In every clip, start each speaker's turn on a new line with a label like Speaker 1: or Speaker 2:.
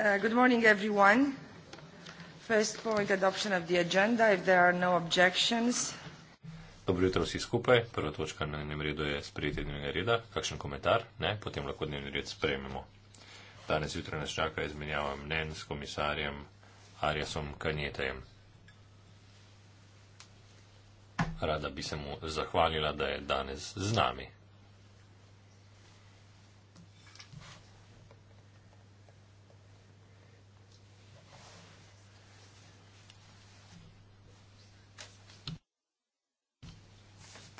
Speaker 1: Uh, good morning, everyone. First point, adoption of the agenda. If there are no objections.
Speaker 2: Dobro jutro vsi skupaj. Prva točka na dnevnem redu je sprejetje dnevnega reda. Kakšen komentar? Ne. Potem lahko dnevni red sprejmemo. Danes zjutraj nas čaka izmenjava mnenj s komisarjem Ariasom Kanjetajem. Rada bi se mu zahvalila, da je danes z nami.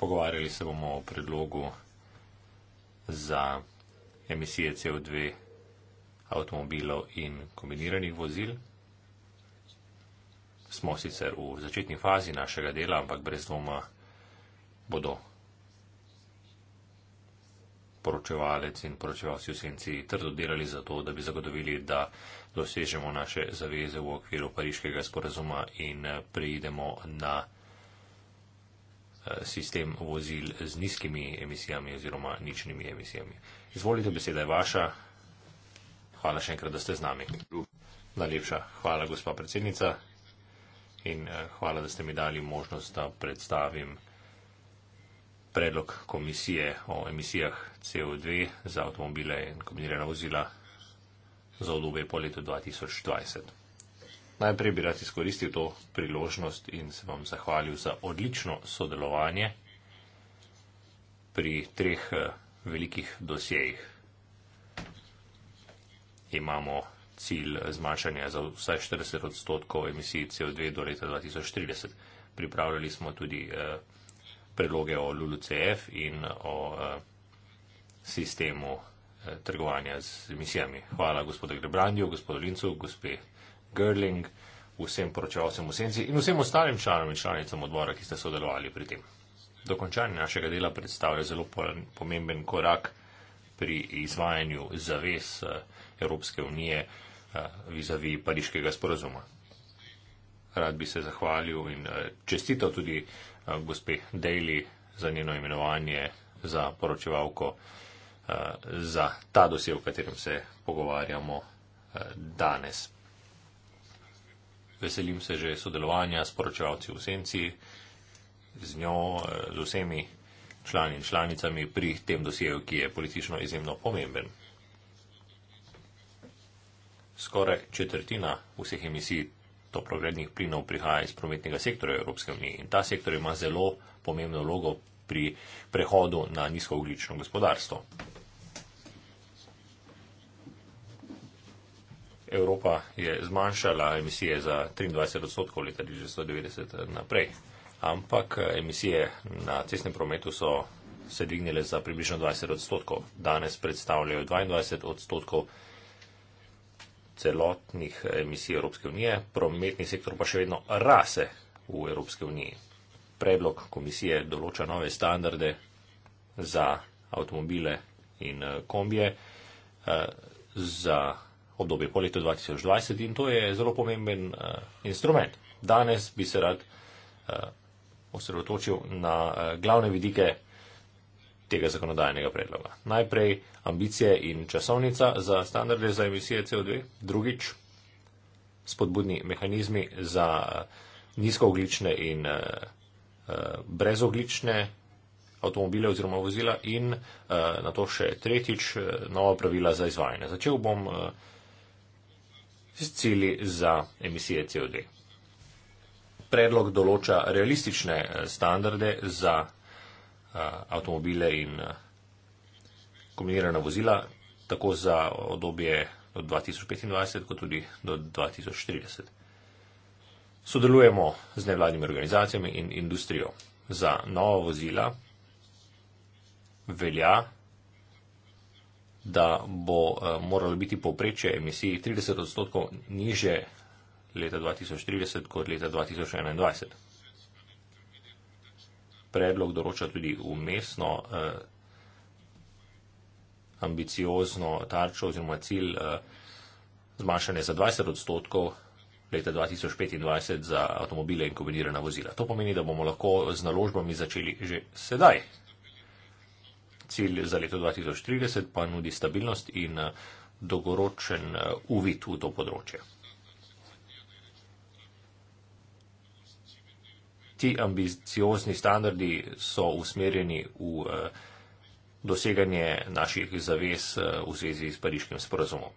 Speaker 2: pogovarjali se bomo o predlogu za emisije CO2 avtomobilov in kombiniranih vozil. Smo sicer v začetni fazi našega dela, ampak brez dvoma bodo poročevalec in poročevalci v senci trdo delali za to, da bi zagotovili, da dosežemo naše zaveze v okviru pariškega sporazuma in eh, prejdemo na. Eh, sistem vozil z nizkimi emisijami oziroma ničnimi emisijami. Izvolite, beseda je vaša. Hvala še enkrat, da ste z nami. Najlepša hvala, gospa predsednica. In eh, hvala, da ste mi dali možnost, da predstavim predlog komisije o emisijah CO2 za avtomobile in kombinirana vozila za obdobje po letu 2020. Najprej bi rad izkoristil to priložnost in se vam zahvalil za odlično sodelovanje pri treh eh, velikih dosjejih. Imamo cilj zmanjšanja za vsaj 40 odstotkov emisij CO2 do leta 2030. Pripravljali smo tudi eh, predloge o LULUCF in o eh, sistemu trgovanja z emisijami. Hvala gospodu Grebrandiju, gospodu Lincu, gospe. Gerling, vsem poročevalcem v senci in vsem ostalim članom in članicam odbora, ki ste sodelovali pri tem. Dokončanje našega dela predstavlja zelo pomemben korak pri izvajanju zavez eh, Evropske unije eh, vizavi Pariškega sporozuma. Rad bi se zahvalil in eh, čestital tudi gospe Daly za njeno imenovanje za poročevalko za ta dosje, o katerem se pogovarjamo danes veselim se že sodelovanja s poročevalci v Senci, z njo, z vsemi člani in članicami pri tem dosjeju, ki je politično izjemno pomemben. Skoraj četrtina vseh emisij toprogrednih plinov prihaja iz prometnega sektorja Evropske unije in ta sektor ima zelo pomembno vlogo pri prehodu na nizkooglično gospodarstvo. Evropa je zmanjšala emisije za 23 odstotkov leta 1990 naprej, ampak eh, emisije na cestnem prometu so se dvignile za približno 20 odstotkov. Danes predstavljajo 22 odstotkov celotnih eh, emisij Evropske unije, prometni sektor pa še vedno rase v Evropske unije. Predlog komisije določa nove standarde za avtomobile in eh, kombije. Za obdobje po letu 2020 in to je zelo pomemben uh, instrument. Danes bi se rad uh, osredotočil na uh, glavne vidike tega zakonodajnega predloga. Najprej ambicije in časovnica za standarde za emisije CO2, drugič spodbudni mehanizmi za uh, nizkooglične in uh, uh, brezoglične avtomobile oziroma vozila in uh, na to še tretjič uh, nova pravila za izvajanje. Začel bom uh, s cili za emisije CO2. Predlog določa realistične eh, standarde za eh, avtomobile in eh, kombinirana vozila, tako za obdobje do 2025, kot tudi do 2030. Sodelujemo z nevladnimi organizacijami in industrijo. Za nova vozila velja da bo uh, moralo biti poprečje emisij 30 odstotkov niže leta 2030 kot leta 2021. Predlog določa tudi umestno uh, ambiciozno tarčo oziroma cilj uh, zmanjšanje za 20 odstotkov leta 2025 za avtomobile in kombinirana vozila. To pomeni, da bomo lahko z naložbami začeli že sedaj cilj za leto 2030 pa nudi stabilnost in eh, dogoročen eh, uvid v to področje. Ti ambiciozni standardi so usmerjeni v eh, doseganje naših zavez v zvezi s pariškim sporozumom.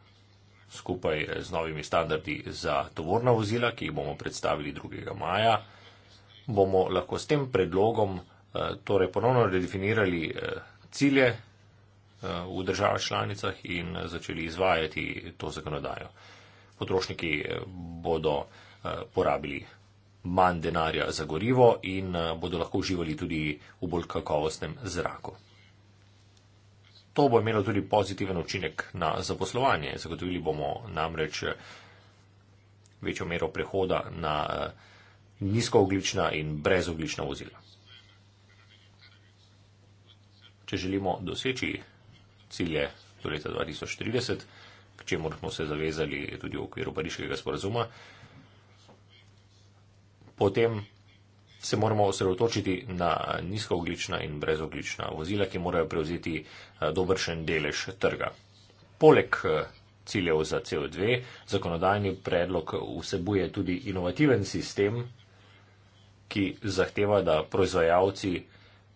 Speaker 2: Skupaj z novimi standardi za tovorna vozila, ki jih bomo predstavili 2. maja, bomo lahko s tem predlogom torej ponovno redefinirali cilje eh, v državah članicah in začeli izvajati to zakonodajo. Potrošniki eh, bodo eh, porabili manj denarja za gorivo in bodo lahko uživali tudi v bolj kakovostnem zraku. To bo imelo tudi pozitiven učinek na zaposlovanje. Zagotovili bomo namreč večjo mero prehoda na nizkooglična in brezoglična vozila. če želimo doseči cilje do leta 2030, k čemu smo se zavezali tudi v okviru pariškega sporazuma, potem se moramo osredotočiti na nizkooglična in brezoglična vozila, ki morajo prevzeti eh, dobršen delež trga. Poleg eh, ciljev za CO2, zakonodajni predlog vsebuje tudi inovativen sistem, ki zahteva, da proizvajalci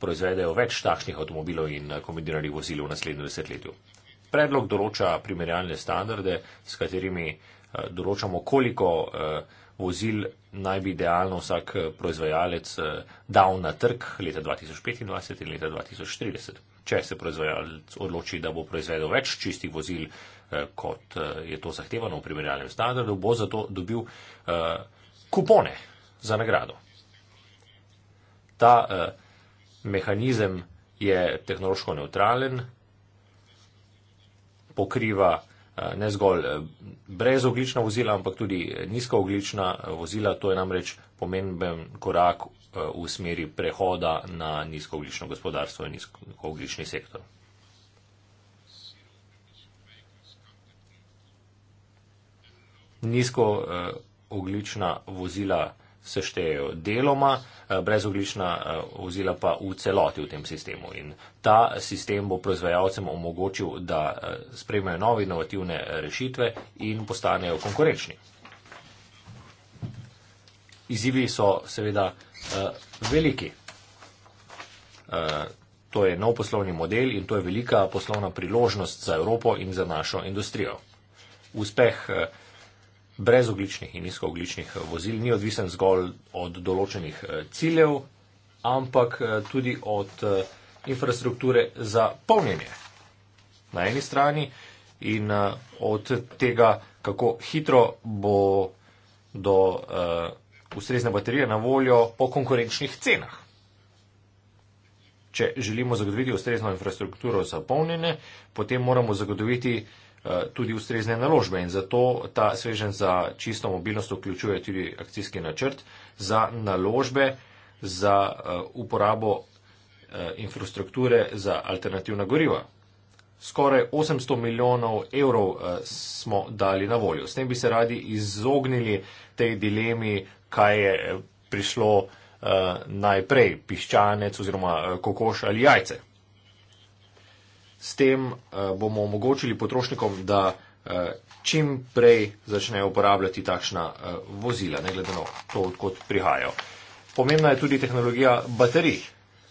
Speaker 2: proizvedejo več takšnih avtomobilov in kombiniranih vozil v naslednjem desetletju. Predlog določa primerjalne standarde, s katerimi eh, določamo, koliko eh, vozil naj bi idealno vsak eh, proizvajalec dal na trg leta 2025 in leta 2030. Če se proizvajalec odloči, da bo proizvedel več čistih vozil, kot je to zahtevano v primerjalnem standardu, bo zato dobil kupone za nagrado. Ta uh, mehanizem je tehnološko neutralen, pokriva eh, ne zgolj eh, brezoglična vozila, ampak tudi nizkooglična eh, vozila. To je namreč pomemben korak v smeri prehoda na nizkooglično gospodarstvo in nizkooglični sektor. Nizkooglična vozila se štejejo deloma, eh, brezoglična eh, vozila pa v celoti v tem sistemu. In ta sistem bo proizvajalcem omogočil, da eh, sprejmejo nove inovativne rešitve in postanejo konkurenčni. Izzivi so seveda veliki. To je nov poslovni model in to je velika poslovna priložnost za Evropo in za našo industrijo. Uspeh brezogličnih in nizkoogličnih eh, vozil ni odvisen zgolj od določenih eh, ciljev, ampak eh, tudi od infrastrukture za polnjenje na eni strani in od tega, kako hitro bo do ustrezne baterije na voljo po konkurenčnih cenah. Če želimo zagotoviti ustrezno infrastrukturo za polnjenje, potem moramo zagotoviti Eh, tudi ustrezne naložbe in zato ta svežen za čisto mobilnost vključuje tudi akcijski načrt za naložbe za eh, uporabo eh, infrastrukture za alternativna goriva. Skoraj 800 milijonov evrov smo dali na voljo. S tem bi se radi izognili tej dilemi, kaj je prišlo najprej, piščanec oziroma kokoš ali jajce. S tem uh, bomo omogočili potrošnikom, da uh, čim prej začnejo uporabljati takšna uh, vozila, ne glede na to, odkot prihajajo. Pomembna je tudi tehnologija baterij.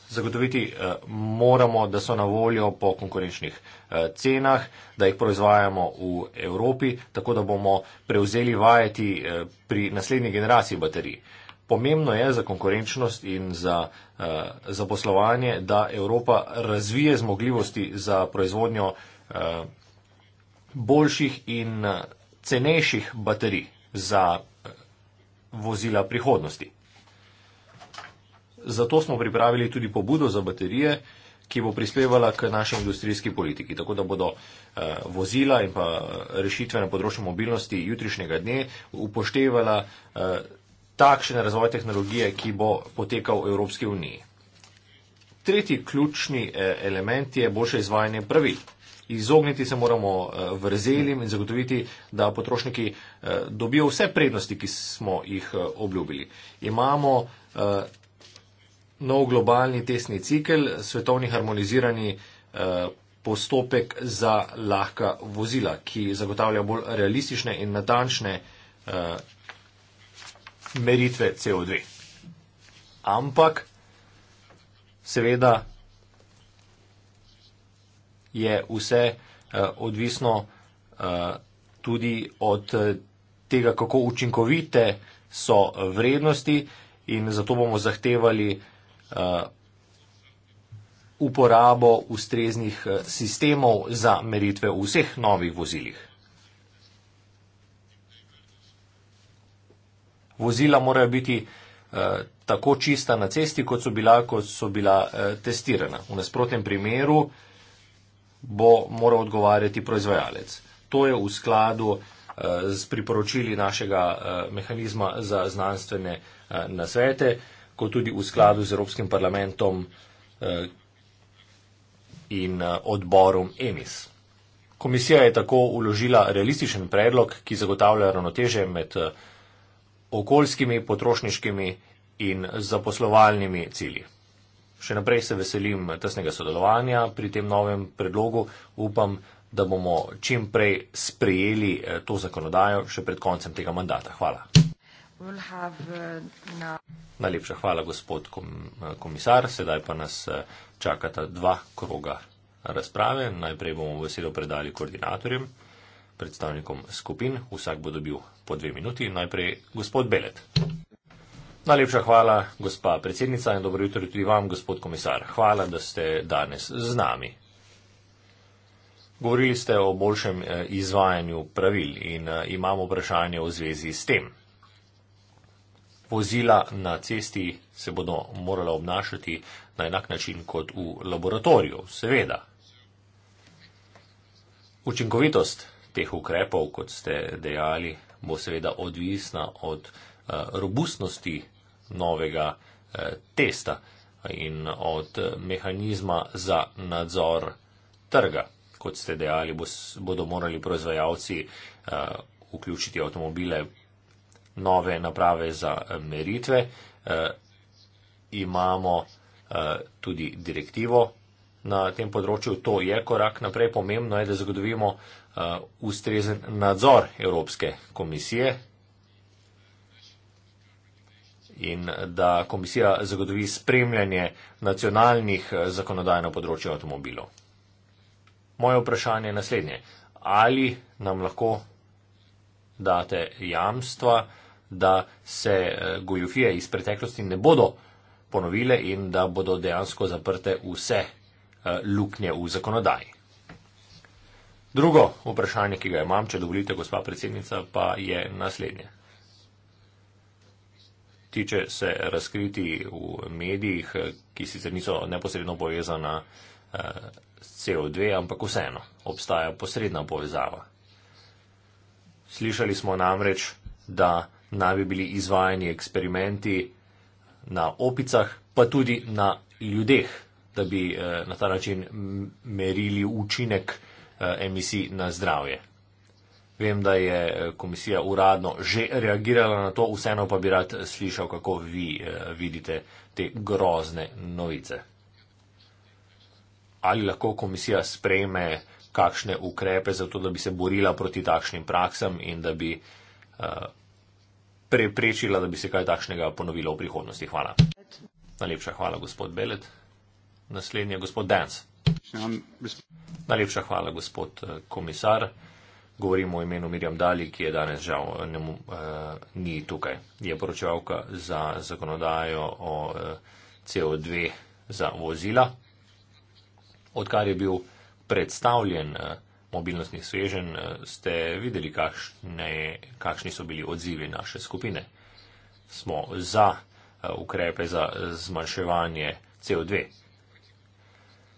Speaker 2: Zagotoviti uh, moramo, da so na voljo po konkurenčnih uh, cenah, da jih proizvajamo v Evropi, tako da bomo prevzeli vajeti uh, pri naslednji generaciji baterij. Uh, pomembno je za konkurenčnost in za, uh, za poslovanje, da Evropa razvije zmogljivosti za proizvodnjo uh, boljših in eh, cenejših baterij za vozila prihodnosti. Zato smo pripravili tudi pobudo za baterije, ki bo prispevala k naši industrijski politiki, tako da bodo eh, vozila in pa rešitve na področju mobilnosti jutrišnjega dne upoštevala eh, takšen razvoj tehnologije, ki bo potekal v Evropski uniji. Tretji ključni eh, element je boljše izvajanje pravil. Izogniti se moramo eh, vrzelim in zagotoviti, da potrošniki eh, dobijo vse prednosti, ki smo jih obljubili. Imamo nov globalni tesni cikl, svetovni harmonizirani postopek za lahka vozila, ki zagotavlja bolj realistične in natančne meritve CO2. Ampak, seveda, je vse uh, odvisno uh, tudi od eh, tega, kako učinkovite so vrednosti in zato bomo zahtevali uh, uporabo ustreznih sistemov za meritve v vseh novih vozilih. vozila morajo biti eh, tako čista na cesti, kot so bila, kot so bila eh, testirana. V nasprotnem primeru bo moral odgovarjati proizvajalec. To je v skladu eh, z priporočili našega eh, mehanizma za znanstvene eh, nasvete, kot tudi v skladu z Evropskim parlamentom eh, in eh, odborom EMIS. Komisija je tako uložila realističen predlog, ki zagotavlja ravnoteže med eh, okoljskimi, potrošniškimi in zaposlovalnimi cilji. Še naprej se veselim tesnega sodelovanja pri tem novem predlogu. Upam, da bomo čim prej sprejeli eh, to zakonodajo še pred koncem tega mandata. Hvala.
Speaker 3: Eh,
Speaker 2: Najlepša hvala, gospod komisar. Sedaj pa nas eh, čakata dva kroga razprave. Najprej bomo veselo predali koordinatorjem predstavnikom skupin. Vsak bo dobil po dve minuti. Najprej gospod Belet. Najlepša hvala, gospa predsednica, in dobro jutro tudi vam, gospod komisar. Hvala, da ste danes z nami. Govorili ste o boljšem eh, izvajanju pravil in eh, imamo vprašanje v zvezi s tem. Vozila na cesti se bodo morala obnašati na enak način kot v laboratoriju, seveda. Učinkovitost teh ukrepov, kot ste dejali, bo seveda odvisna od eh, robustnosti novega eh, testa in od eh, mehanizma za nadzor trga. Kot ste dejali, bodo morali proizvajalci vključiti avtomobile nove naprave za meritve. Imamo tudi direktivo na tem področju. To je korak naprej. Pomembno je, da zagotovimo uh, ustrezen nadzor Evropske komisije in da komisija zagotovi spremljanje nacionalnih uh, zakonodaj na področju avtomobilov. Moje vprašanje je naslednje. Ali nam lahko date jamstva, da se uh, gojufije iz preteklosti ne bodo ponovile in da bodo dejansko zaprte vse uh, luknje v zakonodaji? Drugo vprašanje, ki ga imam, če dovolite, gospa predsednica, pa je naslednje. Tiče se razkriti v medijih, ki sicer niso neposredno povezana eh, s CO2, ampak vseeno obstaja posredna povezava. Slišali smo namreč, da naj bi bili izvajani eksperimenti na opicah, pa tudi na ljudeh, da bi eh, na ta način merili učinek Eh, emisij na zdravje. Vem, da je eh, komisija uradno že reagirala na to, vseeno pa bi rad slišal, kako vi eh, vidite te grozne novice. Ali lahko komisija sprejme kakšne ukrepe za to, da bi se borila proti takšnim praksam in da bi uh, preprečila, da bi se kaj takšnega ponovilo v prihodnosti? Hvala. Najlepša hvala, gospod Belet. Naslednji je gospod Dance. Najlepša hvala, gospod eh, komisar. Govorimo o imenu Mirjam Dali, ki je danes žal ne, eh, ni tukaj. Je poročevalka za zakonodajo o eh, CO2 za vozila. Odkar je bil predstavljen mobilnostni svežen, ste videli, kakšne, kakšni so bili odzivi naše skupine. Smo za ukrepe za zmanjševanje CO2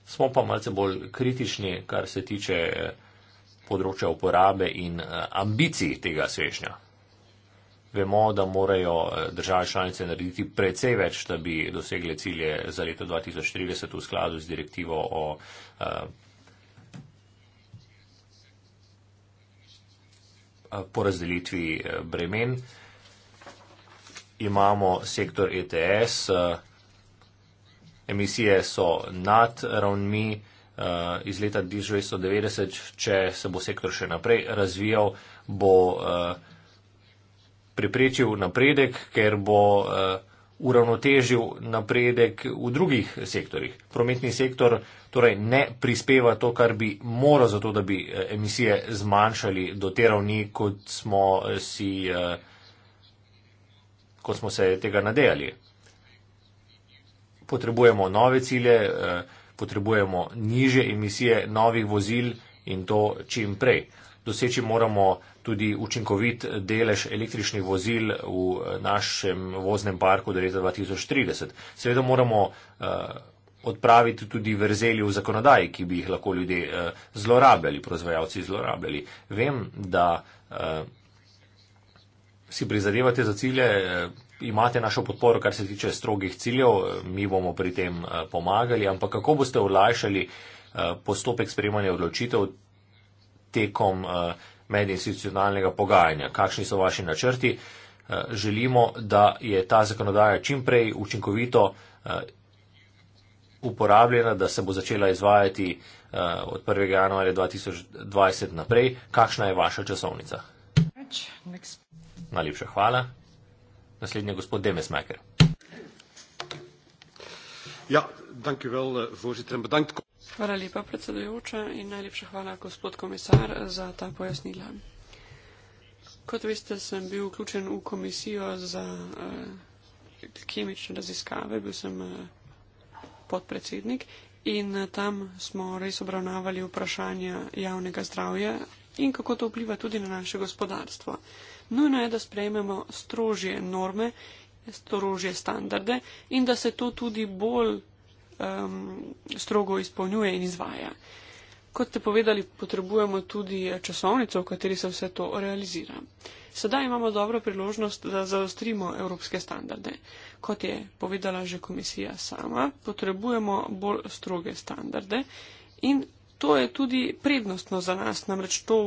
Speaker 2: smo pa malce bolj kritični, kar se tiče eh, področja uporabe in eh, ambicij tega svežnja. Vemo, da morajo eh, države članice narediti precej več, da bi dosegle cilje za leto 2030 v skladu z direktivo o porazdelitvi bremen. Imamo sektor ETS. A, emisije so nad ravnmi eh, iz leta 1990. Če se bo sektor še naprej razvijal, bo eh, preprečil napredek, ker bo eh, uravnotežil napredek v drugih sektorjih. Prometni sektor torej ne prispeva to, kar bi moral za to, da bi emisije zmanjšali do te ravni, kot smo, si, kot smo se tega nadejali potrebujemo nove cilje, eh, potrebujemo niže emisije novih vozil in to čim prej. Doseči moramo tudi učinkovit delež električnih vozil v eh, našem voznem parku do leta 2030. Seveda moramo eh, odpraviti tudi verzeli v zakonodaji, ki bi jih lahko ljudje zlorabljali, proizvajalci zlorabljali. Vem, da si prizadevate za cilje, imate našo podporo, kar se tiče strogih ciljev, mi bomo pri tem eh, pomagali, ampak kako boste olajšali eh, postopek sprejemanja odločitev tekom eh, medinstitucionalnega pogajanja? Kakšni so vaši načrti? Želimo, da je ta zakonodaja čim prej učinkovito uporabljena, da se bo začela izvajati od 1. januarja 2020 naprej. Kakšna je vaša časovnica? Najlepša hvala. Naslednje, gospod Demesmaker.
Speaker 4: Ja, dank u wel, eh, voorzitter, en bedankt.
Speaker 3: Hvala lepa, predsedujoča, in najlepša hvala, gospod komisar, za ta pojasnila. Kot veste, sem bil vključen v komisijo za eh, kemične raziskave, bil sem eh, podpredsednik in eh, tam smo res obravnavali vprašanja javnega zdravja in kako to vpliva tudi na naše gospodarstvo. Eh, Nujno je, da sprejmemo strožje norme, strožje standarde in da se to tudi bolj um, strogo izpolnjuje in izvaja. Kot ste povedali, potrebujemo tudi časovnico, v kateri se vse to realizira. Sedaj imamo dobro priložnost, da zaostrimo evropske standarde. Kot je povedala že komisija sama, potrebujemo bolj stroge standarde in to je tudi prednostno za nas, namreč to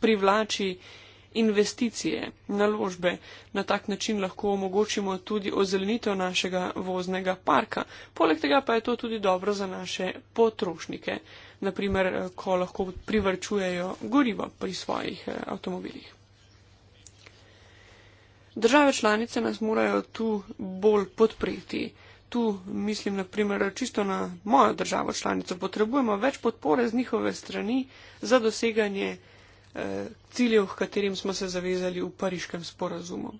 Speaker 3: privlači uh, investicije, naložbe. Na tak način lahko omogočimo tudi ozelenitev našega voznega parka. Poleg tega pa je to tudi dobro za naše potrošnike, naprimer, ko lahko privrčujejo gorivo pri svojih eh, avtomobilih. Države članice nas morajo tu bolj podpreti. Tu mislim naprimer čisto na mojo državo članico. Potrebujemo več podpore z njihove strani za doseganje eh, ciljev, katerim smo se zavezali v pariškem sporazumu.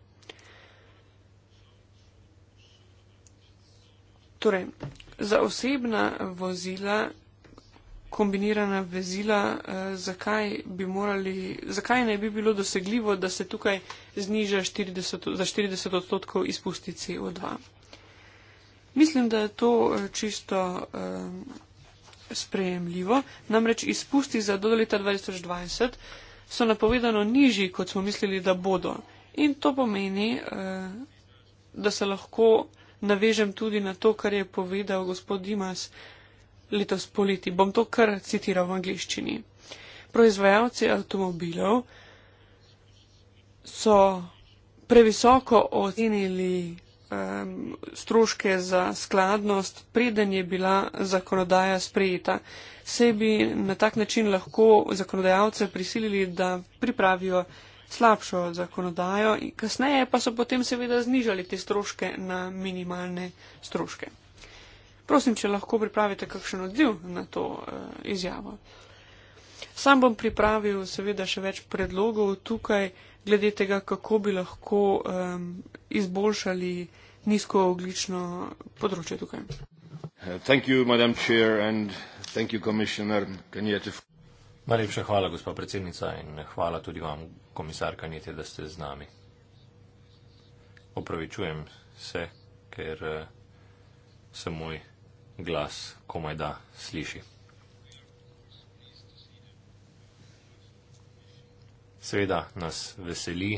Speaker 3: Torej, za osebna vozila, kombinirana vezila, eh, zakaj, bi morali, zakaj ne bi bilo dosegljivo, da se tukaj zniža 40, za 40 odstotkov izpusti CO2? Mislim, da je to eh, čisto. Eh, sprejemljivo, namreč izpusti za do leta 2020 so napovedano nižji, kot smo mislili, da bodo. In to pomeni, eh, da se lahko navežem tudi na to, kar je povedal gospod Dimas letos poleti. Bom to kar citiral v angliščini. Proizvajalci avtomobilov so previsoko ocenili stroške za skladnost, preden je bila zakonodaja sprejeta. Se bi na tak način lahko zakonodajalce prisilili, da pripravijo slabšo zakonodajo, kasneje pa so potem seveda znižali te stroške na minimalne stroške. Prosim, če lahko pripravite kakšen odziv na to eh, izjavo. Sam bom pripravil seveda še več predlogov tukaj glede tega, kako bi lahko um, izboljšali uh, nizkooglično področje
Speaker 2: tukaj. Uh, Najlepša hvala, gospa predsednica, in hvala tudi vam, komisar Kanjete, da ste z nami. Opravičujem se, ker uh, se moj glas komaj da sliši. Seveda nas veseli,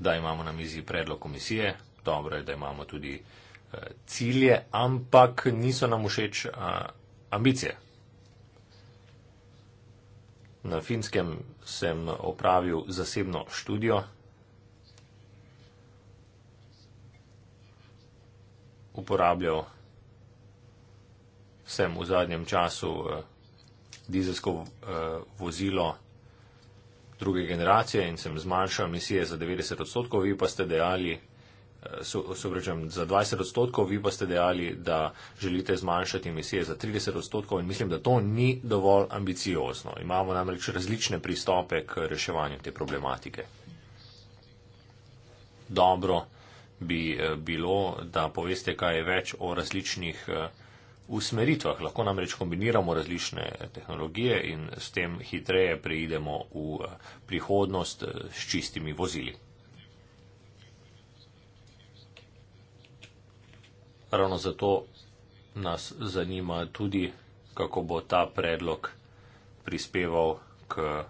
Speaker 2: da imamo na mizi predlog komisije, dobro je, da imamo tudi eh, cilje, ampak niso nam všeč eh, ambicije. Na finskem sem opravil zasebno študijo. Uporabljal sem v zadnjem času eh, dizelsko vozilo druge generacije in sem zmanjšal emisije za 90 odstotkov, vi pa ste dejali, so, so rečem, za 20 odstotkov, vi pa ste dejali, da želite zmanjšati emisije za 30 odstotkov in mislim, da to ni dovolj ambiciozno. Imamo namreč različne pristope k reševanju te problematike. Dobro bi eh, bilo, da poveste kaj več o različnih eh, usmeritvah. Lahko namreč kombiniramo različne tehnologije in s tem hitreje preidemo v eh, prihodnost eh, s čistimi vozili. Ravno zato nas zanima tudi, kako bo ta predlog prispeval k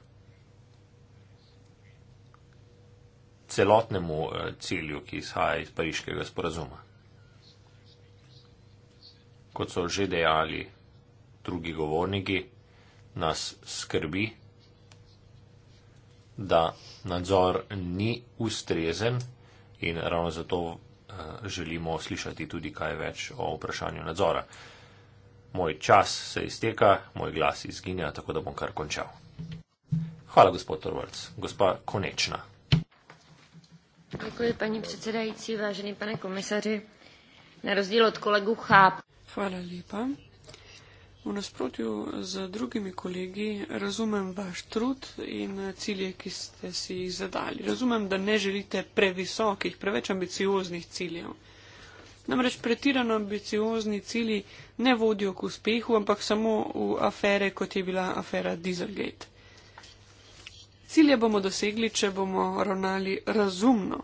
Speaker 2: celotnemu eh, cilju, ki izhaja iz pariškega sporazuma kot so že dejali drugi govorniki, nas skrbi, da nadzor ni ustrezen in ravno zato eh, želimo slišati tudi kaj več o vprašanju nadzora. Moj čas se izteka, moj glas izginja, tako da bom kar končal. Hvala, gospod Torvalc. Gospa Konečna.
Speaker 1: Děkuji, paní předsedající, vážený pane komisaři. Na rozdíl od kolegu chápu. Hvala lepa. V nasprotju
Speaker 3: z drugimi kolegi razumem vaš trud in cilje, ki ste si jih zadali. Razumem, da ne želite previsokih, preveč ambicioznih ciljev. Namreč pretirano ambiciozni cilji ne vodijo k uspehu, ampak samo v afere, kot je bila afera Dieselgate. Cilje bomo dosegli, če bomo ravnali razumno.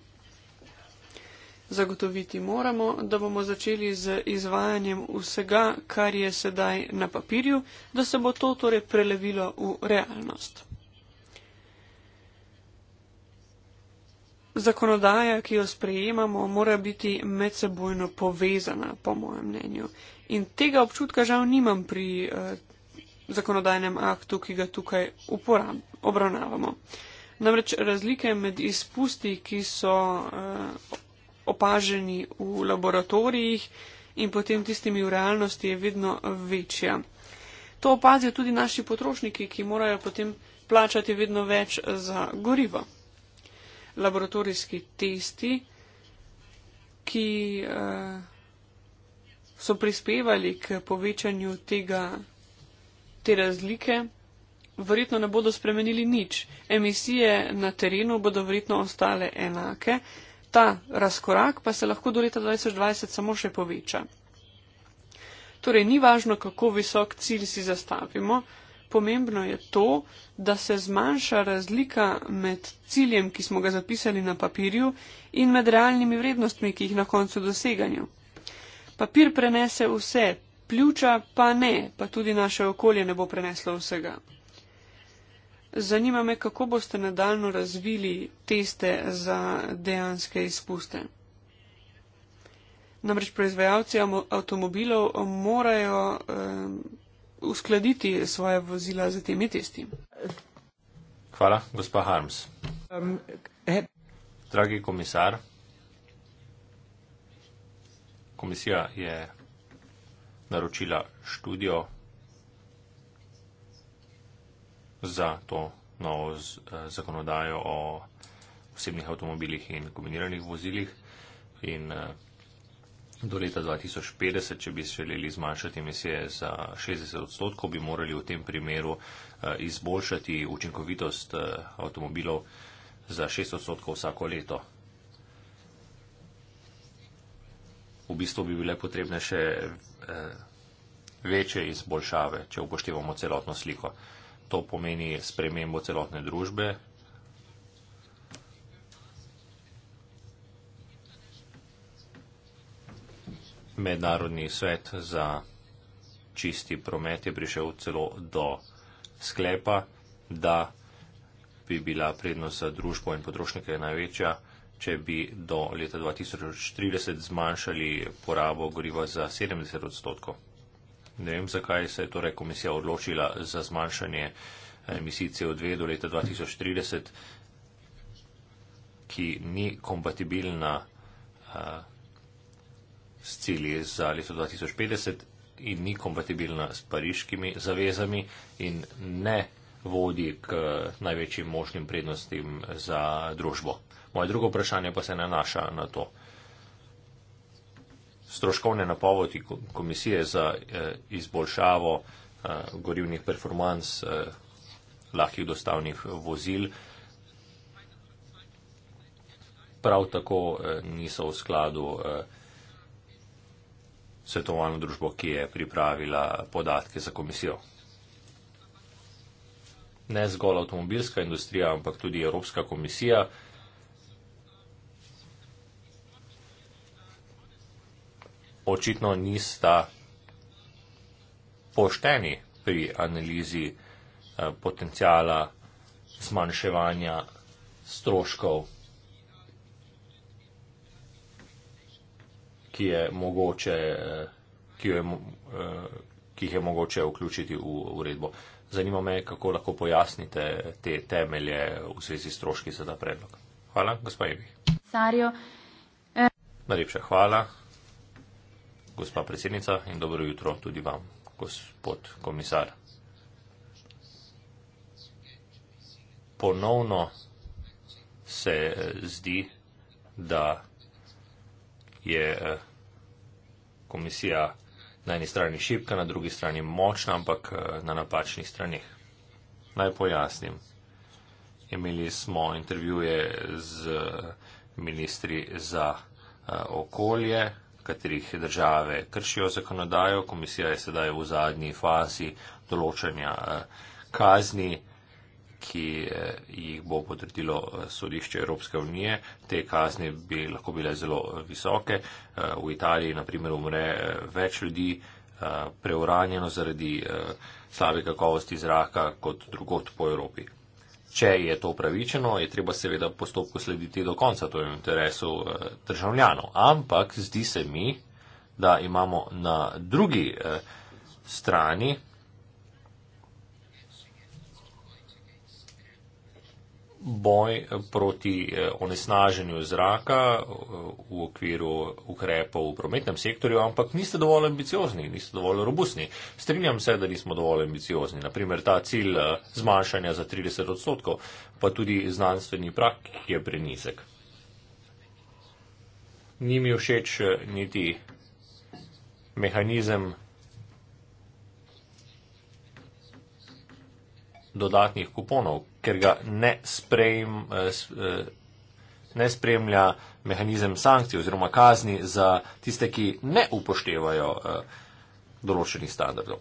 Speaker 3: Zagotoviti moramo, da bomo začeli z izvajanjem vsega, kar je sedaj na papirju, da se bo to torej prelevilo v realnost. Zakonodaja, ki jo sprejemamo, mora biti medsebojno povezana, po mojem mnenju. In tega občutka žal nimam pri eh, zakonodajnem aktu, ki ga tukaj uporam, obravnavamo. Namreč razlike med izpusti, ki so. Eh, opaženi v laboratorijih in potem tistimi v realnosti je vedno večja. To opazijo tudi naši potrošniki, ki morajo potem plačati vedno več za gorivo. Laboratorijski testi, ki eh, so prispevali k povečanju tega, te razlike, verjetno ne bodo spremenili nič. Emisije na terenu bodo verjetno ostale enake, ta razkorak pa se lahko do leta 2020 samo še poveča. Torej, ni važno, kako visok cilj si zastavimo, pomembno je to, da se zmanjša razlika med ciljem, ki smo ga zapisali na papirju, in med realnimi vrednostmi, ki jih na koncu doseganju. Papir prenese vse, pljuča pa ne, pa tudi naše okolje ne bo preneslo vsega zanima me, kako boste nadaljno razvili teste za dejanske izpuste. Namreč proizvajalci avtomobilov morajo eh, uskladiti svoje vozila z temi testi.
Speaker 2: Hvala, gospa Harms. Um, Dragi komisar, komisija je naročila študijo za to novo z, eh, zakonodajo o osebnih avtomobilih in kombiniranih vozilih. In, eh, Do leta 2050, če bi želeli zmanjšati emisije za 60 odstotkov, bi morali v tem primeru eh, izboljšati učinkovitost eh, avtomobilov za 6 odstotkov vsako leto. V bistvu bi bile potrebne še eh, večje izboljšave, če upoštevamo celotno sliko to pomeni spremembo celotne družbe. Mednarodni svet za čisti promet je prišel celo do sklepa, da bi bila prednost za družbo in potrošnike največja, če bi do leta 2030 zmanjšali porabo goriva za 70 odstotkov. Ne vem, zakaj se je torej komisija odločila za zmanjšanje emisij CO2 do leta 2030, ki ni kompatibilna s cilji za leto 2050 in ni kompatibilna s pariškimi zavezami in ne vodi k največjim možnim prednostim za družbo. Moje drugo vprašanje pa se nanaša na to stroškovne napovedi komisije za eh, izboljšavo eh, gorivnih performans eh, lahkih dostavnih vozil prav tako niso v skladu svetovalno družbo, ki je pripravila podatke za komisijo. Ne zgolj avtomobilska industrija, ampak tudi Evropska komisija. očitno nista pošteni pri analizi eh, potencijala zmanjševanja stroškov, ki, je mogoče, eh, ki, je, eh, ki jih je mogoče vključiti v uredbo. Zanima me, kako lahko pojasnite te temelje v zvezi s stroški za ta predlog. Hvala, gospod Evi. Najlepša hvala gospa predsednica in dobro jutro tudi vam, gospod komisar. Ponovno se eh, zdi, da je eh, komisija na eni strani šipka, na drugi strani močna, ampak eh, na napačnih stranih. Naj pojasnim. Imeli smo intervjuje z ministri za okolje, katerih države kršijo zakonodajo. Komisija je sedaj v zadnji fazi določanja eh, kazni, ki eh, jih bo potrdilo eh, sodišče Evropske unije. Te kazni bi lahko bile zelo visoke. V Italiji, na primer, umre več ljudi preuranjeno zaradi slabe kakovosti zraka kot drugot po Evropi če je to upravičeno, je treba seveda postopku slediti do konca, to je v interesu eh, državljanov. Ampak zdi se mi, da imamo na drugi eh, strani boj eh, proti eh, onesnaženju zraka eh, v okviru ukrepov v prometnem sektorju, ampak niste dovolj ambiciozni, niste dovolj robustni. Strinjam se, da nismo dovolj ambiciozni. Naprimer, ta cilj zmanjšanja za 30 odstotkov, pa tudi znanstveni prak je prenizek. Ni mi všeč niti mehanizem dodatnih kuponov, ker ga ne, sprejm, eh, eh, ne spremlja mehanizem sankcij oziroma kazni za tiste, ki ne upoštevajo eh, določenih standardov.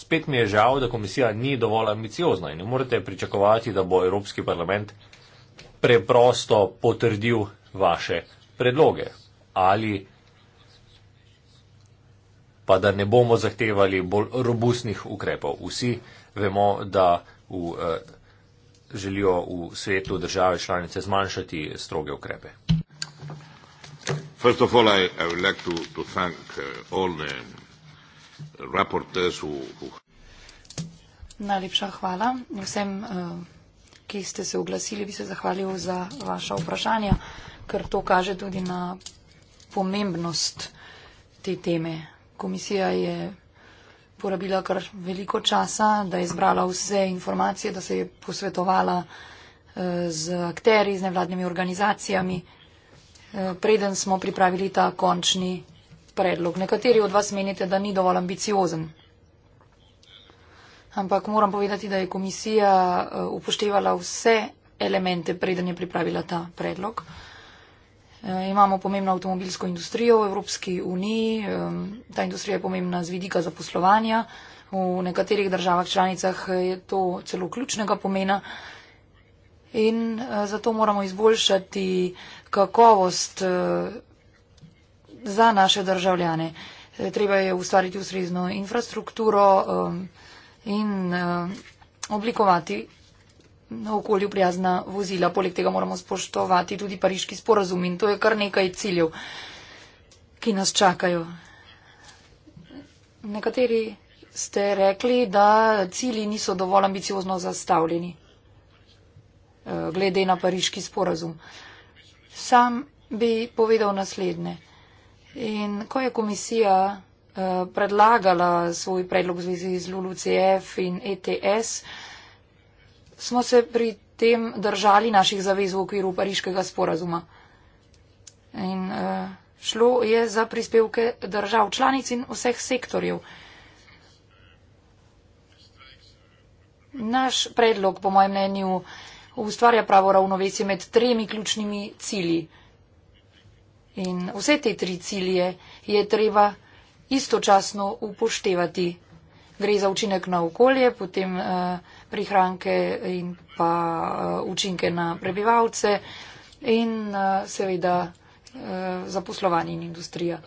Speaker 2: Spet mi je žal, da komisija ni dovolj ambiciozna in ne morete pričakovati, da bo Evropski parlament preprosto potrdil vaše predloge ali pa da ne bomo zahtevali bolj robustnih ukrepov. Vsi vemo, da v. Eh, želijo v svetu države članice zmanjšati stroge ukrepe. First of all, I, I would like to,
Speaker 4: to thank uh, all the rapporteurs who, who...
Speaker 1: Najlepša hvala vsem, uh, ki ste se oglasili, bi se zahvalil za vaša vprašanja, ker to kaže tudi na pomembnost te teme. Komisija je porabila kar veliko časa, da je zbrala vse informacije, da se je posvetovala eh, z akteri, z nevladnimi organizacijami, eh, preden smo pripravili ta končni predlog. Nekateri od vas menite, da ni dovolj ambiciozen. Ampak moram povedati, da je komisija eh, upoštevala vse elemente, preden je pripravila ta predlog. Eh, imamo pomembno avtomobilsko industrijo v Evropski uniji, ta industrija je pomembna z vidika zaposlovanja, v nekaterih državah članicah je to celo ključnega pomena in eh, zato moramo izboljšati kakovost eh, za naše državljane. Treba je ustvariti ustrezno infrastrukturo in oblikovati na okolju prijazna vozila. Poleg tega moramo spoštovati tudi pariški sporazum in to je kar nekaj ciljev, ki nas čakajo. Nekateri ste rekli, da cilji niso dovolj ambiciozno zastavljeni eh, glede na pariški sporazum. Sam bi povedal naslednje. In ko je komisija eh, predlagala svoj predlog v zvezi z LULUCF in ETS, smo se pri tem držali naših zavez v okviru pariškega sporazuma. In uh, šlo je za prispevke držav članic in vseh sektorjev. Naš predlog, po mojem mnenju, ustvarja pravo ravnovesje med tremi ključnimi cilji. In vse te tri cilje je treba istočasno upoštevati. Gre za učinek na okolje, potem uh, prihranke in pa eh, učinke na prebivalce in eh, seveda eh, zaposlovanje in industrija.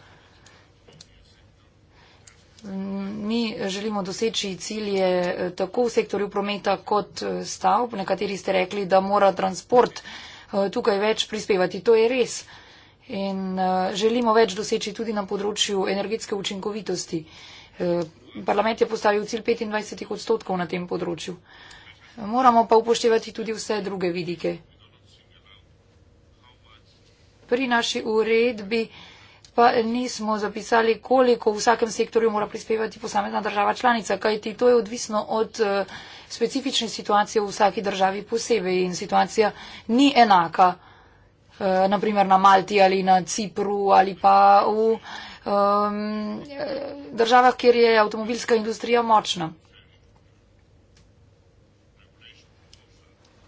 Speaker 1: Mi želimo doseči cilje tako v sektorju prometa kot stavb. Nekateri ste rekli, da mora transport tukaj več prispevati. To je res. In želimo več doseči tudi na področju energetske učinkovitosti. Eh, parlament je postavil cilj 25 odstotkov na tem področju. Moramo pa upoštevati tudi vse druge vidike. Pri naši uredbi pa nismo zapisali, koliko v vsakem sektorju mora prispevati posamezna država članica, kajti to je odvisno od eh, specifične situacije v vsaki državi posebej in situacija ni enaka, eh, naprimer na Malti ali na Cipru ali pa v um, državah, kjer je avtomobilska industrija močna.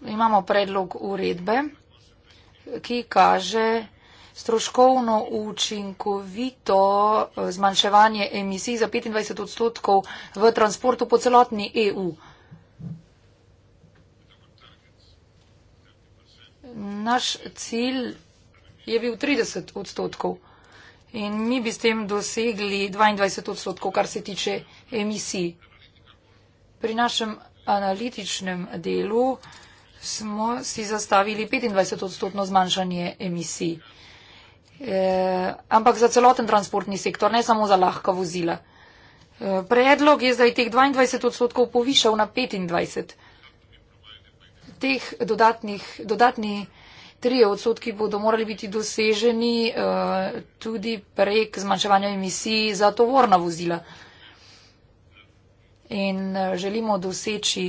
Speaker 1: Imamo predlog uredbe, ki kaže stroškovno učinkovito eh, zmanjševanje emisij za 25 odstotkov v transportu po celotni EU. Naš cilj je bil 30 odstotkov in mi bi s tem dosegli 22 odstotkov, kar se tiče emisij. Pri našem analitičnem delu smo si zastavili 25 odstotno zmanjšanje emisij. E, ampak za celoten transportni sektor, ne samo za lahka vozila. E, predlog je zdaj teh 22 odstotkov povišal na 25. Teh dodatnih, dodatnih tri odsotki bodo morali biti doseženi eh, tudi prek zmanjševanja emisij za tovorna vozila. In eh, želimo doseči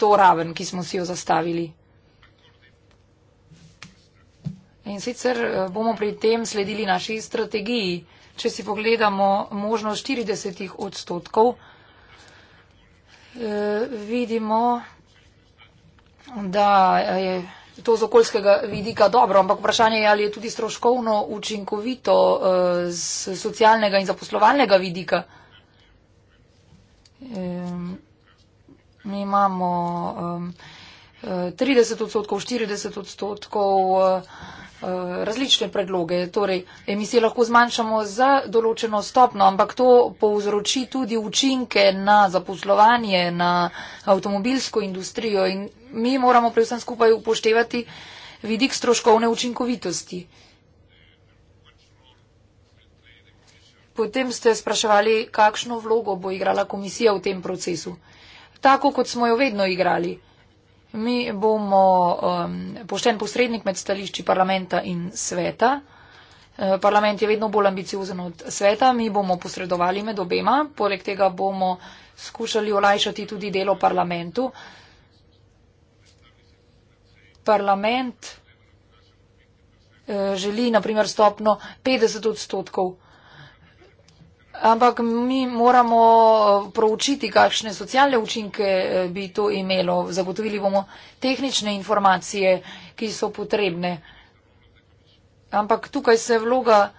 Speaker 1: to raven, ki smo si jo zastavili. In sicer eh, bomo pri tem sledili naši strategiji. Če si pogledamo možno 40 odstotkov, vidimo, da je to z okoljskega vidika dobro, ampak vprašanje je, ali je tudi stroškovno učinkovito eh, z socialnega in zaposlovalnega vidika. Mi imamo 30 eh, odstotkov, 40 odstotkov. Eh, Eh, različne predloge. Torej, emisije lahko zmanjšamo za določeno stopno, ampak to povzroči tudi učinke na zaposlovanje, na avtomobilsko industrijo in mi moramo predvsem skupaj upoštevati vidik stroškovne učinkovitosti. Potem ste spraševali, kakšno vlogo bo igrala komisija v tem procesu. Tako, kot smo jo vedno igrali. Mi bomo um, pošten posrednik med stališči parlamenta in sveta. Eh, parlament je vedno bolj ambiciozen od sveta, mi bomo posredovali med obema, poleg tega bomo skušali olajšati tudi delo parlamentu. Parlament eh, želi naprimer stopno 50 odstotkov Ampak mi moramo eh, proučiti, kakšne socialne učinke eh, bi to imelo. Zagotovili bomo tehnične informacije, ki so potrebne. Ampak tukaj se vloga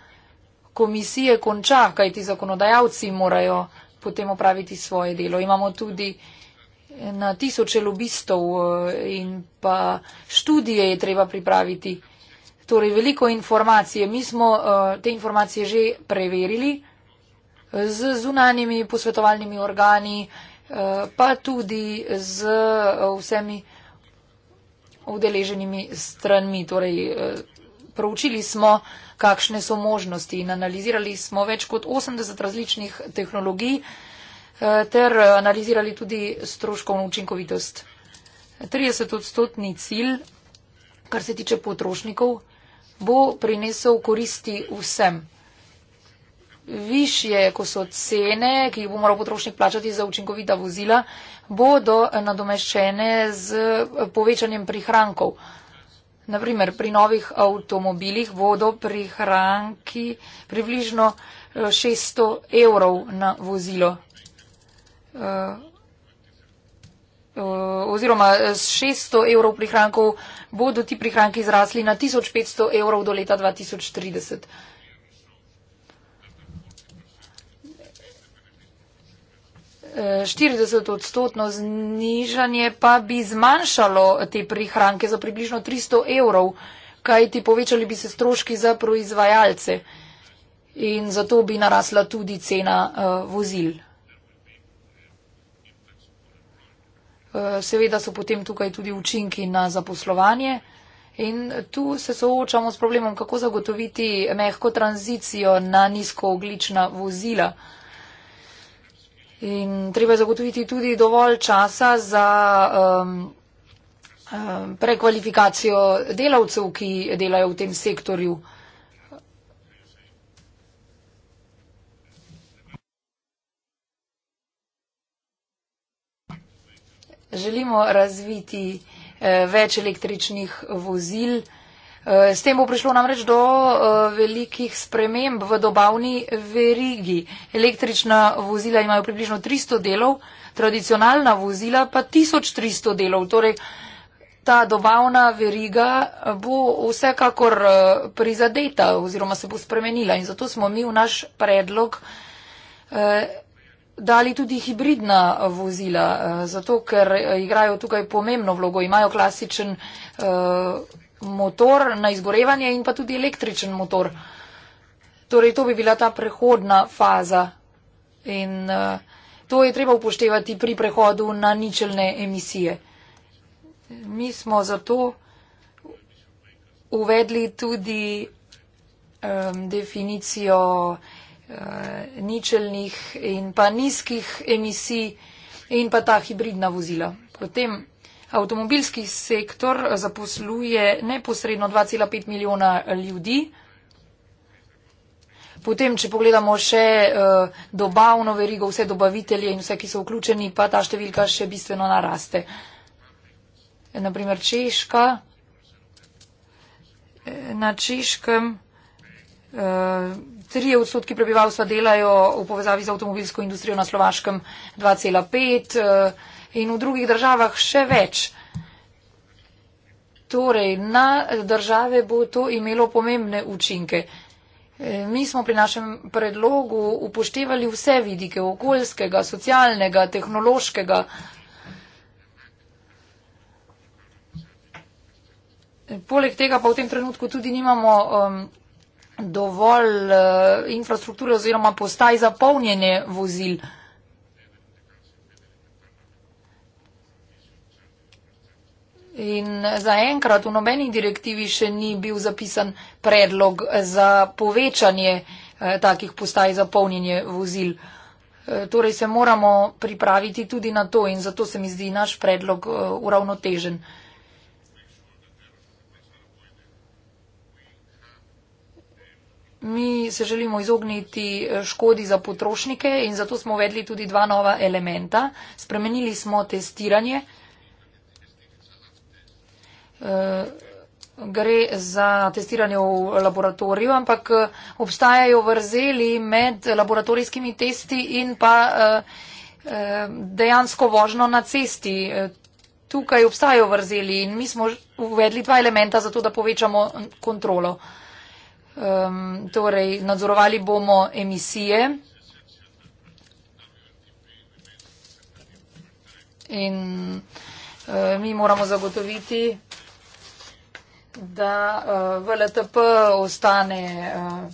Speaker 1: komisije konča, kaj ti zakonodajalci morajo potem opraviti svoje delo. Imamo tudi eh, na tisoče lobistov in pa študije je treba pripraviti. Torej, veliko informacije. Mi smo te informacije že preverili z zunanimi posvetovalnimi organi, eh, pa tudi z eh, vsemi udeleženimi stranmi. Torej, eh, proučili smo, kakšne so možnosti in analizirali smo več kot 80 različnih tehnologij ter analizirali tudi stroškovno učinkovitost. 30 odstotni cilj, kar se tiče potrošnikov, bo prinesel koristi vsem višje, ko so cene, ki jih bo moral potrošnik plačati za učinkovita vozila, bodo nadomeščene z povečanjem prihrankov. Naprimer, pri novih avtomobilih bodo prihranki približno 600 eh, evrov na vozilo. Eh, eh, oziroma, z 600 evrov prihrankov bodo ti prihranki zrasli na 1500 evrov do leta 2030. 40-odstotno znižanje pa bi zmanjšalo te prihranke za približno 300 evrov, kajti povečali bi se stroški za proizvajalce in zato bi narasla tudi cena eh, vozil. Eh, seveda so potem tukaj tudi učinki na zaposlovanje in tu se soočamo s problemom, kako zagotoviti mehko tranzicijo na nizkooglična vozila. In treba je zagotoviti tudi dovolj časa za um, um, prekvalifikacijo delavcev, ki delajo v tem sektorju. Želimo razviti eh, več električnih vozil. Eh, s tem bo prišlo namreč do eh, velikih sprememb v dobavni verigi. Električna vozila imajo približno 300 delov, tradicionalna vozila pa 1300 delov. Torej, ta dobavna veriga bo vsekakor eh, prizadeta oziroma se bo spremenila in zato smo mi v naš predlog dali tudi hibridna vozila, zato ker igrajo tukaj pomembno vlogo, imajo klasičen uh, motor na izgorevanje in pa tudi električen motor. Torej, to bi bila ta prehodna faza in uh, to je treba upoštevati pri prehodu na ničelne emisije. Mi smo zato uvedli tudi um, definicijo uh, ničelnih in pa nizkih emisij in pa ta hibridna vozila. Potem Avtomobilski sektor zaposluje neposredno 2,5 milijona ljudi. Potem, če pogledamo še eh, dobavno verigo, vse dobavitelje in vse, ki so vključeni, pa ta številka še bistveno naraste. Naprimer Češka. Eh, na Češkem eh, tri odstotki prebivalstva delajo v povezavi z avtomobilsko industrijo na Slovaškem 2,5 in v drugih državah še več. Torej, na države bo to imelo pomembne učinke. E, mi smo pri našem predlogu upoštevali vse vidike okoljskega, socialnega, tehnološkega. Poleg tega pa v tem trenutku tudi nimamo um, dovolj uh, infrastrukture oziroma postaj za polnjenje vozil. Uh, In zaenkrat v nobeni direktivi še ni bil zapisan predlog za povečanje eh, takih postaj za polnjenje vozil. Eh, torej se moramo pripraviti tudi na to in zato se mi zdi naš predlog eh, uravnotežen. Mi se želimo izogniti eh, škodi za potrošnike in zato smo uvedli tudi dva nova elementa. Spremenili smo testiranje. Eh, gre za testiranje v laboratoriju, ampak eh, obstajajo vrzeli med laboratorijskimi testi in pa eh, dejansko vožno na cesti. Tukaj obstajajo vrzeli in mi smo uvedli dva elementa za to, da povečamo kontrolo. Um, torej, nadzorovali bomo emisije in uh, mi moramo zagotoviti da uh, eh, VLTP ostane uh,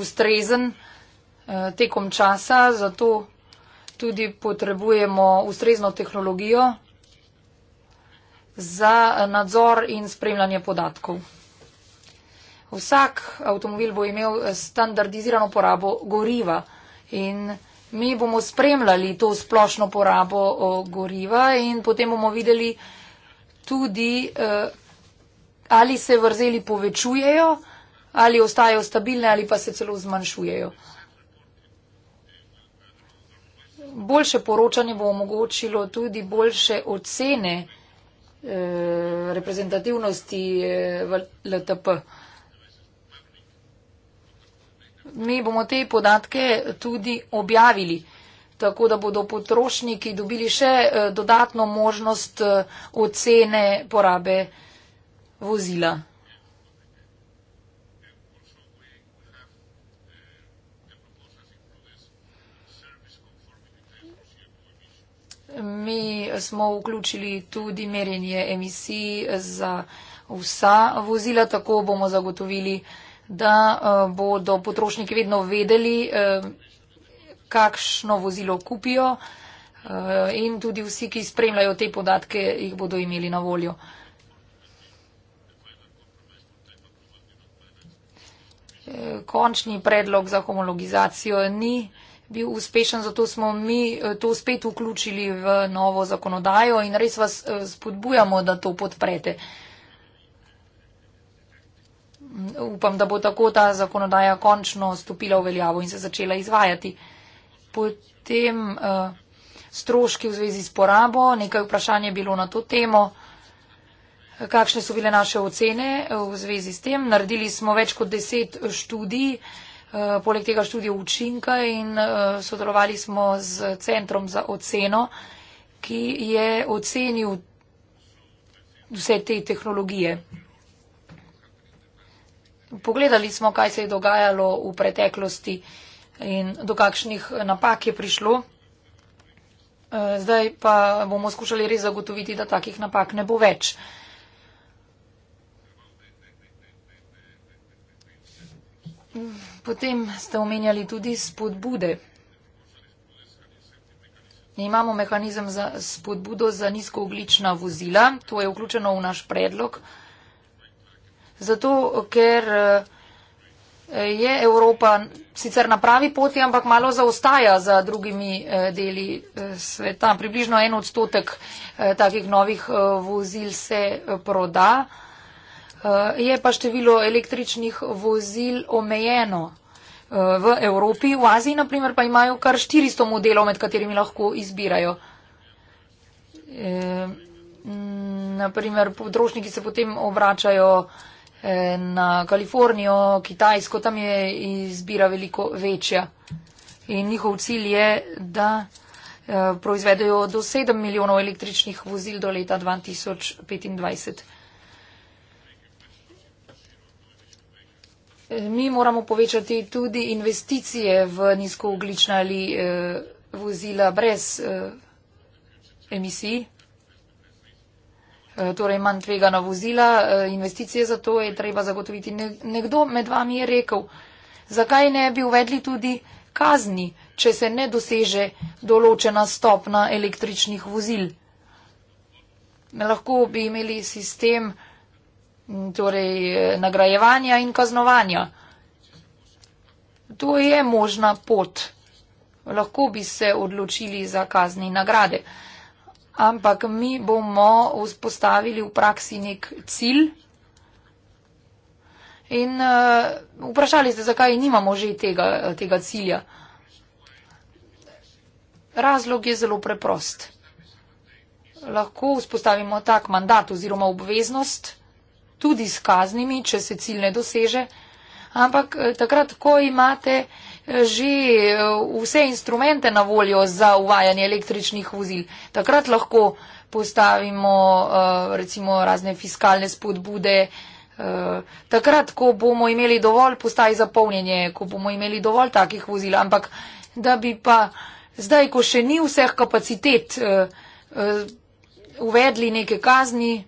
Speaker 1: ustrezen uh, tekom časa, zato tudi potrebujemo ustrezno tehnologijo za nadzor in spremljanje podatkov. Vsak avtomobil bo imel standardizirano porabo goriva in mi bomo spremljali to splošno porabo goriva in potem bomo videli tudi, uh, ali se vrzeli povečujejo, ali ostajajo stabilne, ali pa se celo zmanjšujejo. Boljše poročanje bo omogočilo tudi boljše ocene eh, reprezentativnosti eh, v LTP. Mi bomo te podatke tudi objavili, tako da bodo potrošniki dobili še eh, dodatno možnost eh, ocene porabe eh, vozila. Mi smo vključili tudi merjenje emisij za vsa vozila, tako bomo zagotovili, da eh, bodo potrošniki vedno vedeli, eh, kakšno vozilo kupijo eh, in tudi vsi, ki spremljajo te podatke, jih bodo imeli na voljo. končni predlog za homologizacijo ni bil uspešen, zato smo mi eh, to spet vključili v novo zakonodajo in res vas eh, spodbujamo, da to podprete. Upam, da bo tako ta zakonodaja končno stopila v veljavo in se začela izvajati. Potem eh, stroški v zvezi s porabo, nekaj vprašanje je bilo na to temo kakšne so bile naše ocene v zvezi s tem. Naredili smo več kot deset študij, eh, poleg tega študijo učinka in eh, sodelovali smo z centrom za oceno, ki je ocenil vse te tehnologije. Pogledali smo, kaj se je dogajalo v preteklosti in do kakšnih napak je prišlo. Eh, zdaj pa bomo skušali res zagotoviti, da takih napak ne bo več. Potem ste omenjali tudi spodbude. Imamo mehanizem za spodbudo za nizkooglična vozila, to je vključeno v naš predlog, zato ker eh, je Evropa sicer na pravi poti, ampak malo zaostaja za drugimi eh, deli eh, sveta. Približno en odstotek takih novih vozil se proda. Eh, je pa število električnih vozil omejeno eh, v Evropi. V Aziji, naprimer, pa imajo kar 400 modelov, med katerimi lahko izbirajo. Eh, mm, naprimer, potrošniki se potem obračajo na Kalifornijo, Kitajsko, tam je izbira veliko večja. In njihov cilj je, da proizvedejo do 7 milijonov električnih vozil do leta 2025. Mi moramo povečati tudi investicije v nizkooglična ali eh, vozila brez eh, emisij. Eh, torej, manj tvegana vozila, eh, investicije za to je treba zagotoviti. Nekdo med vami je rekel, zakaj ne bi uvedli tudi kazni, če se ne doseže določena stopna električnih vozil. Lahko bi imeli sistem eh, torej nagrajevanja in kaznovanja. To je možna pot. Lahko bi se odločili za kazni nagrade. Ampak mi bomo vzpostavili v praksi nek cilj. In uh, vprašali ste, zakaj nimamo že tega, tega cilja. Razlog je zelo preprost. Lahko vzpostavimo tak mandat oziroma obveznost tudi s kaznimi, če se cilj ne doseže. Ampak eh, takrat, ko imate eh, že eh, vse instrumente na voljo za uvajanje električnih vozil, takrat lahko postavimo recimo razne fiskalne spodbude. Takrat, ko bomo imeli dovolj postaj za polnjenje, ko bomo imeli dovolj takih vozil, ampak da bi pa zdaj, ko še ni vseh kapacitet, uvedli neke kazni,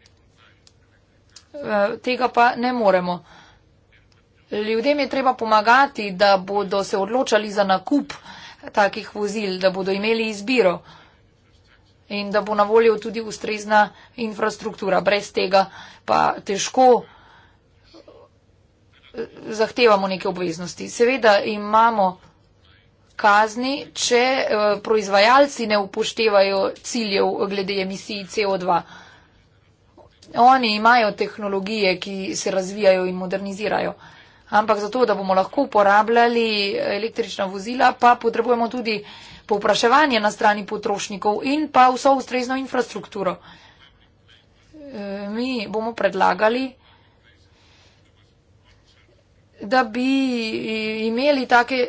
Speaker 1: Eh, tega pa ne moremo. Ljudem je treba pomagati, da bodo se odločali za nakup takih vozil, da bodo imeli izbiro in da bo na voljo tudi ustrezna infrastruktura. Brez tega pa težko eh, zahtevamo neke obveznosti. Seveda imamo kazni, če eh, proizvajalci ne upoštevajo ciljev glede emisiji CO2. Oni imajo tehnologije, ki se razvijajo in modernizirajo. Ampak zato, da bomo lahko uporabljali električna vozila, pa potrebujemo tudi povpraševanje na strani potrošnikov in pa vso ustrezno infrastrukturo. E, mi bomo predlagali, da bi imeli take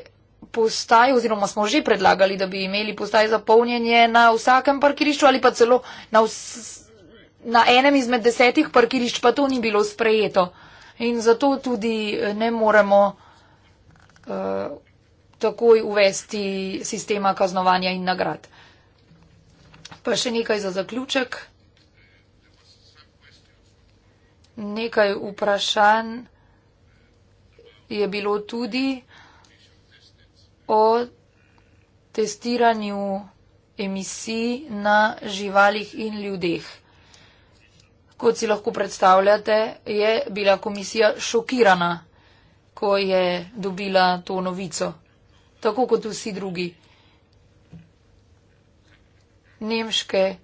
Speaker 1: postaje, oziroma smo že predlagali, da bi imeli postaje za polnjenje na vsakem parkirišču ali pa celo na vsakem na enem izmed desetih parkirišč pa to ni bilo sprejeto. In zato tudi eh, ne moremo uh, takoj uvesti sistema kaznovanja in nagrad. Pa še nekaj za zaključek. Nekaj vprašanj je bilo tudi o testiranju emisij na živalih in ljudeh. Kot si lahko predstavljate, je bila komisija šokirana, ko je dobila to novico, tako kot vsi drugi. Nemške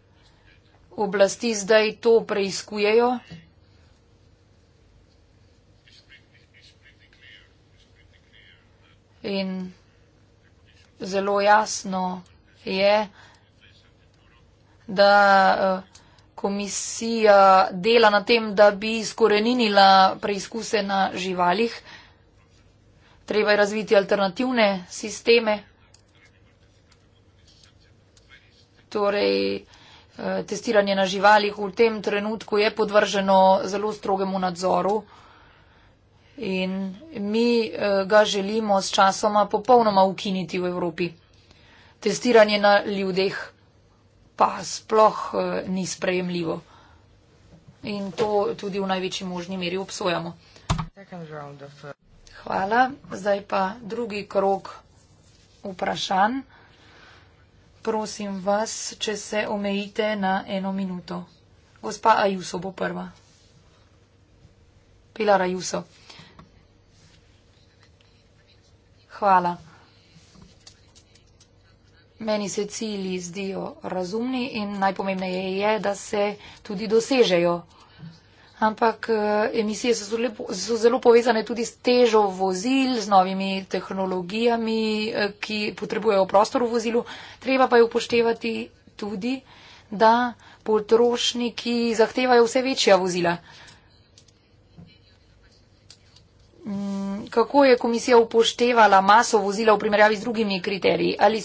Speaker 1: oblasti zdaj to preizkujejo. In zelo jasno je, da. Uh, komisija dela na tem, da bi skoreninila preizkuse na živalih. Treba je razviti alternativne sisteme. Torej, eh, testiranje na živalih v tem trenutku je podvrženo zelo strogemu nadzoru in mi eh, ga želimo s časoma popolnoma ukiniti v Evropi. Testiranje na ljudeh pa sploh eh, ni sprejemljivo. In to tudi v največji možni meri obsojamo. Hvala. Zdaj pa drugi krok vprašanj. Prosim vas, če se omejite na eno minuto. Gospa Ajuso bo prva. Pilar Ajuso. Hvala. Meni se cilji zdijo razumni in najpomembneje je, da se tudi dosežejo. Ampak eh, emisije so zelo, so zelo povezane tudi s težo vozil, z novimi tehnologijami, eh, ki potrebujejo prostor v vozilu. Treba pa je upoštevati tudi, da potrošniki zahtevajo vse večja vozila. Mm, kako je komisija upoštevala maso vozila v primerjavi z drugimi kriteriji? Ali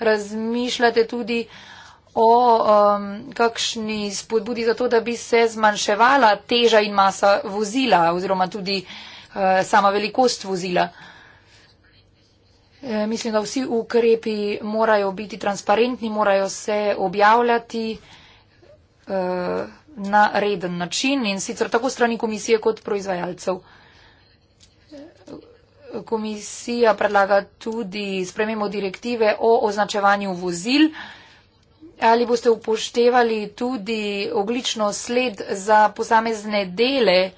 Speaker 1: razmišljate tudi o um, kakšni spodbudi za to, da bi se zmanjševala teža in masa vozila oziroma tudi uh, sama velikost vozila. E, mislim, da vsi ukrepi morajo biti transparentni, morajo se objavljati uh, na reden način in sicer tako strani komisije kot proizvajalcev komisija predlaga tudi spremembo direktive o označevanju vozil. Ali boste upoštevali tudi oglično sled za posamezne dele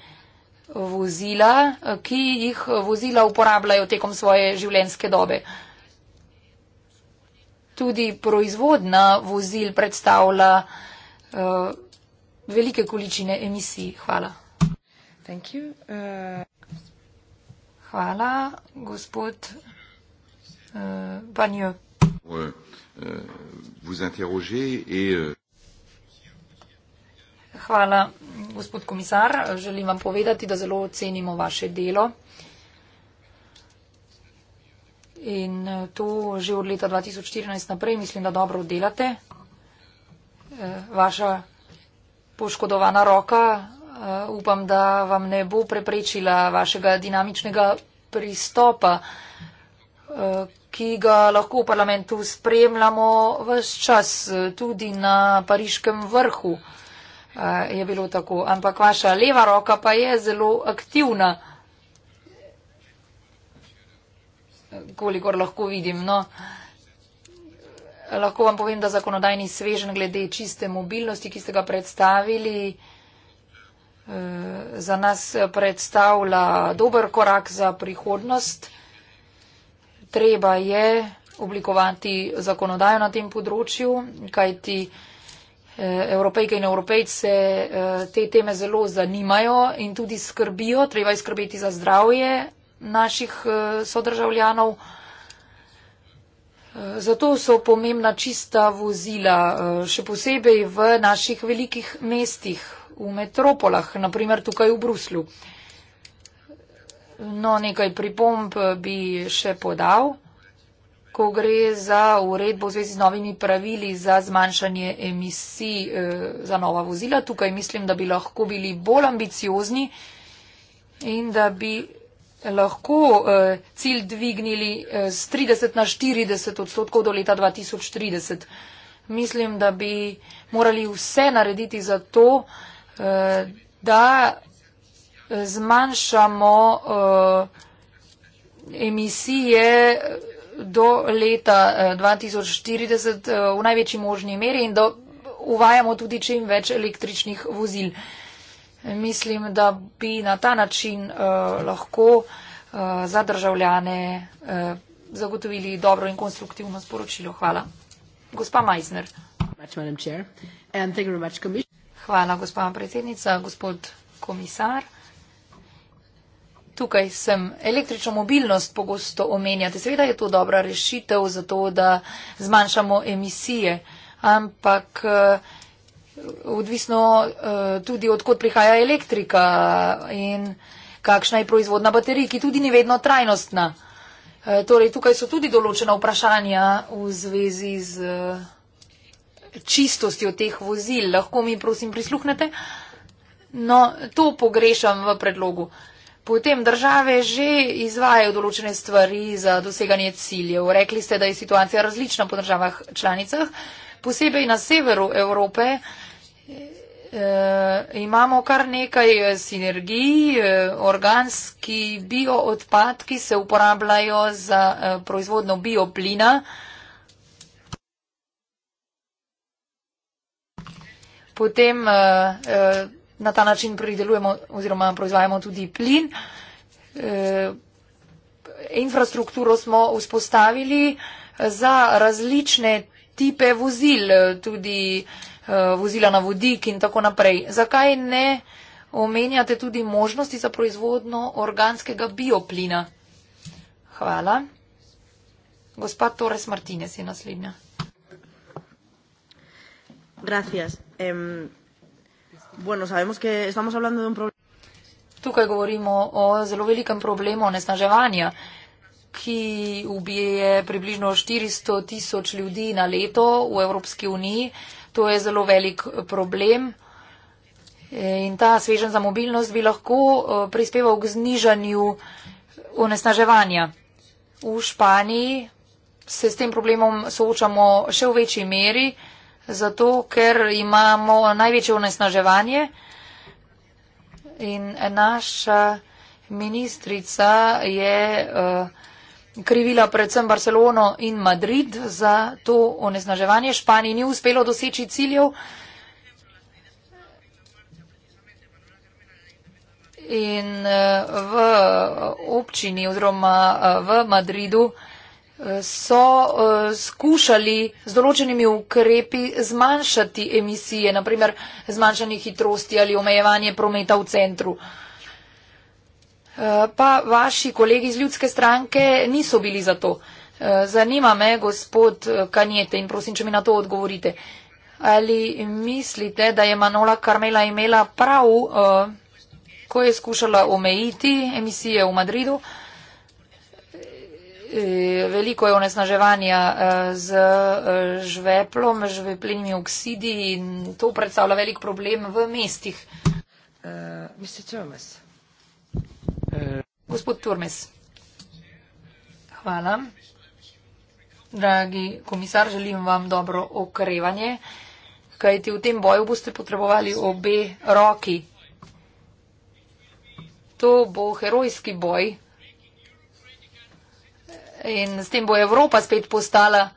Speaker 1: vozila, ki jih vozila uporabljajo tekom svoje življenjske dobe? Tudi proizvodna vozil predstavlja uh, velike količine emisij. Hvala. Thank you. Uh... Hvala. Gospod Banjo. Eh,
Speaker 4: uh, euh,
Speaker 2: euh,
Speaker 1: Hvala, gospod komisar. Želim vam povedati, da zelo ocenimo vaše delo. In eh, to že od leta 2014 naprej mislim, da dobro delate. Eh, vaša poškodovana roka Eh, upam, da vam ne bo preprečila vašega dinamičnega pristopa, eh, ki ga lahko v parlamentu spremljamo vse čas, tudi na pariškem vrhu eh, je bilo tako. Ampak vaša leva roka pa je zelo aktivna, kolikor lahko vidim. No. Lahko vam povem, da zakonodajni svežen glede čiste mobilnosti, ki ste ga predstavili, Eh, za nas predstavlja dober korak za prihodnost. Treba je oblikovati zakonodajo na tem področju, kajti eh, evropejke in evropejce eh, te teme zelo zanimajo in tudi skrbijo. Treba je skrbeti za zdravje naših sodržavljanov. Zato so pomembna čista vozila, še posebej v naših velikih mestih, v metropolah, naprimer tukaj v Bruslju. No, nekaj pripomp bi še podal, ko gre za uredbo v zvezi z novimi pravili za zmanjšanje emisij eh, za nova vozila. Tukaj mislim, da bi lahko bili bolj ambiciozni in da bi lahko eh, cilj dvignili z eh, 30 na 40 odstotkov do leta 2030. Mislim, da bi morali vse narediti za to, Eh, da zmanjšamo eh, emisije do leta 2040 eh, v največji možni meri in da uvajamo tudi čim več električnih vozil. Mislim, da bi na ta način lahko za državljane zagotovili dobro in konstruktivno sporočilo. Hvala. Gospa Meissner. Much, Hvala, gospa predsednica, gospod komisar. Tukaj sem. Električno mobilnost pogosto omenjate. Seveda je to dobra rešitev za to, da zmanjšamo emisije, ampak eh, odvisno eh, tudi odkot prihaja elektrika in kakšna je proizvodna baterija, ki tudi ni vedno trajnostna. Eh, torej, tukaj so tudi določena vprašanja v zvezi z čistostjo teh vozil. Lahko mi prosim prisluhnete? No, to pogrešam v predlogu. Potem države že izvajajo določene stvari za doseganje ciljev. Rekli ste, da je situacija različna po državah članicah. Posebej na severu Evrope e, imamo kar nekaj sinergij. Eh, organski bioodpadki se uporabljajo za e, eh, proizvodno bioplina. E, potem eh, eh, na ta način pridelujemo oziroma proizvajamo tudi plin. Eh, infrastrukturo smo vzpostavili za različne tipe vozil, tudi vozila na vodik in tako naprej. Zakaj ne omenjate tudi možnosti za proizvodno organskega bioplina? Hvala. Gospod Torres Martinez je naslednja. Gracias eh, bueno, sabemos que estamos hablando de un problema. Tukaj govorimo o zelo velikem problemu onesnaževanja, ki ubije približno 400 tisoč ljudi na leto v Evropski uniji. To je zelo velik eh, problem in ta svežen za mobilnost bi lahko eh, prispeval k znižanju onesnaževanja. V Španiji se s tem problemom soočamo še v večji meri zato ker imamo največje onesnaževanje in naša ministrica je eh, krivila predvsem Barcelono in Madrid za to onesnaževanje. Španiji ni uspelo doseči ciljev in eh, v občini oziroma eh, v Madridu so eh, skušali z določenimi ukrepi zmanjšati emisije, naprimer zmanjšanje hitrosti ali omejevanje prometa v centru. Eh, pa vaši kolegi iz ljudske stranke niso bili za to. Eh, zanima me, gospod Kanjete, in prosim, če mi na to odgovorite. Ali mislite, da je Manola Karmela imela prav, ko je skušala omejiti emisije v Madridu? Eh, veliko je onesnaževanja eh, z eh, žveplom, žveplinimi oksidi in to predstavlja velik problem v mestih. Uh, uh. Gospod Turmes. Hvala. Dragi komisar, želim vam dobro okrevanje, kajti v tem boju boste potrebovali obe roki. To bo herojski boj in s tem bo Evropa spet postala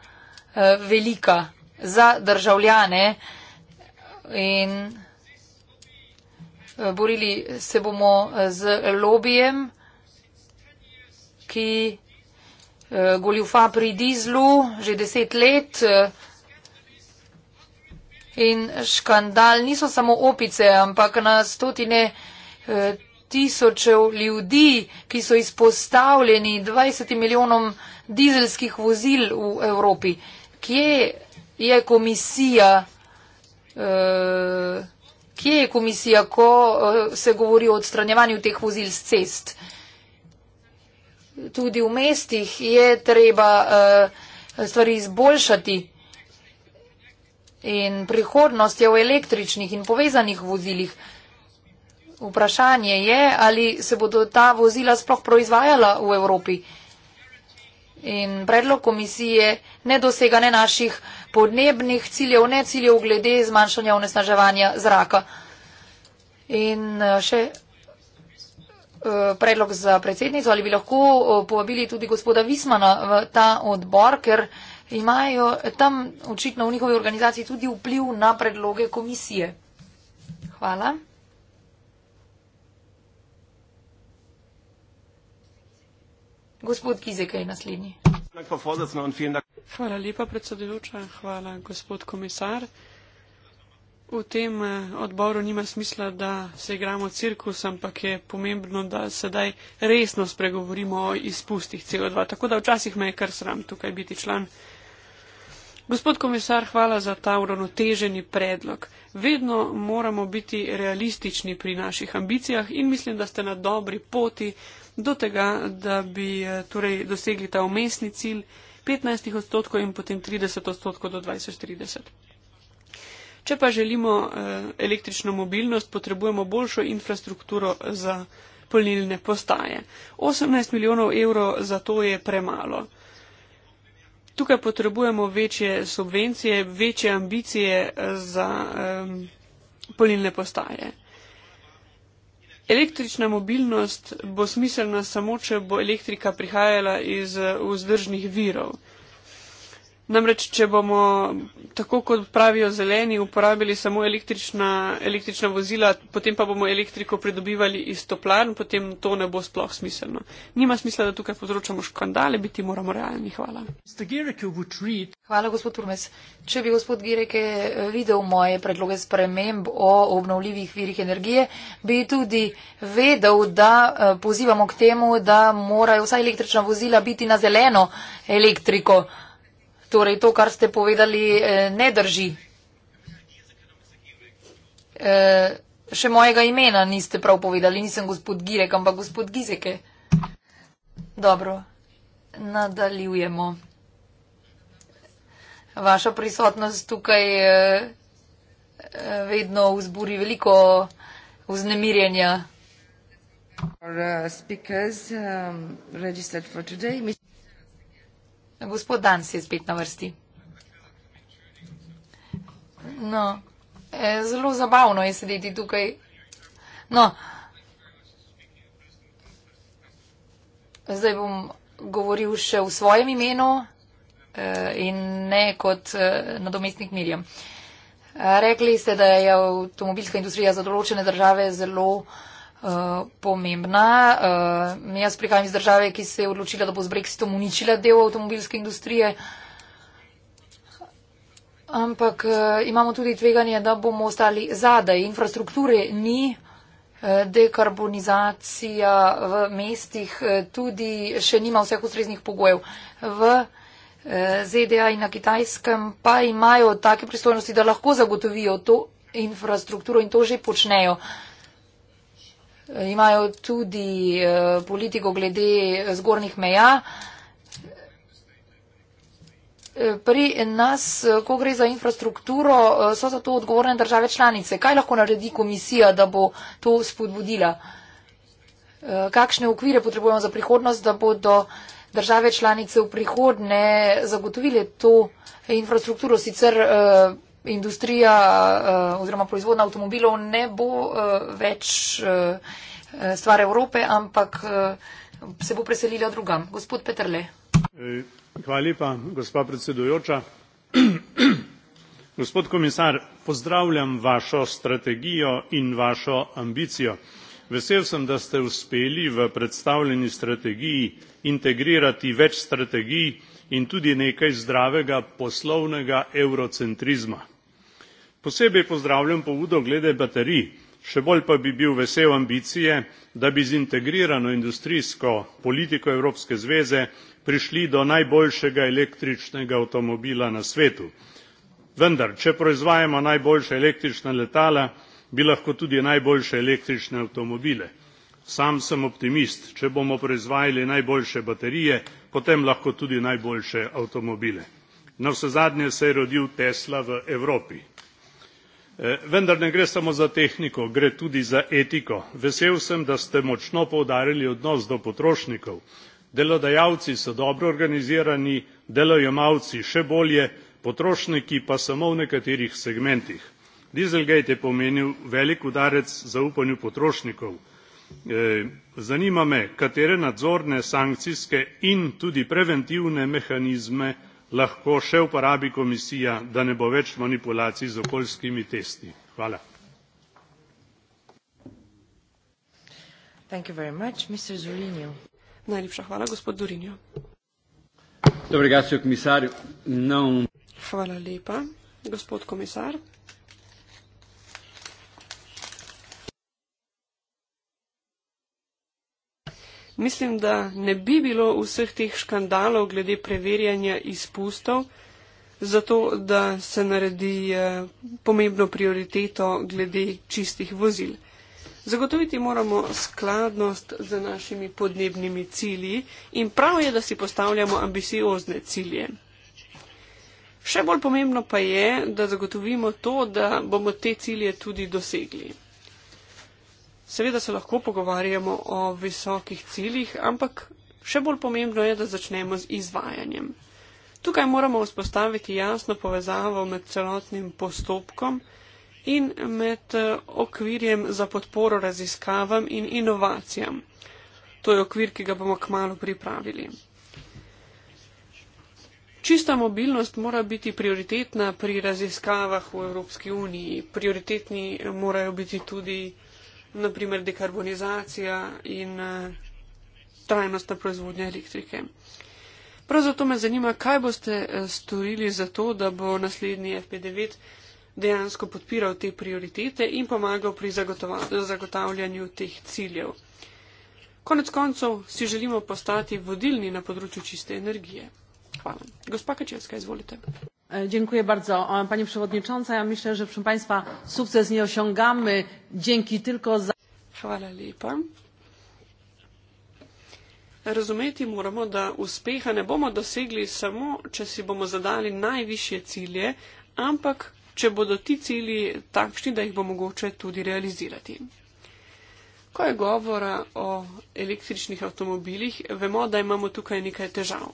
Speaker 1: eh, velika za državljane in eh, borili se bomo eh, z lobijem, ki goljufa pri dizlu že deset let in škandal niso samo opice, ampak na stotine tisočev ljudi, ki so izpostavljeni 20 milijonom dizelskih vozil v Evropi. Kje je komisija, uh, kje je komisija ko uh, se govori o odstranjevanju teh vozil z cest? Tudi v mestih je treba uh, stvari izboljšati. In prihodnost je v električnih in povezanih vozilih. Vprašanje je, ali se bodo ta vozila sploh proizvajala v Evropi. In predlog komisije ne dosega ne naših podnebnih ciljev, ne ciljev glede zmanjšanja onesnaževanja zraka. In eh, še eh, predlog za predsednico, ali bi lahko eh, povabili tudi gospoda Vismana v ta odbor, ker imajo tam očitno v njihovi organizaciji tudi vpliv na predloge komisije. Hvala. Gospod Kizek
Speaker 3: je naslednji. Hvala lepa, predsedujoča. Hvala, gospod komisar. V tem eh, odboru nima smisla, da se igramo cirkus, ampak je pomembno, da sedaj resno spregovorimo o izpustih CO2. Tako da včasih me je kar sram tukaj biti član. Gospod komisar, hvala za ta uravnoteženi predlog. Vedno moramo biti realistični pri naših ambicijah in mislim, da ste na dobri poti, do tega, da bi eh, torej dosegli ta umestni cilj 15 odstotkov in potem 30 odstotkov do 2030. Če pa želimo eh, električno mobilnost, potrebujemo boljšo infrastrukturo za polnilne postaje. 18 milijonov evrov za to je premalo. Tukaj potrebujemo večje subvencije, večje ambicije eh, za um, polnilne postaje. Električna mobilnost bo smiselna samo, če bo elektrika prihajala iz vzdržnih virov. Namreč, če bomo, tako kot pravijo zeleni, uporabili samo električna, električna vozila, potem pa bomo elektriko pridobivali iz toplarn, potem to ne bo sploh smiselno. Nima smisla, da tukaj povzročamo škandale, biti moramo realni. Hvala.
Speaker 1: Hvala, gospod Urmes. Če bi gospod Gireke eh, videl moje predloge sprememb o obnovljivih virih energije, bi tudi vedel, da eh, pozivamo k temu, da morajo vsa električna vozila biti na zeleno elektriko. Torej, to, kar ste povedali, eh, ne drži. Eh, še mojega imena niste prav povedali, nisem gospod Girek, ampak gospod Gizeke. Dobro, nadaljujemo. Vaša prisotnost tukaj eh, vedno vzburi veliko vznemirjenja. Our, uh, speakers, um, Gospod Dan se je spet na vrsti. No, e, zelo zabavno je sedeti tukaj. No, zdaj bom govoril še v svojem imenu e, in ne kot e, nadomestnik Mirjam. Rekli ste, da je avtomobilska industrija za določene države zelo Eh, pomembna. Uh, jaz prihajam iz države, ki se je odločila, da bo z brexitom uničila del avtomobilske industrije. Ampak uh, imamo tudi tveganje, da bomo ostali zadaj. Infrastrukture ni, uh, dekarbonizacija v mestih tudi še nima vseh ustreznih pogojev. V uh, ZDA in na kitajskem pa imajo take pristojnosti, da lahko zagotovijo to infrastrukturo in to že počnejo. Uh, imajo tudi eh, politiko glede eh, zgornjih meja. Eh, pri nas, ko gre za infrastrukturo, so za to odgovorne države članice. Kaj lahko naredi komisija, da bo to spodbudila? Kakšne okvire potrebujemo za prihodnost, da bodo države članice v prihodne zagotovile to infrastrukturo? Sicer industrija eh, oziroma proizvodna avtomobilov ne bo eh, več eh, stvar Evrope, ampak se bo preselila drugam. Gospod Petrle.
Speaker 4: Hvala lepa, gospa predsedujoča. Gospod komisar, pozdravljam vašo strategijo in vašo ambicijo. Vesel sem, da ste uspeli v predstavljeni strategiji integrirati več strategij in tudi nekaj zdravega poslovnega eurocentrizma. Posebej pozdravljam pobudo glede baterij, še bolj pa bi bil vesel ambicije, da bi z integrirano industrijsko politiko Evropske zveze prišli do najboljšega električnega avtomobila na svetu. Vendar, če proizvajamo najboljše električna letala, bi lahko tudi najboljše električne avtomobile. Sam sem optimist, če bomo proizvajali najboljše baterije, potem lahko tudi najboljše avtomobile. Na vse zadnje se je rodil Tesla v Evropi. E, vendar ne gre samo za tehniko gre tudi za etiko. vesel sem da ste močno poudarili odnos do potrošnikov delodajalci so dobro organizirani delojemalci še bolje potrošniki pa samo v nekaterih segmentih. dieselgate je pomenil velik udarec zaupanju potrošnikov. E, zanima me katere nadzorne sankcijske in tudi preventivne mehanizme lahko še uporabi komisija da ne bo več manipulacij z okoljskimi testi hvala
Speaker 3: Thank you very much, Mr. Najlepša hvala, gospod Durinjo. Dobre, gasio, komisar. No. Hvala lepa, gospod komisar. mislim, da ne bi bilo vseh teh škandalov glede preverjanja izpustov, zato da se naredi eh, pomembno prioriteto glede čistih vozil. Zagotoviti moramo skladnost z našimi podnebnimi cilji in prav je, da si postavljamo ambiciozne cilje. Še bolj pomembno pa je, da zagotovimo to, da bomo te cilje tudi dosegli. Seveda se lahko pogovarjamo o visokih ciljih, ampak še bolj pomembno je, da začnemo z izvajanjem. Tukaj moramo vzpostaviti jasno povezavo med celotnim postopkom in med eh, okvirjem za podporo raziskavam in inovacijam. To je okvir, ki ga bomo kmalo pripravili. Čista mobilnost mora biti prioritetna pri raziskavah v Evropski uniji. Prioritetni eh, morajo biti tudi naprimer dekarbonizacija in eh, trajnostna proizvodnja elektrike. Prav zato me zanima, kaj boste eh, storili za to, da bo naslednji FP9 dejansko podpiral te prioritete in pomagal pri zagotavljanju teh ciljev. Konec koncev si želimo postati vodilni na področju čiste energije. Hvala. Gospa Kačevska, izvolite. E, pani przewodnicząca! ja myślę że proszę państwa sukces nie osiągamy dzięki tylko. razumeti moramo da uspeha ne bomo dosegli samo če si bomo zadali najvišje cilje ampak če bodo ti cilji takšni da jih bo mogoče tudi realizirati. ko je govora o električnih avtomobilih vemo da imamo tukaj nekaj težav.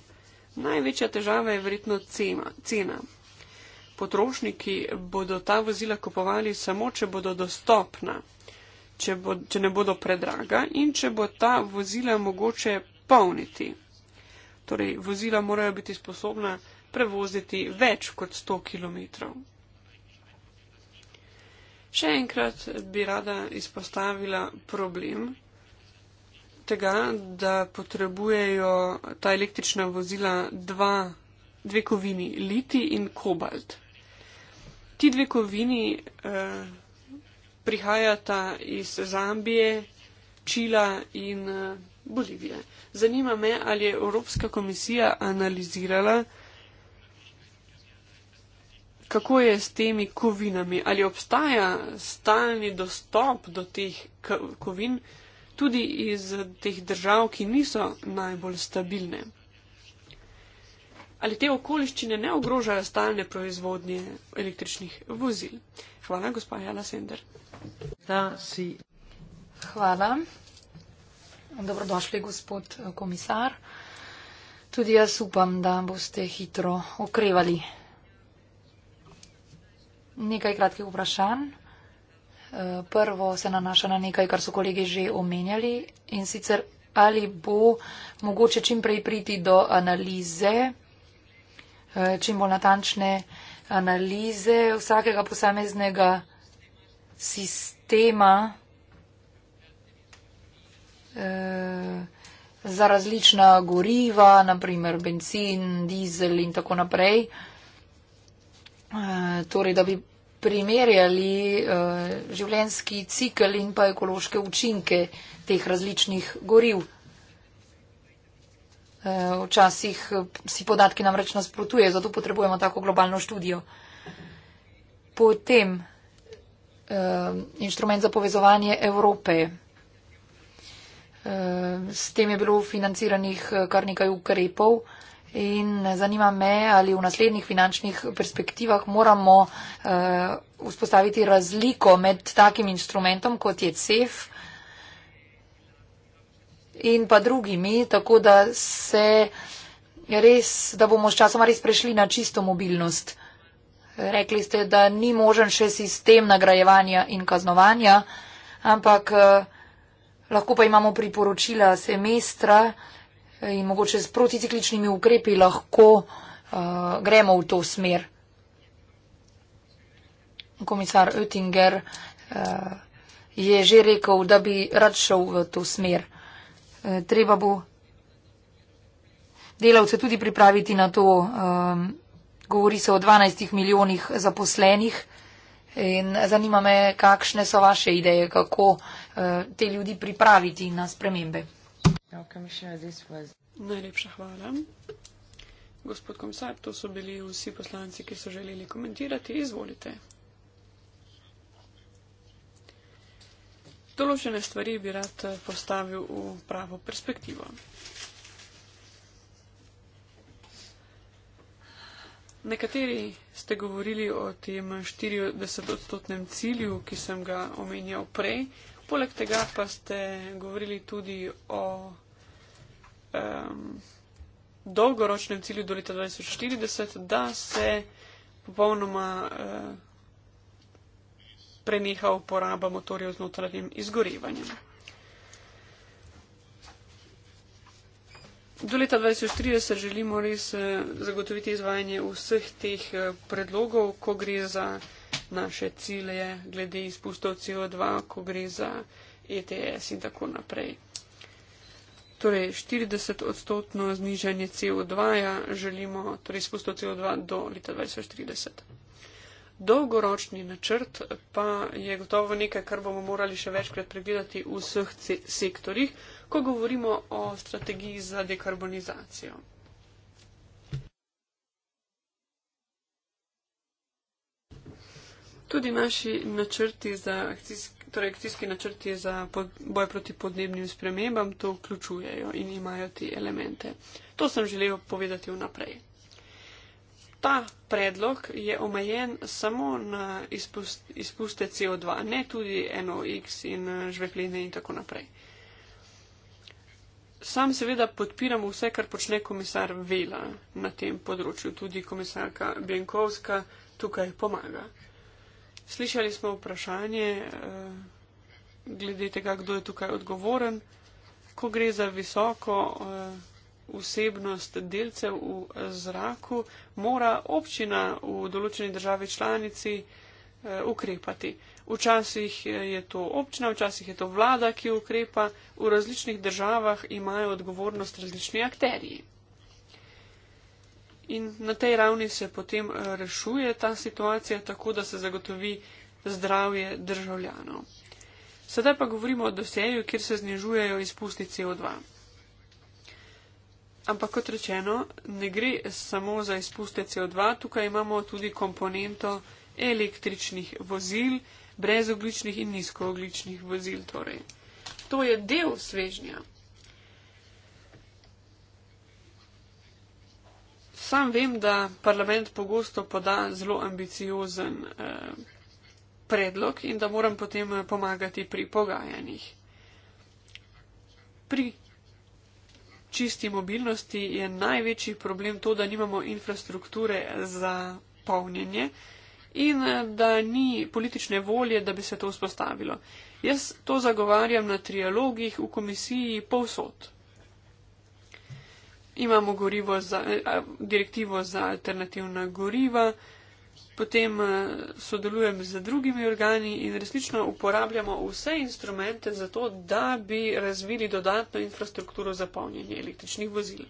Speaker 3: Največja težava je verjetno cena. cena. Potrošniki bodo ta vozila kupovali samo, če bodo dostopna, če, bo, če ne bodo predraga in če bo ta vozila mogoče polniti. Torej, vozila morajo biti sposobna prevoziti več kot 100 km. Še enkrat bi rada izpostavila problem, tega, da potrebujejo ta električna vozila dva, dve kovini, liti in kobalt. Ti dve kovini eh, prihajata iz Zambije, Čila in eh, Bolivije. Zanima me, ali je Evropska komisija analizirala, kako je s temi kovinami, ali obstaja stalni dostop do teh kovin. Eh, tudi iz teh držav, ki niso najbolj stabilne. Ali te okoliščine ne ogrožajo stalne proizvodnje električnih
Speaker 1: vozil? Hvala, gospa Jana Sender. Da, si. Hvala. Dobrodošli, gospod komisar. Tudi jaz upam, da boste hitro okrevali. Nekaj kratkih vprašanj. Prvo se nanaša na nekaj, kar so kolegi že omenjali in sicer ali bo mogoče čim prej priti do analize, eh, čim bolj natančne analize vsakega posameznega sistema eh, za različna goriva, naprimer benzin, dizel in tako naprej. Eh, torej, da bi primerjali eh, življenski cikl in pa ekološke učinke teh različnih goriv. Eh, včasih si podatki namreč nasprotuje, zato potrebujemo tako globalno študijo. Potem eh, inštrument za povezovanje Evrope. S tem je bilo financiranih kar nekaj ukrepov. In zanima me, ali v naslednjih finančnih perspektivah moramo uh, vzpostaviti razliko med takim instrumentom, kot je CEF in pa drugimi, tako da se res, da bomo s časoma res prešli na čisto mobilnost. Rekli ste, da ni možen še sistem nagrajevanja in kaznovanja, ampak uh, lahko pa imamo priporočila semestra. Uh, in mogoče s proticikličnimi ukrepi lahko uh, gremo v to smer. Komisar Oettinger uh, je že rekel, da bi rad šel v to smer. Uh, treba bo delavce tudi pripraviti na to. Um, govori se o 12 milijonih zaposlenih. In zanima me, kakšne so vaše ideje, kako uh, te ljudi pripraviti na spremembe.
Speaker 3: Najlepša hvala. Gospod komisar, to so bili vsi poslanci, ki so želeli komentirati. Izvolite. Določene stvari bi rad eh, postavil v pravo perspektivo. Nekateri ste govorili o tem 40-odstotnem cilju, ki sem ga omenjal prej, Poleg tega pa ste govorili tudi o um, dolgoročnem cilju do leta 2040, da se popolnoma uh, preneha uporaba motorjev z notranjim izgorevanjem. Do leta 2030 želimo res eh, zagotoviti izvajanje vseh teh eh, predlogov, ko gre za naše cilje glede izpustov CO2, ko gre za ETS in tako naprej. Torej, 40 odstotno znižanje CO2 -ja želimo, torej izpustov CO2 do leta 2030. Dolgoročni načrt pa je gotovo nekaj, kar bomo morali še večkrat pregledati v vseh sektorjih, ko govorimo o strategiji za dekarbonizacijo. Tudi naši načrti za akcijski, torej akcijski načrti za pod, boj proti podnebnim spremembam to vključujejo in imajo ti elemente. To sem želel povedati vnaprej. Ta predlog je omejen samo na izpust, izpuste CO2, ne tudi NOx in eh, žvepline in tako naprej. Sam seveda podpiram vse, kar počne komisar Vela na tem področju. Tudi komisarka Bjenkovska tukaj pomaga. Slišali smo vprašanje eh, glede tega, kdo je tukaj odgovoren. Ko gre za visoko eh, vsebnost delcev v eh, zraku, mora občina v določeni državi članici ukrepati. Včasih je to občina, včasih je to vlada, ki ukrepa. V različnih državah imajo odgovornost različni akteriji in na tej ravni se potem eh, rešuje ta situacija, tako da se zagotovi zdravje državljanov. Sedaj pa govorimo o doseju, kjer se znižujejo izpusti CO2. Ampak kot rečeno, ne gre samo za izpuste CO2, tukaj imamo tudi komponento električnih vozil, brezogličnih in nizkoogličnih vozil. Torej. To je del svežnja. sam vem, da parlament pogosto poda zelo ambiciozen eh, predlog in da moram potem eh, pomagati pri pogajanjih. Pri čisti mobilnosti je največji problem to, da nimamo infrastrukture za polnjenje in eh, da ni politične volje, da bi se to vzpostavilo. Jaz to zagovarjam na trialogih v komisiji povsod imamo gorivo za, eh, direktivo za alternativna goriva, potem eh, sodelujem z drugimi organi in resnično uporabljamo vse instrumente za to, da bi razvili dodatno infrastrukturo za polnjenje električnih vozil.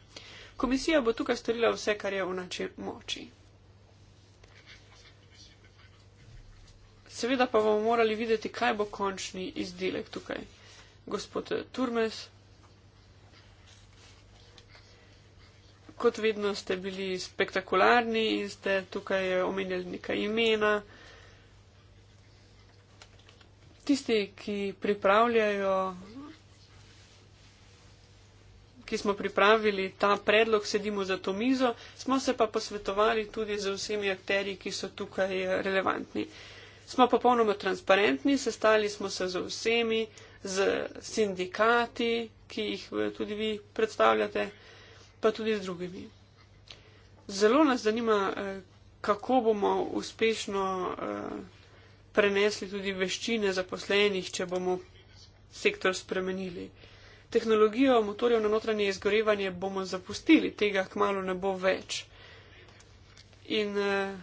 Speaker 3: Komisija bo tukaj storila vse, kar je v nači moči. Seveda pa bomo morali videti, kaj bo končni izdelek tukaj. Gospod Turmes, kot vedno ste bili spektakularni in ste tukaj omenjali nekaj imena. Tisti, ki pripravljajo, ki smo pripravili ta predlog, sedimo za to mizo, smo se pa posvetovali tudi z vsemi akteri, ki so tukaj relevantni. Smo popolnoma transparentni, sestali smo se z vsemi, z sindikati, ki jih tudi vi predstavljate pa tudi z drugimi. Zelo nas zanima, eh, kako bomo uspešno eh, prenesli tudi veščine zaposlenih, če bomo sektor spremenili. Tehnologijo motorjev na notranje izgorevanje bomo zapustili, tega kmalo ne bo več. In eh,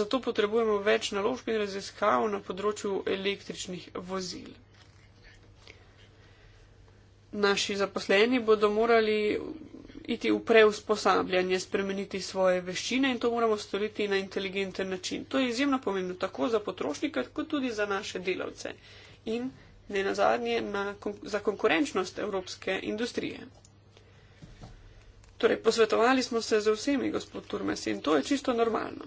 Speaker 3: zato potrebujemo več naložb in raziskav na področju električnih vozil naši zaposleni bodo morali iti v preusposabljanje, spremeniti svoje veščine in to moramo storiti na inteligenten način. To je izjemno pomembno tako za potrošnika, kot tudi za naše delavce in ne nazadnje na, za konkurenčnost evropske industrije. Torej, posvetovali smo se z vsemi, gospod Turmes, in to je čisto normalno.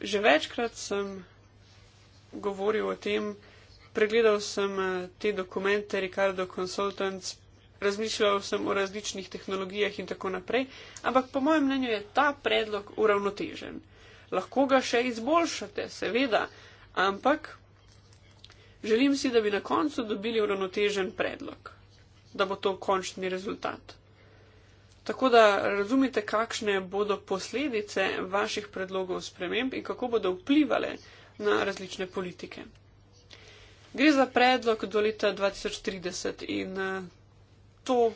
Speaker 3: Že večkrat sem govoril o tem. Pregledal sem eh, te dokumente Ricardo Consultants, razmišljal sem o različnih tehnologijah in tako naprej, ampak po mojem mnenju je ta predlog uravnotežen. Lahko ga še izboljšate, seveda, ampak želim si, da bi na koncu dobili uravnotežen predlog, da bo to končni rezultat. Tako da razumite, kakšne bodo posledice vaših predlogov sprememb in kako bodo vplivali na različne politike. Gre za predlog do leta 2030 in eh, to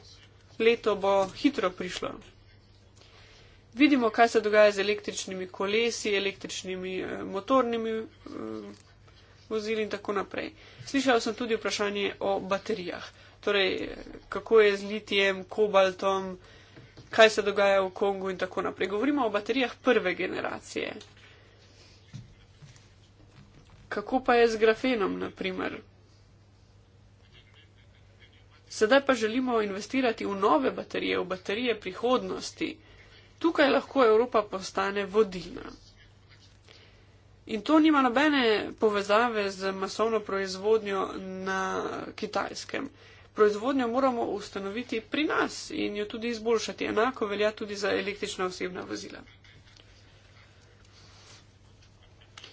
Speaker 3: leto bo hitro prišlo. Vidimo, kaj se dogaja z električnimi kolesi, električnimi eh, motornimi eh, vozili in tako naprej. Slišal sem tudi vprašanje o baterijah, torej kako je z litijem, kobaltom, kaj se dogaja v Kongu in tako naprej. Govorimo o baterijah prve generacije kako pa je z grafenom, na primer. Sedaj pa želimo investirati v nove baterije, v baterije prihodnosti. Tukaj lahko Evropa postane vodilna. In to nima nobene povezave z masovno proizvodnjo na kitajskem. Proizvodnjo moramo ustanoviti pri nas in jo tudi izboljšati. Enako velja tudi za električna osebna vozila.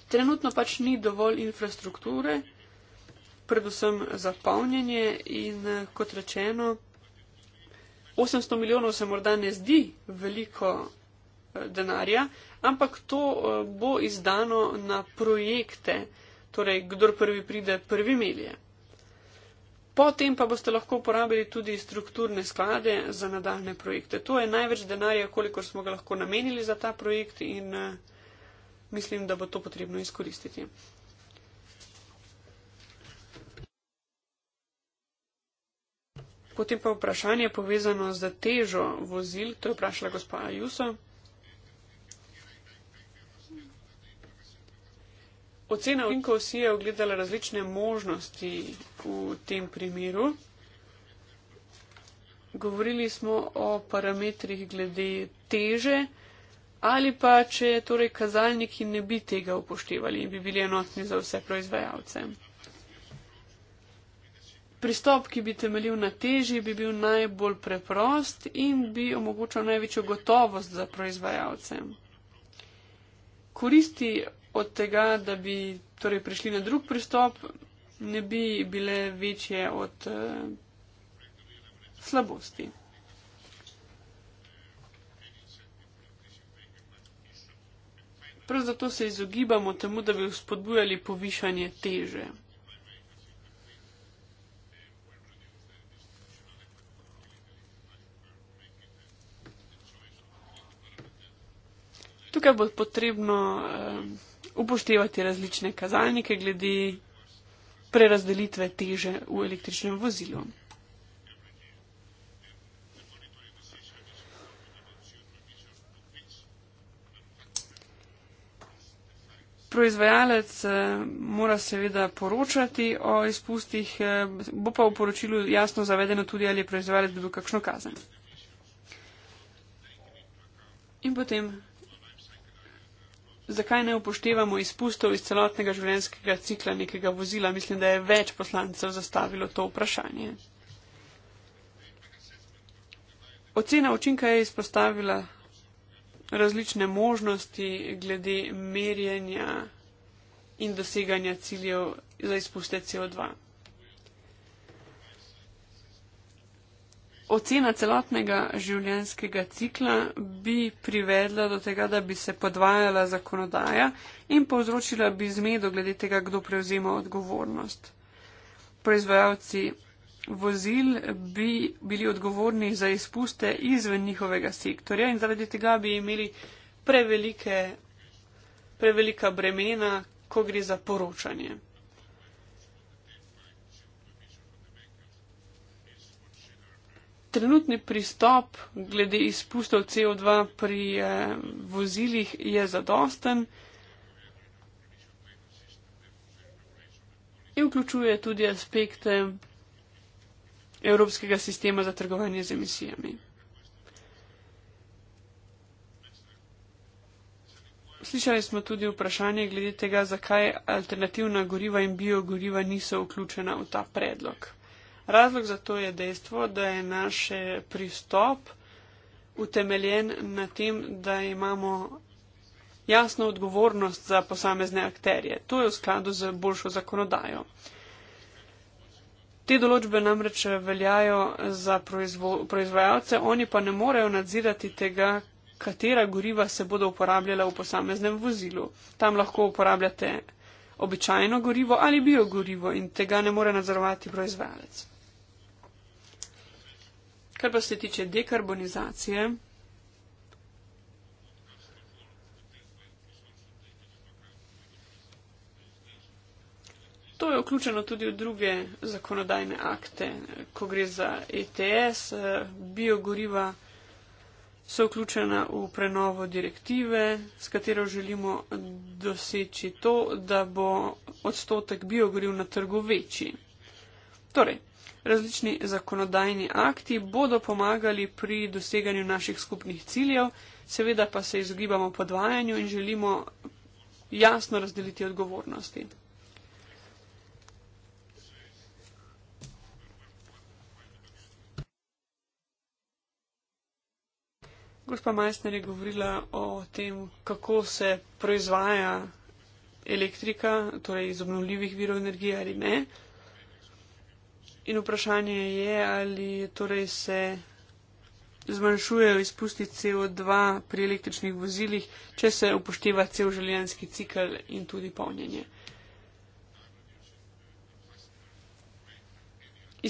Speaker 3: trenutno pač ni dovolj infrastrukture, predvsem za polnjenje in kot rečeno, 800 milijonov se morda ne zdi veliko eh, denarja, ampak to eh, bo izdano na projekte, torej kdor prvi pride, prvi melje. Potem pa boste lahko uporabili tudi strukturne sklade za nadaljne projekte. To je največ denarja, koliko smo ga lahko namenili za ta projekt in uh, mislim, da bo to potrebno izkoristiti. Potem pa vprašanje povezano z težo vozil, to je vprašala gospa Juso. Ocena učinkov si je ogledala različne možnosti v tem primeru. Govorili smo o parametrih glede teže ali pa če torej kazalniki ne bi tega upoštevali in bi bili enotni za vse proizvajalce. Pristop, ki bi temeljil na teži, bi bil najbolj preprost in bi omogočal največjo gotovost za proizvajalce. Koristi od tega, da bi torej prišli na drug pristop, ne bi bile večje od uh, slabosti. Prav zato se izogibamo temu, da bi vzpodbujali povišanje teže. Tukaj bo potrebno um, upoštevati različne kazalnike glede prerazdelitve teže v električnem vozilu. proizvajalec eh, mora seveda poročati o izpustih, eh, bo pa v poročilu jasno zavedeno tudi, ali je proizvajalec dobil kakšno kazen. In potem, zakaj ne upoštevamo izpustov iz celotnega življenjskega cikla nekega vozila? Mislim, da je več poslancev zastavilo to vprašanje. Ocena učinka je izpostavila različne možnosti glede merjenja in doseganja ciljev za izpuste CO2. Ocena celotnega življenskega cikla bi privedla do tega, da bi se podvajala zakonodaja in povzročila bi zmedo glede tega, kdo prevzema odgovornost. Proizvajalci vozil bi bili odgovorni za izpuste izven njihovega sektorja in zaradi tega bi imeli prevelike, prevelika bremena, ko gre za poročanje. Trenutni pristop glede izpustov CO2 pri eh, vozilih je zadosten. In vključuje tudi aspekte evropskega sistema za trgovanje z emisijami. Slišali smo tudi vprašanje glede tega, zakaj alternativna goriva in biogoriva niso vključena v ta predlog. Razlog za to je dejstvo, da je naš pristop utemeljen na tem, da imamo jasno odgovornost za posamezne akterje. To je v skladu z boljšo zakonodajo. Te določbe namreč veljajo za proizvo, proizvajalce, oni pa ne morejo nadzirati tega, katera goriva se bodo uporabljala v posameznem vozilu. Tam lahko uporabljate običajno gorivo ali biogorivo in tega ne more nadzorovati proizvajalec. Kar pa se tiče dekarbonizacije, To je vključeno tudi v druge zakonodajne akte, ko gre za ETS. Eh, biogoriva so vključena v prenovo direktive, s katero želimo doseči to, da bo odstotek biogoriv na trgu večji. Torej, različni zakonodajni akti bodo pomagali pri doseganju naših skupnih ciljev, seveda pa se izogibamo podvajanju in želimo jasno razdeliti odgovornosti. Gospa Majsner je govorila o tem, kako se proizvaja elektrika, torej iz obnovljivih virov energije ali ne. In vprašanje je, ali torej se zmanjšujejo izpusti CO2 pri električnih vozilih, če se upošteva cel življenjski cikl in tudi polnjenje.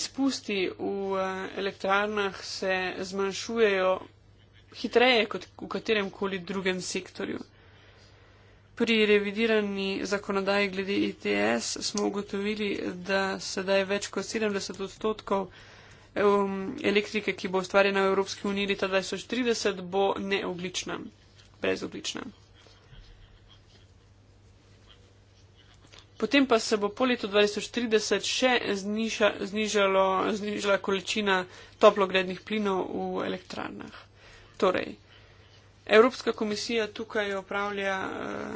Speaker 3: Izpusti v eh, elektrarnah se zmanjšujejo hitreje kot v katerem koli drugem sektorju. Pri revidirani zakonodaji glede ITS e smo ugotovili, da sedaj več kot 70 odstotkov um, elektrike, ki bo ustvarjena v Evropski uniji leta 2030, bo neoglična, brezoglična. Potem pa se bo po letu 2030 še zniža, znižalo, znižala količina toplogrednih plinov v elektrarnah. Torej, Evropska komisija tukaj opravlja uh,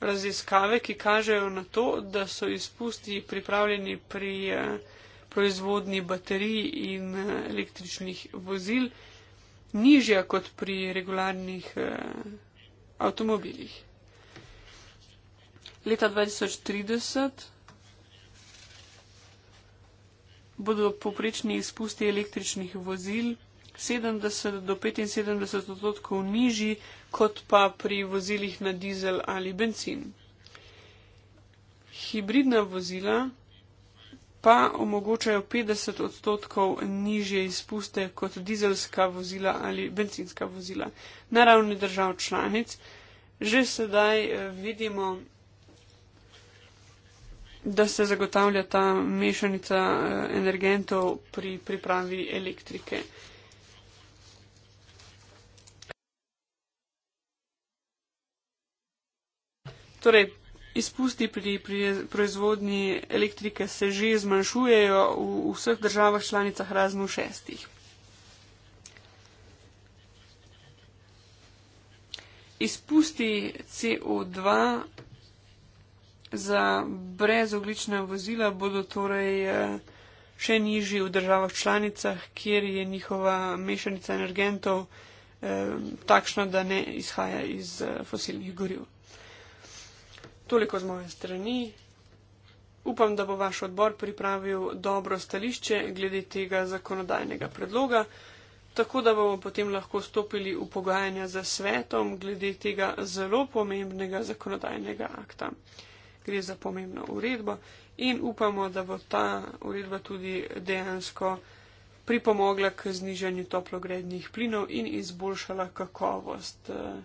Speaker 3: raziskave, ki kažejo na to, da so izpusti pripravljeni pri uh, eh, proizvodni baterij in uh, električnih vozil nižja kot pri regularnih uh, avtomobilih. Leta 2030 bodo poprečni izpusti električnih vozil 70 do 75 odstotkov nižji, kot pa pri vozilih na dizel ali benzin. Hibridna vozila pa omogočajo 50 odstotkov nižje izpuste kot dizelska vozila ali benzinska vozila. Na ravni držav članic že sedaj eh, vidimo, da se zagotavlja ta mešanica eh, energentov pri pripravi elektrike. Torej, izpusti pri, pri proizvodnji elektrike se že zmanjšujejo v, v vseh državah članicah razno šestih. Izpusti CO2 za brezoglična vozila bodo torej eh, še nižji v državah članicah, kjer je njihova mešanica energentov eh, takšna, da ne izhaja iz eh, fosilnih goriv. Toliko z moje strani. Upam, da bo vaš odbor pripravil dobro stališče glede tega zakonodajnega predloga, tako da bomo potem lahko stopili v pogajanja z svetom glede tega zelo pomembnega zakonodajnega akta. Gre za pomembno uredbo in upamo, da bo ta uredba tudi dejansko pripomogla k znižanju toplogrednih plinov in izboljšala kakovost eh,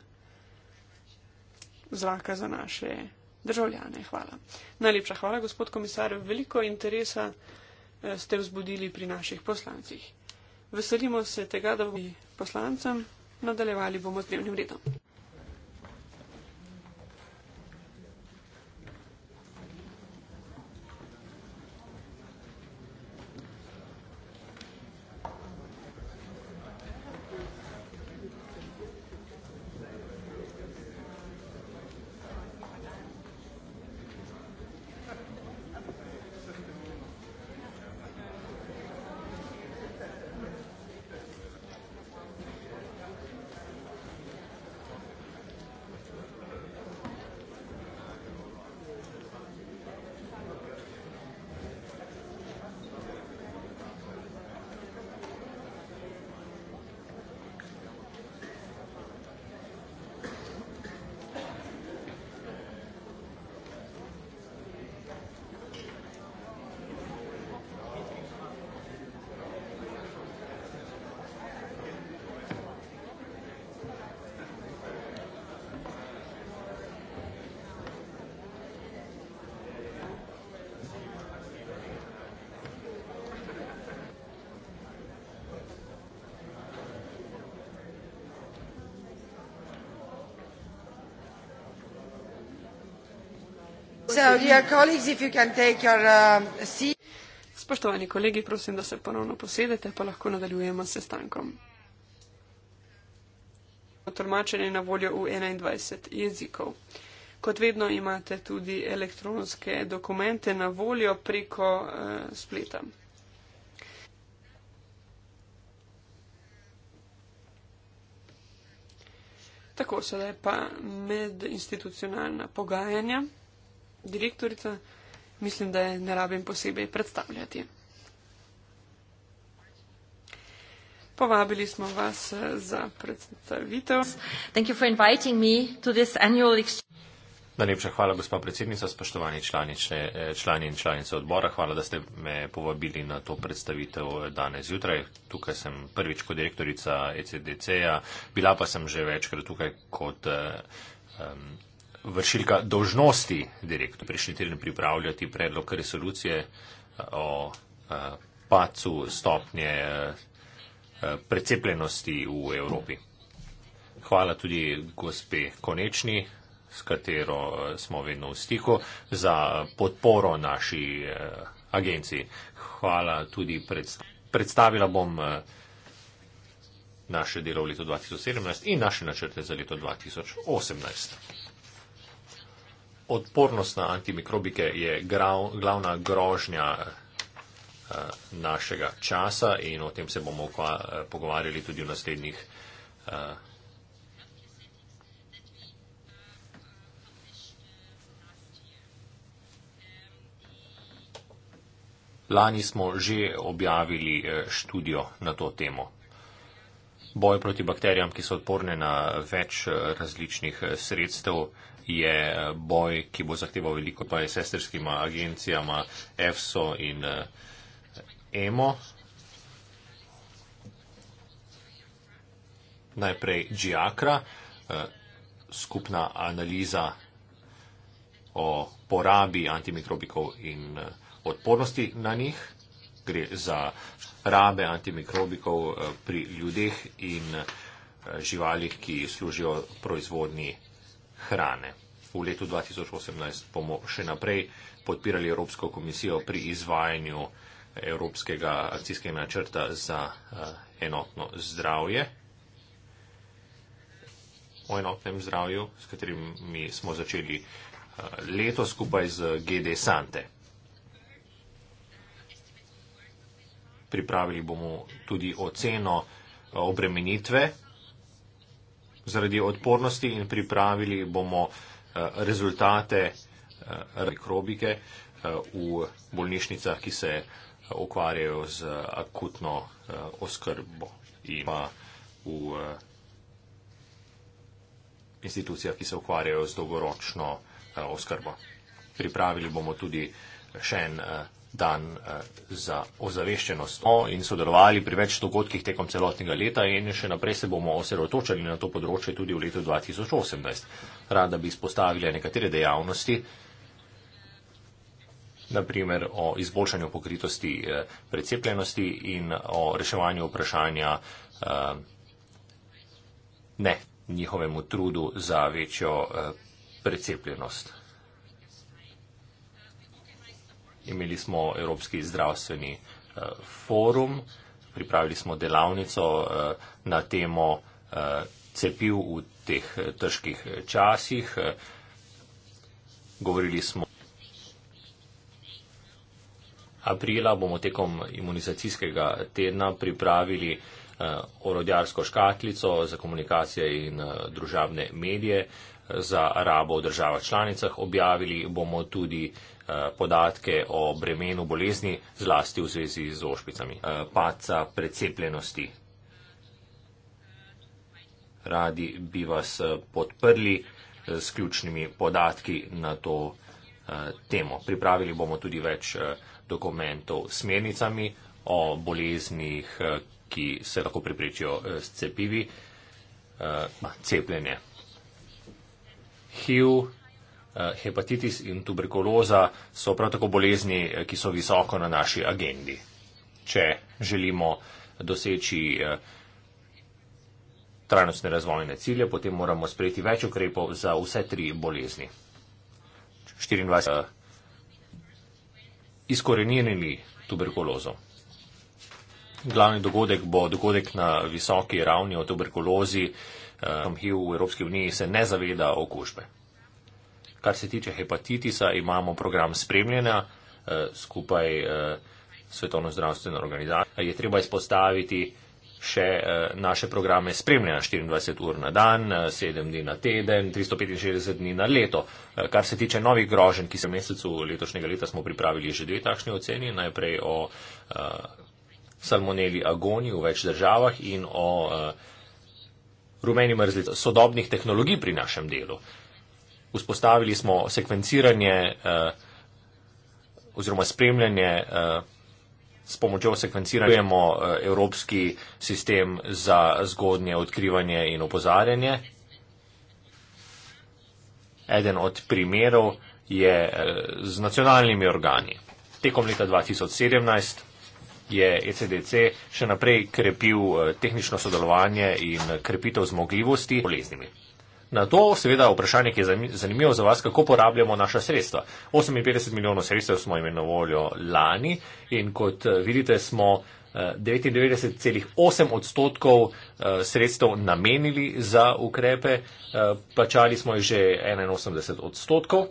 Speaker 3: zraka za naše državljane. Hvala. Najlepša hvala, gospod komisar. Veliko interesa eh, ste vzbudili pri naših poslancih. Veselimo se tega, da bomo poslancem nadaljevali bomo z dnevnim redom. Um, Spoštovani kolegi, prosim, da se ponovno posedete, pa lahko nadaljujemo s sestankom. Tolmačenje na voljo v 21 jezikov. Kot vedno imate tudi elektronske dokumente na voljo preko uh, spleta. Tako sedaj pa medinstitucionalna pogajanja direktorica, mislim, da je ne rabim posebej predstavljati. Povabili smo vas eh, za predstavitev.
Speaker 2: Najlepša hvala, gospa predsednica, spoštovani članične, eh, člani in članice odbora. Hvala, da ste me povabili na to predstavitev eh, danes jutraj. Tukaj sem prvič kot direktorica ECDC-ja, bila pa sem že večkrat tukaj kot um, vršilka dožnosti direktor. Prejšnji teden pripravljati predlog resolucije eh, o eh, pacu stopnje eh, precepljenosti v Evropi. Hvala tudi gospe Konečni, s katero smo vedno v stiku, za podporo naši agenciji. Hvala tudi predstavila bom naše delo v letu 2017 in naše načrte za leto 2018 odpornost na antimikrobike je grav, glavna grožnja eh, našega časa in o tem se bomo eh, pogovarjali tudi v naslednjih eh, Lani smo že objavili študijo na to temo. Boj proti bakterijam, ki so odporne na več različnih sredstev, je eh, boj, ki bo zahteval veliko, pa je sesterskima agencijama EFSO in eh, EMO. Najprej Džiakra, eh, skupna analiza o porabi antimikrobikov in odpornosti na njih. Gre za rabe antimikrobikov pri ljudeh in živalih, ki služijo proizvodni hrane. V letu 2018 bomo še naprej podpirali Evropsko komisijo pri izvajanju Evropskega akcijskega načrta za eh, enotno zdravje. O enotnem zdravju, s katerimi smo začeli eh, leto skupaj z GD Sante. Pripravili bomo tudi oceno eh, obremenitve zaradi odpornosti in pripravili bomo eh, rezultate eh, mikrobike eh, v bolnišnicah, ki se ukvarjajo z akutno oskrbo in pa v institucijah, ki se ukvarjajo z dolgoročno oskrbo. Pripravili bomo tudi še en dan eh, za ozaveščenost. O no, in sodelovali pri več dogodkih tekom celotnega leta in še naprej se bomo osredotočali na to področje tudi v letu 2018. Rada bi izpostavila nekatere dejavnosti, naprimer o izboljšanju pokritosti eh, precepljenosti in o reševanju vprašanja eh, ne njihovemu trudu za večjo precepljenost imeli smo Evropski zdravstveni eh, forum, pripravili smo delavnico eh, na temo eh, cepiv v teh težkih časih. Govorili smo. Aprila bomo tekom imunizacijskega tedna pripravili eh, orodjarsko škatlico za komunikacije in eh, družabne medije eh, za rabo v državah članicah. Objavili bomo tudi Eh, podatke o bremenu bolezni, zlasti v zvezi z ošpicami, eh, paca precepljenosti. Radi bi vas eh, podprli s ključnimi podatki na to temo. Pripravili bomo tudi več dokumentov s smernicami o boleznih, ki se lahko priprečijo s cepivi, cepljenje. HIV Eh, hepatitis in tuberkuloza so prav tako bolezni, eh, ki so visoko na naši agendi, če želimo doseči eh, trajnostne razvojne cilje, potem moramo sprejeti več ukrepov za vse tri bolezni. 24. Izkorenjenimi tuberkulozo. Glavni dogodek bo dogodek na visoki ravni o tuberkulozi. HIV v Evropski uniji se ne zaveda okužbe. Kar se tiče hepatitisa, imamo program spremljanja eh, skupaj eh, Svetovno zdravstveno organizacijo. Je treba izpostaviti še eh, naše programe spremljanja 24 ur na dan, eh, 7 dni na teden, 365 dni na leto. Eh, kar se tiče novih groženj, ki se v mesecu letošnjega leta smo pripravili že dve takšni oceni, najprej o eh, salmoneli agoni v več državah in o eh, rumeni mrzlici sodobnih tehnologij pri našem delu. Eh, Vzpostavili smo sekvenciranje eh, oziroma spremljanje eh, s pomočjo sekvenciranja eh, evropski sistem za zgodnje odkrivanje in opozarjanje. Eden od primerov je z nacionalnimi organi. Tekom leta 2017 je ECDC še naprej krepil tehnično sodelovanje in krepitev zmogljivosti z boleznimi. Na to seveda vprašanje, ki je zanimivo za vas, kako porabljamo naša sredstva. 58 milijonov sredstev smo imeli na voljo lani in kot eh, vidite smo 99,8 eh, odstotkov eh, sredstev namenili za ukrepe, plačali smo jih že 81 odstotkov.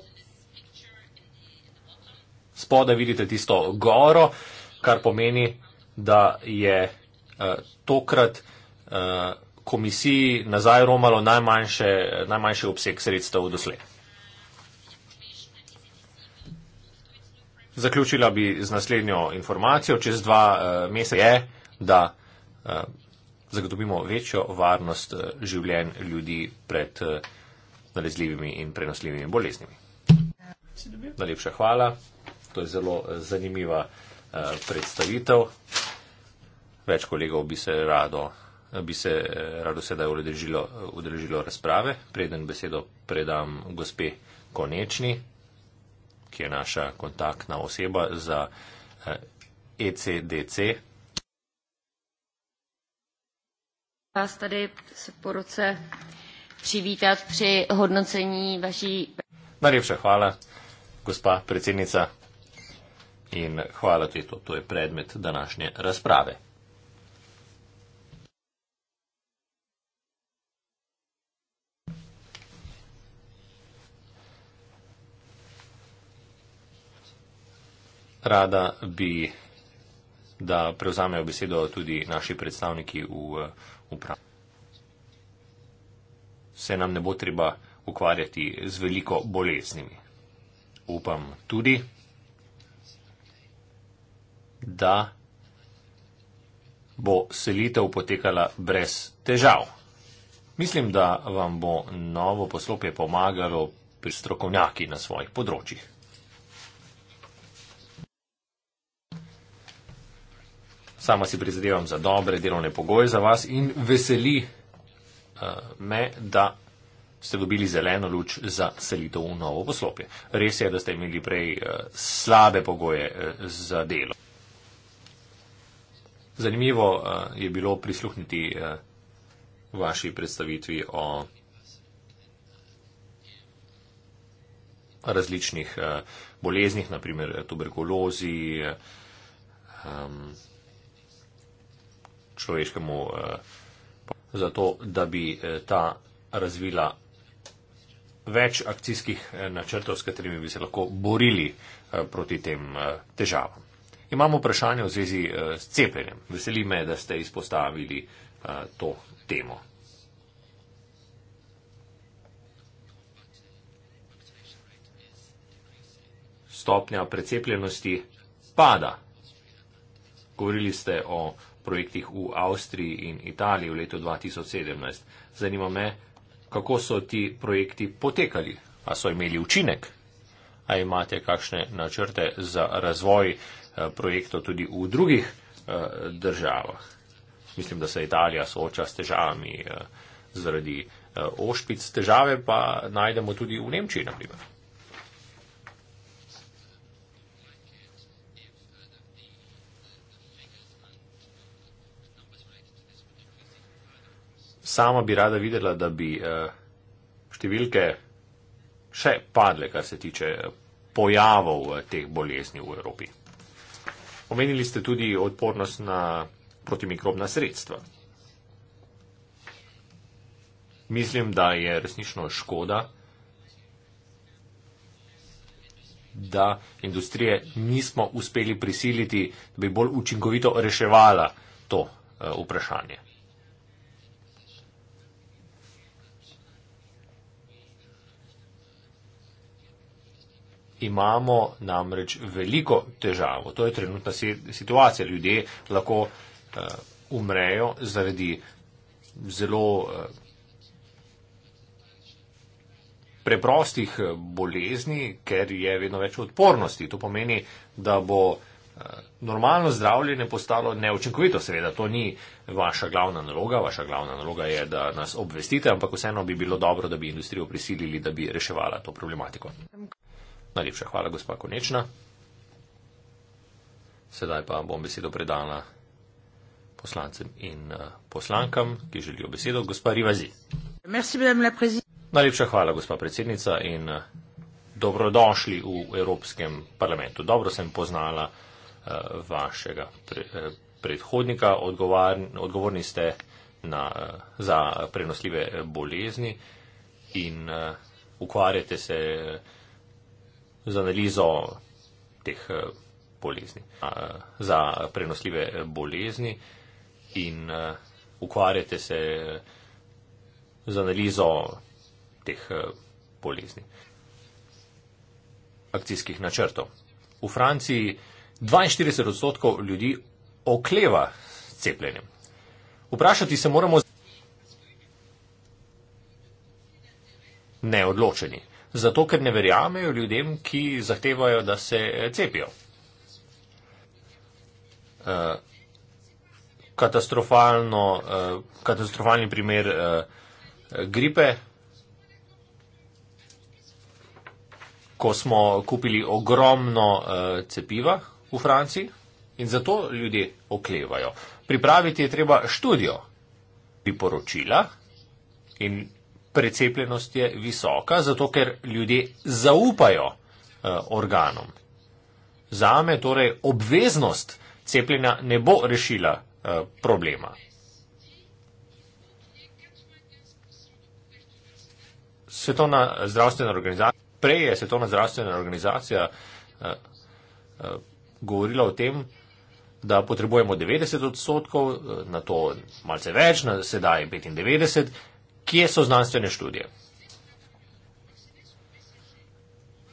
Speaker 2: Spoda vidite tisto goro, kar pomeni, da je tokrat komisiji nazaj romalo najmanjše, najmanjši obseg sredstev doslej. Zaključila bi z naslednjo informacijo. Čez dva uh, meseca je, da uh, zagotovimo večjo varnost uh, življenj ljudi pred uh, nalezljivimi in prenosljivimi boleznimi. Najlepša hvala. To je zelo uh, zanimiva uh, predstavitev. Več kolegov bi se rado bi se eh, rado sedaj udeležilo razprave. Preden besedo predam gospe Konečni, ki je naša kontaktna oseba za ECDC. Eh, e
Speaker 1: Vás tady se po roce přivítat při hodnocení vaší.
Speaker 2: Najlepša hvala, gospa predsednica. In hvala tudi to, to je predmet današnje razprave. Rada bi, da prevzamejo besedo tudi naši predstavniki v upravi. Se nam ne bo treba ukvarjati z veliko boleznimi. Upam tudi, da bo selitev potekala brez težav. Mislim, da vam bo novo poslopje pomagalo pri strokovnjaki na svojih področjih. Sama si prizadevam za dobre delovne pogoje za vas in veseli uh, me, da ste dobili zeleno luč za selitev v novo poslopje. Res je, da ste imeli prej uh, slabe pogoje uh, za delo. Zanimivo uh, je bilo prisluhniti uh, vaši predstavitvi o različnih uh, boleznih, naprimer tuberkulozi. Uh, um, človeškemu, eh, zato da bi eh, ta razvila več akcijskih eh, načrtov, s katerimi bi se lahko borili proti tem težavam. Imamo vprašanje v zvezi s cepljenjem. Veseli me, da ste izpostavili to temo. Stopnja precepljenosti pada. Govorili ste o projektih v Avstriji in Italiji v letu 2017. Zanima me, kako so ti projekti potekali, a so imeli učinek, a imate kakšne načrte za razvoj eh, projektov tudi v drugih eh, državah. Mislim, da se Italija sooča s težavami eh, zaradi ošpic, težave pa najdemo tudi v Nemčiji, na primer. sama bi rada videla, da bi eh, številke še padle, kar se tiče eh, pojavov eh, teh bolezni v Evropi. Omenili ste tudi odpornost na protimikrobna sredstva. Mislim, da je resnično škoda, da industrije nismo uspeli prisiliti, da bi bolj učinkovito reševala to vprašanje. imamo namreč veliko težavo. To je trenutna situacija. Ljudje lahko uh, umrejo zaradi zelo uh, preprostih eh, bolezni, ker je vedno več odpornosti. To pomeni, da bo uh, normalno zdravljenje postalo neučinkovito. Seveda, to ni vaša glavna naloga. Vaša glavna naloga je, da nas obvestite, ampak vseeno bi bilo dobro, da bi industrijo prisilili, da bi reševala to problematiko. Najlepša hvala, gospa Konečna. Sedaj pa bom besedo predala poslancem in eh, poslankam, ki želijo besedo, gospa Rivazi. Najlepša hvala, gospa predsednica, in eh, dobrodošli v Evropskem parlamentu. Dobro sem poznala eh, vašega predhodnika, odgovorni ste na, za prenosljive bolezni in ukvarjate se z analizo teh bolezni, za prenosljive bolezni in ukvarjate se z analizo teh bolezni, akcijskih načrtov. V Franciji 42 odstotkov ljudi okleva cepljenjem. Vprašati se moramo, neodločeni zato ker ne verjamejo ljudem, ki zahtevajo, da se eh, cepijo. Eh, katastrofalno, eh, katastrofalni primer gripe, ko smo kupili ogromno cepiva v Franciji in zato ljudje oklevajo. Pripraviti je treba študijo priporočila in precepljenost je visoka, zato ker ljudje zaupajo eh, organom. Za me torej obveznost cepljenja ne bo rešila eh, problema. Svetovna zdravstvena organizacija, prej je svetovna zdravstvena organizacija eh, govorila o tem, da potrebujemo 90 odstotkov, na to malce več, na sedaj 95, kje so znanstvene študije.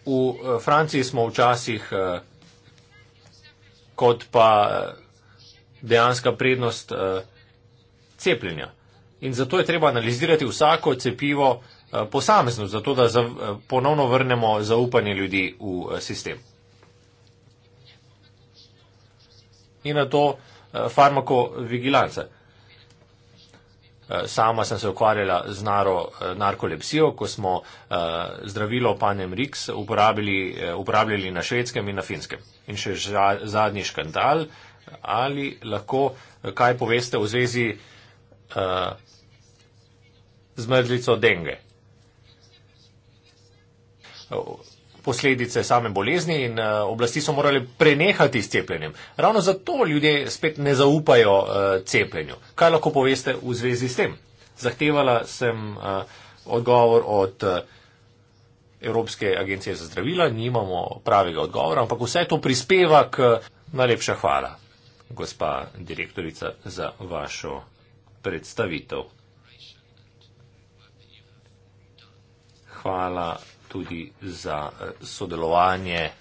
Speaker 2: V eh, Franciji smo včasih, eh, kot pa eh, dejanska prednost cepljenja. In zato je treba analizirati vsako cepivo posamezno, zato da ponovno vrnemo zaupanje ljudi v sistem. In na to farmakovigilance. Eh, sama sem se ukvarjala z naro, eh, narkolepsijo, ko smo uh, zdravilo Panem Rix uporabljali, uh, uporabljali na švedskem in na finskem. In še ža, zadnji škandal, ali lahko kaj poveste v zvezi uh, z mrzlico denge posledice same bolezni in uh, oblasti so morali prenehati s cepljenjem. Ravno zato ljudje spet ne zaupajo uh, cepljenju. Kaj lahko poveste v zvezi s tem? Zahtevala sem uh, odgovor od uh, Evropske agencije za zdravila, nimamo pravega odgovora, ampak vse to prispeva k najlepša hvala, gospa direktorica, za vašo predstavitev. Hvala tudi za eh, sodelovanje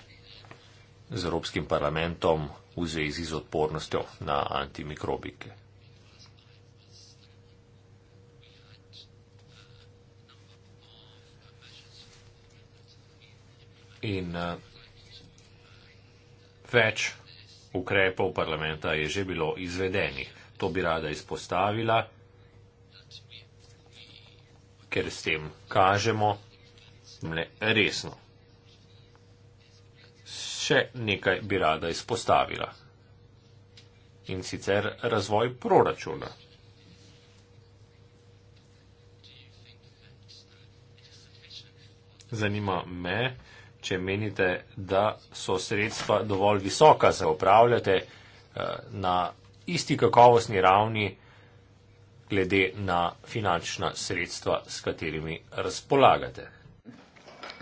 Speaker 2: z Evropskim parlamentom v zvezi z odpornostjo na antimikrobike. In eh, več ukrepov parlamenta je že bilo izvedenih. To bi rada izpostavila, ker s tem kažemo, jemlje resno. Še nekaj bi rada izpostavila. In sicer razvoj proračuna. Zanima me, če menite, da so sredstva dovolj visoka, da upravljate eh, na isti kakovostni ravni, glede na finančna sredstva, s katerimi razpolagate.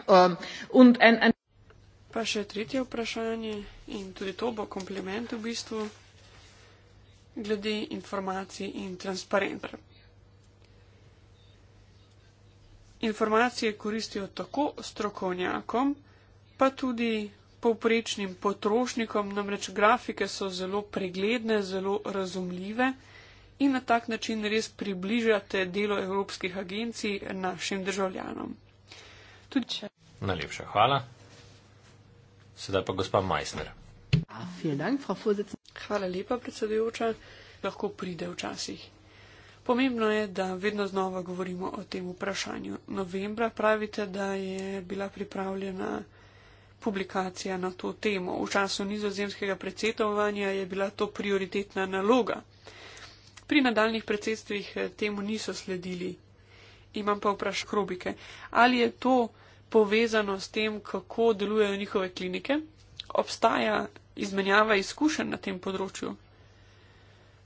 Speaker 3: Um, en, en... Pa še tretje vprašanje in tudi to bo kompliment v bistvu glede informacij in transparentr. Informacije koristijo tako strokovnjakom, pa tudi povprečnim potrošnikom, namreč grafike so zelo pregledne, zelo razumljive in na tak način res približate delo evropskih agencij našim državljanom tudi če.
Speaker 2: Najlepša hvala. Sedaj pa gospa Majsner.
Speaker 3: Ja, hvala lepa, predsedujoča. Lahko pride včasih. Pomembno je, da vedno znova govorimo o tem vprašanju. Novembra pravite, da je bila pripravljena publikacija na to temo. V času nizozemskega predsedovanja je bila to prioritetna naloga. Pri nadaljnih predsedstvih temu niso sledili. Imam pa vprašanje, krobike. Ali je to povezano s tem, kako delujejo njihove klinike, obstaja izmenjava izkušenj na tem področju.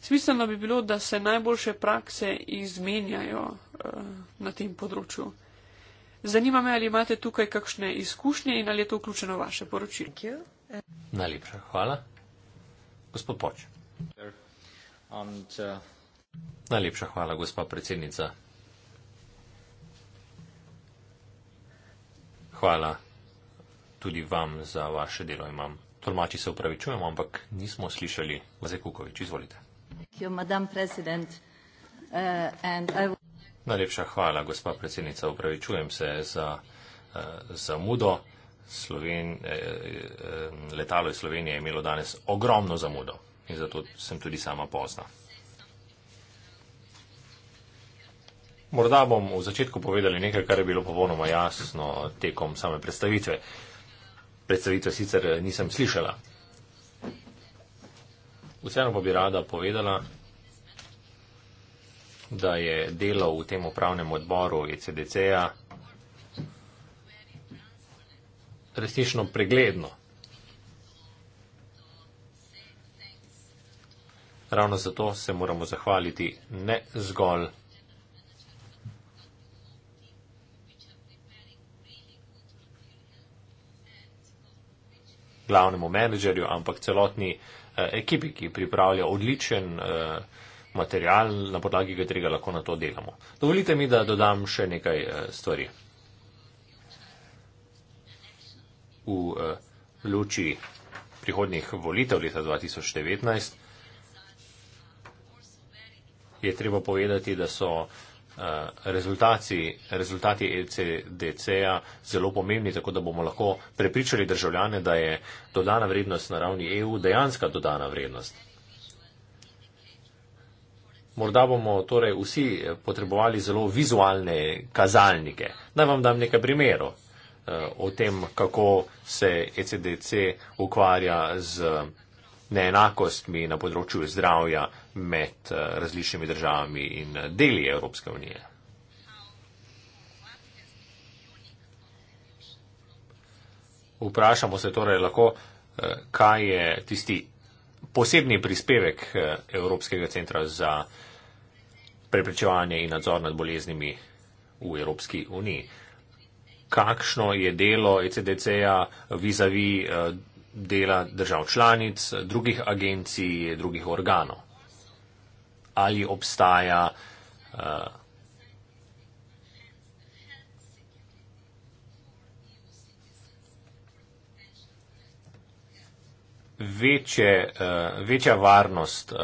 Speaker 3: Smiselno bi bilo, da se najboljše prakse izmenjajo uh, na tem področju. Zanima me, ali imate tukaj kakšne izkušnje in ali je to vključeno v vaše
Speaker 2: poročilo. Najlepša hvala. Gospod Poč. And, uh... Najlepša hvala, gospa predsednica. Hvala tudi vam za vaše delo. Imam tolmači se upravičujem, ampak nismo slišali. Vazek Kukovič, izvolite. Uh, Najlepša hvala, gospa predsednica. Upravičujem se za eh, zamudo. Sloven, eh, eh, letalo iz Slovenije je imelo danes ogromno zamudo in zato sem tudi sama pozna. Morda bom v začetku povedali nekaj, kar je bilo popolnoma jasno tekom same predstavitve. Predstavitve sicer nisem slišala. Vseeno pa bi rada povedala, da je delo v tem upravnem odboru ECDC-a resnično pregledno. Ravno zato se moramo zahvaliti ne zgolj glavnemu menedžerju, ampak celotni eh, ekipi, ki pripravlja odličen eh, material, na podlagi katerega lahko na to delamo. Dovolite mi, da dodam še nekaj eh, stvari. V luči prihodnih volitev leta 2019 je treba povedati, da so Eh, rezultati, rezultati ECDC-ja zelo pomembni, tako da bomo lahko prepričali državljane, da je dodana vrednost na ravni EU dejanska dodana vrednost. Morda bomo torej vsi potrebovali zelo vizualne kazalnike. Naj vam dam nekaj primerov eh, o tem, kako se ECDC ukvarja z neenakostmi na področju zdravja, med eh, različnimi državami in eh, deli Evropske unije. Vprašamo se torej lahko, eh, kaj je tisti posebni prispevek Evropskega centra za preprečevanje in nadzor nad boleznimi v Evropski uniji. Kakšno je delo ECDC-ja vizavi dela držav članic, drugih agencij, drugih organov? ali obstaja uh, večje, uh, večja varnost uh,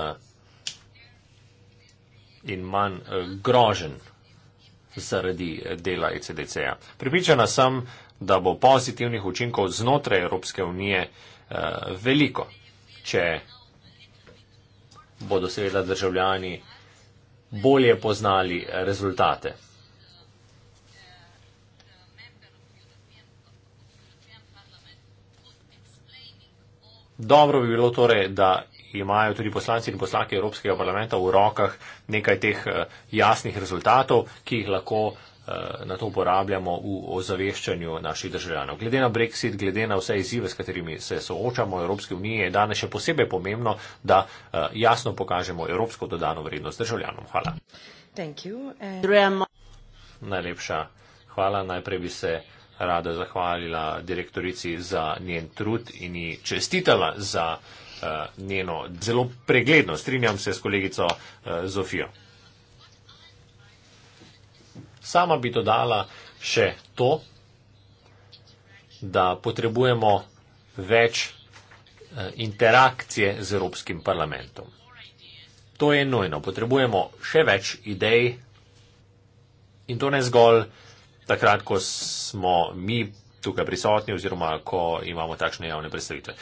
Speaker 2: in manj uh, grožen zaradi dela ECDC-ja. Pripričana sem, da bo pozitivnih učinkov znotraj Evropske unije uh, veliko, če bodo seveda državljani bolje poznali rezultate. Dobro bi bilo torej, da imajo tudi poslanci in poslanke Evropskega parlamenta v rokah nekaj teh eh, jasnih rezultatov, ki jih lahko Eh, na to uporabljamo v ozaveščanju naših državljanov. Glede na Brexit, glede na vse izzive, s katerimi se soočamo v Evropski uniji, je danes še posebej pomembno, da eh, jasno pokažemo evropsko dodano vrednost državljanom. Hvala. Najlepša hvala. Najprej bi se rada zahvalila direktorici za njen trud in ji čestitala za uh, njeno zelo pregledno. Strinjam se s kolegico uh, Zofijo. Sama bi dodala še to, da potrebujemo več eh, interakcije z Evropskim parlamentom. To je nujno. Potrebujemo še več idej in to ne zgolj takrat, ko smo mi tukaj prisotni oziroma ko imamo takšne javne predstavitve.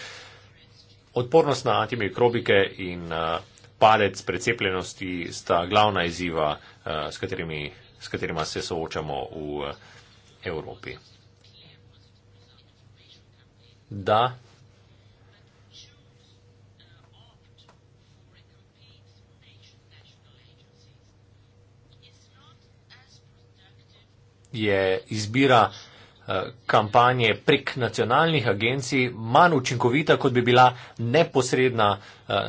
Speaker 2: Odpornost na antimikrobike in eh, padec precepljenosti sta glavna izziva, eh, s katerimi s katerima se soočamo v eh, Evropi. Da je izbira Eh, kampanje prek nacionalnih agencij manj učinkovita, kot bi bila neposredna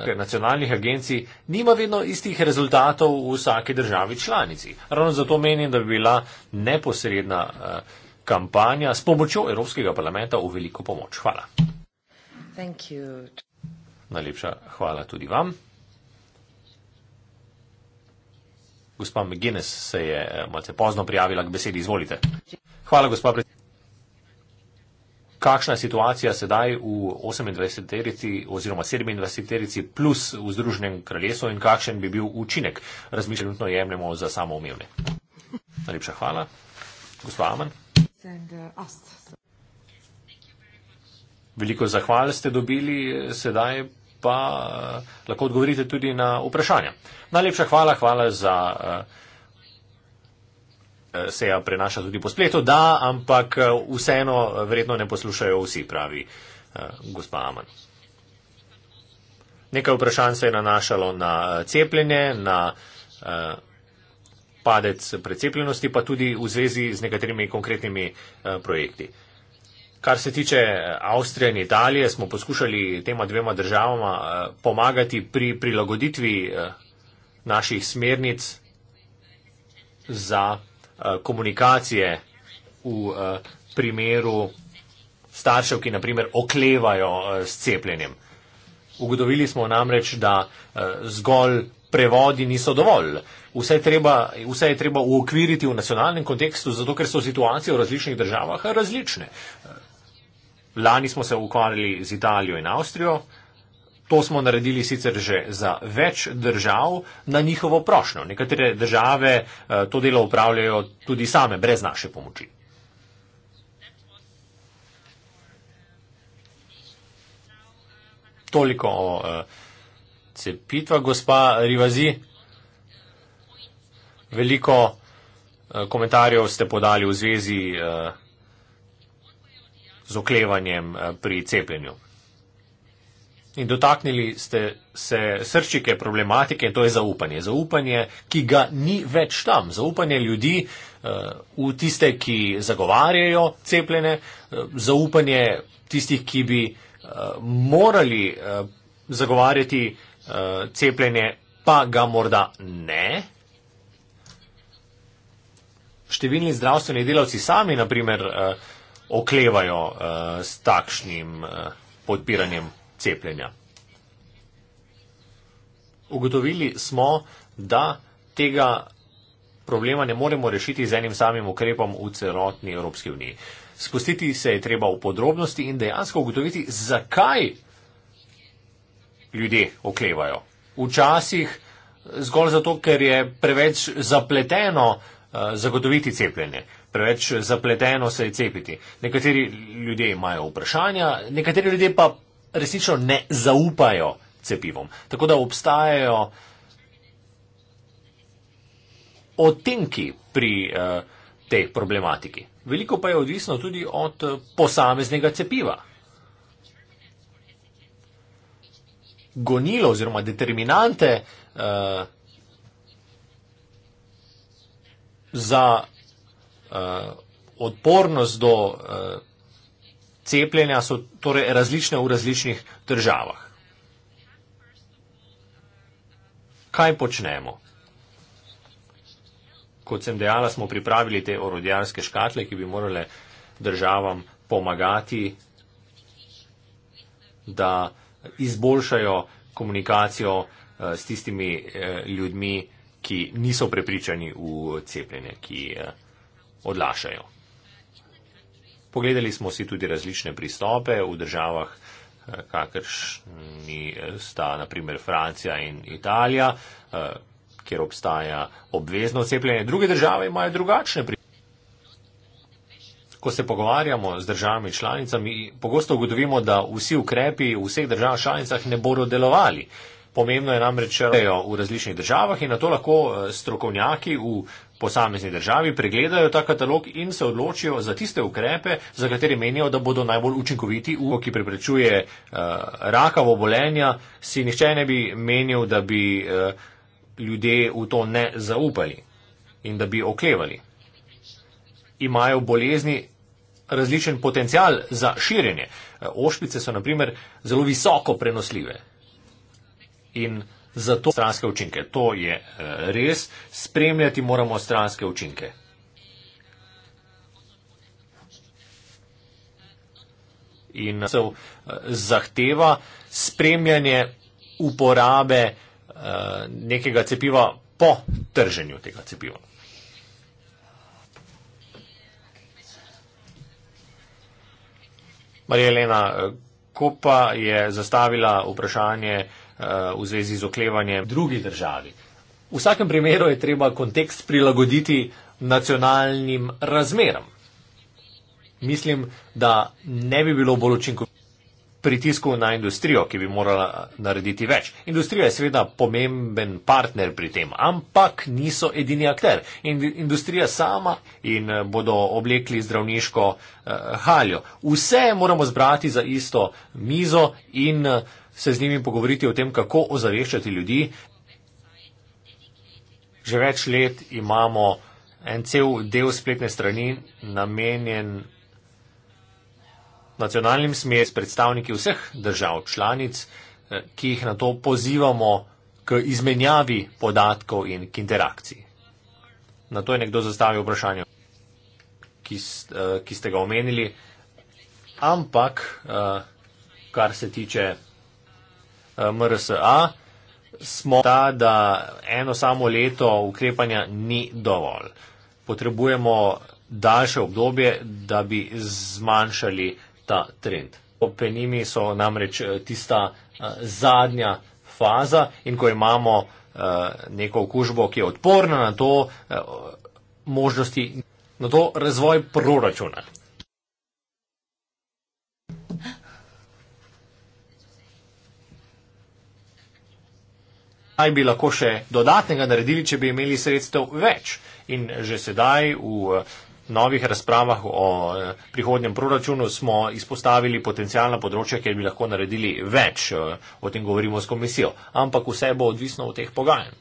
Speaker 2: prek eh, nacionalnih agencij, nima vedno istih rezultatov v vsaki državi članici. Ravno zato menim, da bi bila neposredna eh, kampanja s pomočjo Evropskega parlamenta v veliko pomoč. Hvala. Najlepša hvala tudi vam. Gospa McGuinness se je malce pozno prijavila k besedi. Izvolite. Hvala, gospa predsednica kakšna je situacija sedaj v 28-terici oziroma 27-terici plus v Združenem kraljestvu in kakšen bi bil učinek. Razmišljanje trenutno jemljemo za samoumevne. Najlepša hvala. Gospod Aman. Veliko zahval ste dobili, sedaj pa eh, lahko odgovorite tudi na vprašanja. Najlepša hvala, hvala za. Uh, Eh, seja prenaša tudi po spletu, da, ampak eh, vseeno eh, verjetno ne poslušajo vsi, pravi gospa Aman. Nekaj vprašanj se je nanašalo na cepljenje, na padec precepljenosti, pa tudi v zvezi z nekaterimi konkretnimi projekti. Kar se tiče Avstrije in Italije, smo poskušali tema dvema državama pomagati pri prilagoditvi naših smernic za Eh, komunikacije v eh, primeru staršev, ki naprimer oklevajo eh, s cepljenjem. Ugodovili smo namreč, da zgolj prevodi niso dovolj. Vse, treba, vse je treba uokviriti v nacionalnem kontekstu, zato ker so situacije v različnih državah različne. Lani smo se ukvarjali z Italijo in Avstrijo, To smo naredili sicer že za več držav na njihovo prošnjo. Nekatere države eh, to delo upravljajo tudi same, brez naše pomoči. Toliko o eh, cepitva, gospa Rivazi. Veliko eh, komentarjev ste podali v zvezi z oklevanjem pri cepljenju. In dotaknili ste se srčike problematike in to je zaupanje. Zaupanje, ki ga ni več tam. Zaupanje ljudi uh, v tiste, ki zagovarjajo cepljene, uh, zaupanje tistih, ki bi uh, morali uh, zagovarjati uh, cepljenje, pa ga morda ne. Številni zdravstveni delavci sami, naprimer, uh, oklevajo uh, s takšnim uh, podpiranjem cepljenja. Ugotovili smo, da tega problema ne moremo rešiti z enim samim ukrepom v celotni Evropski uniji. Spustiti se je treba v podrobnosti in dejansko ugotoviti, zakaj ljudje oklevajo. Včasih zgolj zato, ker je preveč zapleteno eh, zagotoviti cepljenje, preveč zapleteno se je cepiti. Nekateri ljudje imajo vprašanja, nekateri ljudje pa resnično ne zaupajo cepivom. Tako da obstajajo odtenki pri uh, tej problematiki. Veliko pa je odvisno tudi od eh, posameznega cepiva. Gonilo oziroma determinante uh, za uh, odpornost do uh, cepljenja so torej različne v različnih državah. Kaj počnemo? Kot sem dejala, smo pripravili te orodjarske škatle, ki bi morale državam pomagati, da izboljšajo komunikacijo eh, s tistimi eh, ljudmi, ki niso prepričani v cepljenje, ki eh, odlašajo. Pogledali smo si tudi različne pristope v državah, eh, kakršni eh, sta naprimer Francija in Italija, eh, kjer obstaja obvezno cepljenje. Druge države imajo drugačne pristope. Ko se pogovarjamo z državami članicami, pogosto ugotovimo, da vsi ukrepi v vseh državah članicah ne bodo delovali. Pomembno je namreč, da so v različnih državah in na to lahko strokovnjaki v posamezni državi pregledajo ta katalog in se odločijo za tiste ukrepe, za kateri menijo, da bodo najbolj učinkoviti, uko, ki preprečuje uh, rakavo obolenja, si nišče ne bi menil, da bi uh, ljudje v to ne zaupali in da bi oklevali. Imajo bolezni različen potencial za širjenje. Eh, ošpice so naprimer zelo visoko prenosljive. In za to stranske učinke. To je eh, res, spremljati moramo stranske učinke. In se eh, zahteva spremljanje uporabe eh, nekega cepiva po trženju tega cepiva. Marija Elena Kopa je zastavila vprašanje, Eh, v zvezi z oklevanjem drugi državi. V vsakem primeru je treba kontekst prilagoditi nacionalnim razmeram. Mislim, da ne bi bilo bolj učinkovito pritisku na industrijo, ki bi morala narediti več. Industrija je seveda pomemben partner pri tem, ampak niso edini akter. In, industrija sama in eh, bodo oblekli zdravniško uh, haljo. Vse moramo zbrati za isto mizo in uh, se z njimi pogovoriti o tem, kako ozaveščati ljudi. Že več let imamo en cel del spletne strani namenjen nacionalnim smes predstavniki vseh držav članic, eh, ki jih na to pozivamo k izmenjavi podatkov in k interakciji. Na to je nekdo zastavil vprašanje, ki, eh, ki ste ga omenili, ampak eh, kar se tiče Eh, MRSA, smo ta, da eno samo leto ukrepanja ni dovolj. Potrebujemo daljše obdobje, da bi zmanjšali ta trend. Openimi so namreč eh, tista eh, zadnja faza in ko imamo neko okužbo, ki je odporna na to možnosti, na to razvoj proračuna. kaj bi lahko še dodatnega naredili, če bi imeli sredstev več. In že sedaj v eh, novih razpravah o eh, prihodnjem proračunu smo izpostavili potencijalna področja, kjer bi lahko naredili več. Eh, o tem govorimo s komisijo. Ampak vse bo odvisno od teh pogajanj.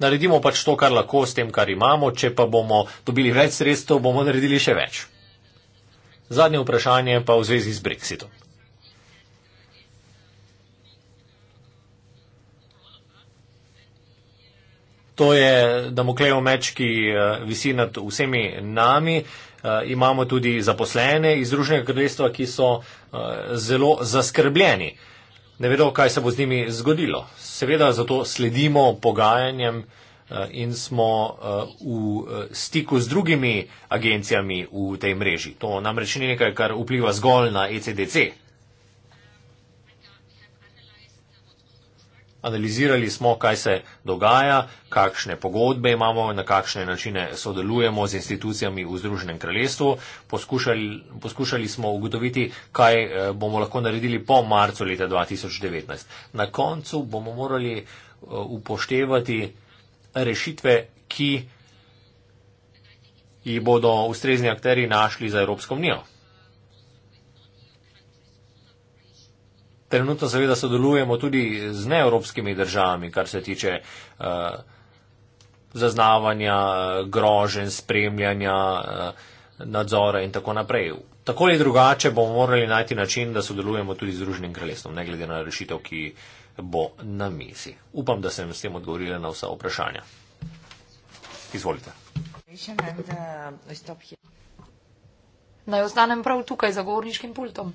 Speaker 2: Naredimo pač to, kar lahko s tem, kar imamo. Če pa bomo dobili več sredstev, bomo naredili še več. Zadnje vprašanje pa v zvezi z Brexitom. to je, da mu klejo meč, ki eh, visi nad vsemi nami. Eh, imamo tudi zaposlene iz Združenega kraljestva, ki so eh, zelo zaskrbljeni. Ne vedo, kaj se bo z njimi zgodilo. Seveda zato sledimo pogajanjem in smo v stiku z drugimi agencijami v tej mreži. To namreč ni nekaj, kar vpliva zgolj na ECDC. analizirali smo, kaj se dogaja, kakšne pogodbe imamo, na kakšne načine sodelujemo z institucijami v Združenem kraljestvu. Poskušali, poskušali smo ugotoviti, kaj eh, bomo lahko naredili po marcu leta 2019. Na koncu bomo morali eh, upoštevati rešitve, ki jih bodo ustrezni akteri našli za Evropsko unijo. trenutno seveda sodelujemo tudi z neevropskimi državami, kar se tiče uh, zaznavanja, eh, grožen, spremljanja, uh, nadzora in tako naprej. Tako ali drugače bomo morali najti način, da sodelujemo tudi z Združenim kraljestvom, ne glede na rešitev, ki bo na mizi. Upam, da sem s tem odgovorila na vsa vprašanja. Izvolite.
Speaker 1: Naj ostanem prav tukaj za govorniškim pultom.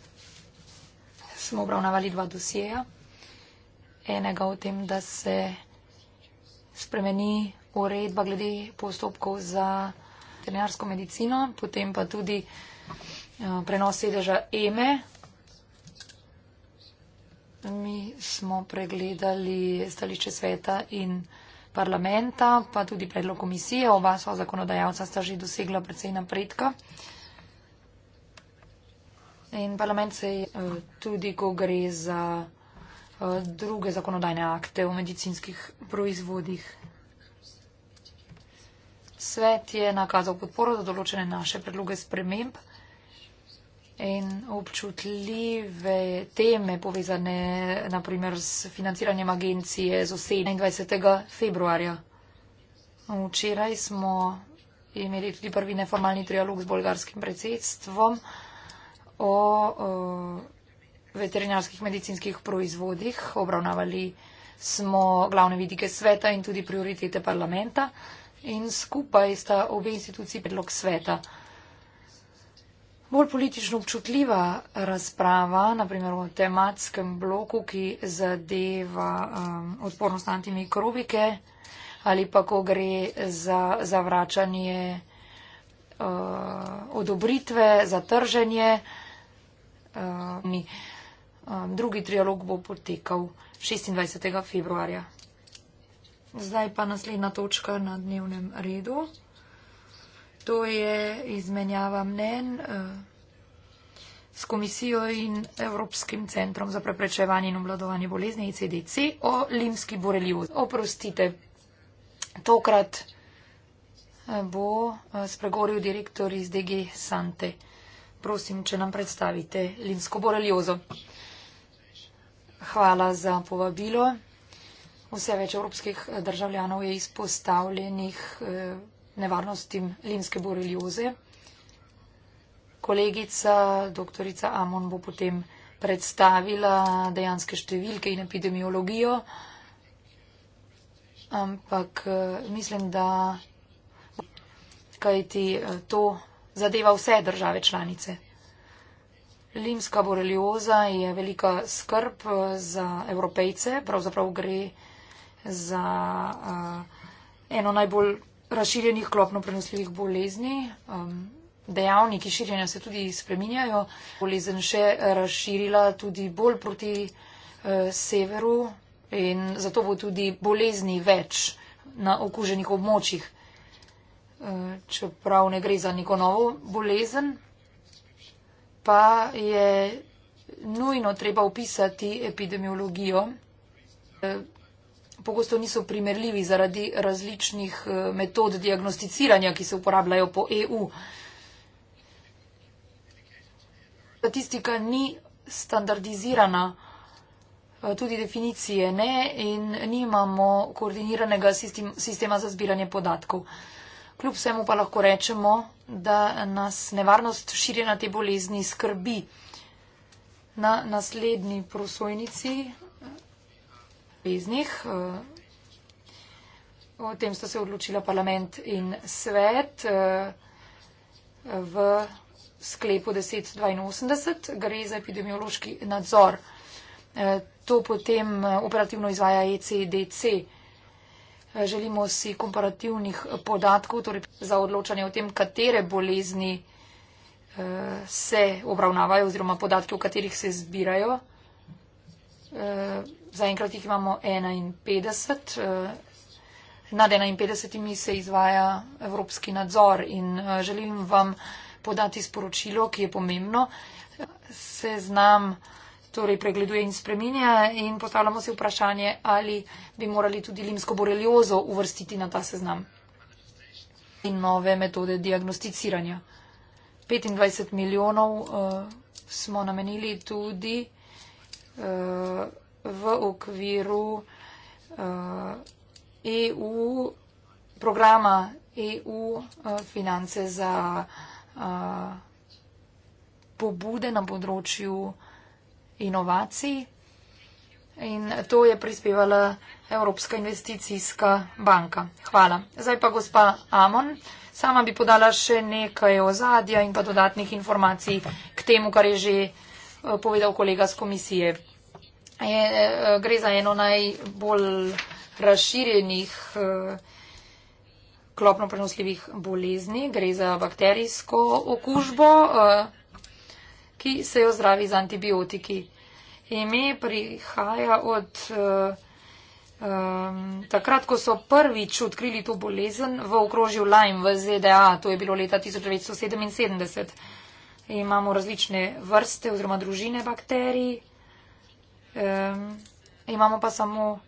Speaker 1: smo obravnavali dva dosjeja. Enega o tem, da se spremeni uredba glede postopkov za veterinarsko medicino, potem pa tudi eh, prenos sedeža EME. Mi smo pregledali stališče sveta in parlamenta, pa tudi predlog komisije. Oba sva zakonodajalca sta že dosegla precej napredka. In parlament se je eh, tudi, ko gre za eh, druge zakonodajne akte o medicinskih proizvodih. Svet je nakazal podporo za določene naše predloge sprememb in občutljive teme povezane naprimer s financiranjem agencije z 27. februarja. Včeraj smo imeli tudi prvi neformalni trialog z bolgarskim predsedstvom o uh, veterinarskih medicinskih proizvodih. Obravnavali smo glavne vidike sveta in tudi prioritete parlamenta in skupaj sta obe instituciji predlog sveta. Bolj politično občutljiva razprava, naprimer o tematskem bloku, ki zadeva um, odpornost na antimikrobike ali pa ko gre za zavračanje uh, odobritve, za trženje. Uh, mi. Um, drugi trialog bo potekal 26. februarja. Zdaj pa naslednja točka na dnevnem redu. To je izmenjava mnen uh, s komisijo in Evropskim centrom za preprečevanje in obladovanje bolezni ICDC e o limski boreliozi. Oprostite, tokrat uh, bo uh, spregovoril direktor iz DG Sante prosim, če nam predstavite linsko boreliozo. Hvala za povabilo. Vse več evropskih državljanov je izpostavljenih eh, nevarnostim linske borelioze. Kolegica doktorica Amon bo potem predstavila dejanske številke in epidemiologijo, ampak eh, mislim, da kajti eh, to zadeva vse države članice. Limska borelioza je velika skrb eh, za evropejce, pravzaprav gre za uh, eno najbolj razširjenih klopno prenosljivih bolezni. Um, dejavniki širjenja se tudi spreminjajo. Bolezen še razširila tudi bolj proti uh, severu in zato bo tudi bolezni več na okuženih območjih. Eh, čeprav ne gre za neko novo bolezen, pa je nujno treba upisati epidemiologijo. Eh, pogosto niso primerljivi zaradi različnih eh, metod diagnosticiranja, ki se uporabljajo po EU. Statistika ni standardizirana, tudi definicije ne in nimamo koordiniranega sistema za zbiranje podatkov. Kljub vsemu pa lahko rečemo, da nas nevarnost širjena te bolezni skrbi. Na naslednji prosojnici beznih, eh, o tem sta se odločila parlament in svet eh, v sklepu 1082, gre za epidemiološki nadzor. Eh, to potem operativno izvaja ECDC. Želimo si komparativnih podatkov torej za odločanje o tem, katere bolezni eh, se obravnavajo oziroma podatke, v katerih se zbirajo. Eh, zaenkrat jih imamo 51. Eh, nad 51 se izvaja evropski nadzor in želim vam podati sporočilo, ki je pomembno. Seznam torej pregleduje in spreminja in postavljamo se vprašanje, ali bi morali tudi limsko boreliozo uvrstiti na ta seznam in nove metode diagnosticiranja. 25 milijonov uh, smo namenili tudi uh, v okviru uh, eh, EU programa EU finance za uh, pobude na področju uh, inovacij in to je prispevala Evropska investicijska banka. Hvala. Zdaj pa gospa Amon. Sama bi podala še nekaj ozadja in pa dodatnih informacij k temu, kar je že eh, povedal kolega z komisije. Je, eh, gre za eno najbolj razširjenih eh, klopno prenosljivih bolezni. Gre za bakterijsko okužbo, ki se jo zdravi z antibiotiki ime prihaja od um, takrat, ko so prvič odkrili to bolezen v okrožju Lyme v ZDA, to je bilo leta 1977. Imamo različne vrste oziroma družine bakterij. Um, imamo pa samo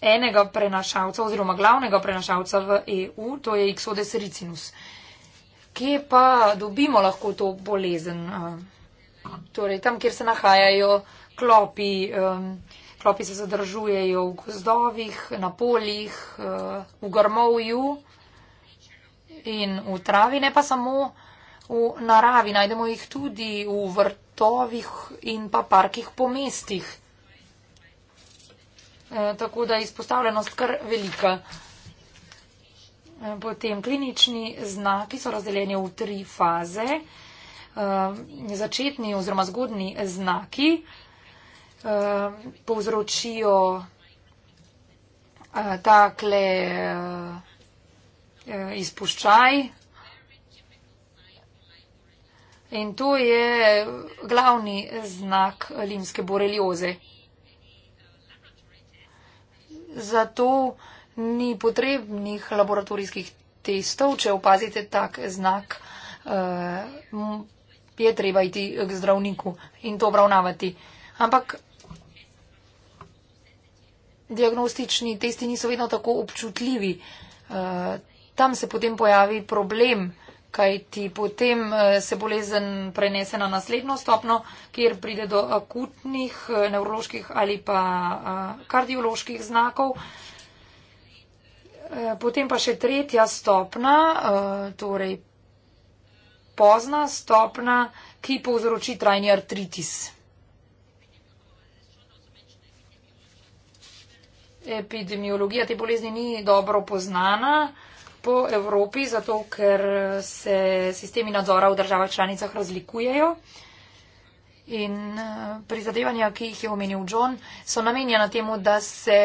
Speaker 1: enega prenašalca oziroma glavnega prenašalca v EU, to je Xodes ricinus. Kje pa dobimo lahko to bolezen? Uh, torej tam, kjer se nahajajo klopi, um, klopi se zadržujejo v gozdovih, na poljih, uh, v grmovju in v travi, ne pa samo v naravi. Najdemo jih tudi v vrtovih in pa parkih po mestih. E, tako da je izpostavljenost kar velika. E, potem klinični znaki so razdeljeni v tri faze. E, Eh, začetni oziroma zgodni znaki eh, povzročijo eh, takle izpuščaj. In to je glavni znak limske borelioze. Zato ni potrebnih laboratorijskih testov, če opazite tak znak, je treba iti k zdravniku in to obravnavati. Ampak diagnostični testi niso vedno tako občutljivi. Eh, tam se potem pojavi problem, kajti potem eh, se bolezen prenese na naslednjo stopno, kjer pride do akutnih eh, nevroloških ali pa kardioloških znakov. Potem pa še tretja stopna, torej pozna stopna, ki povzroči trajni artritis. Epidemiologija te bolezni ni dobro poznana po Evropi, zato ker se sistemi nadzora v državah članicah razlikujejo. In eh, prizadevanja, ki jih je omenil John, so namenjena temu, da se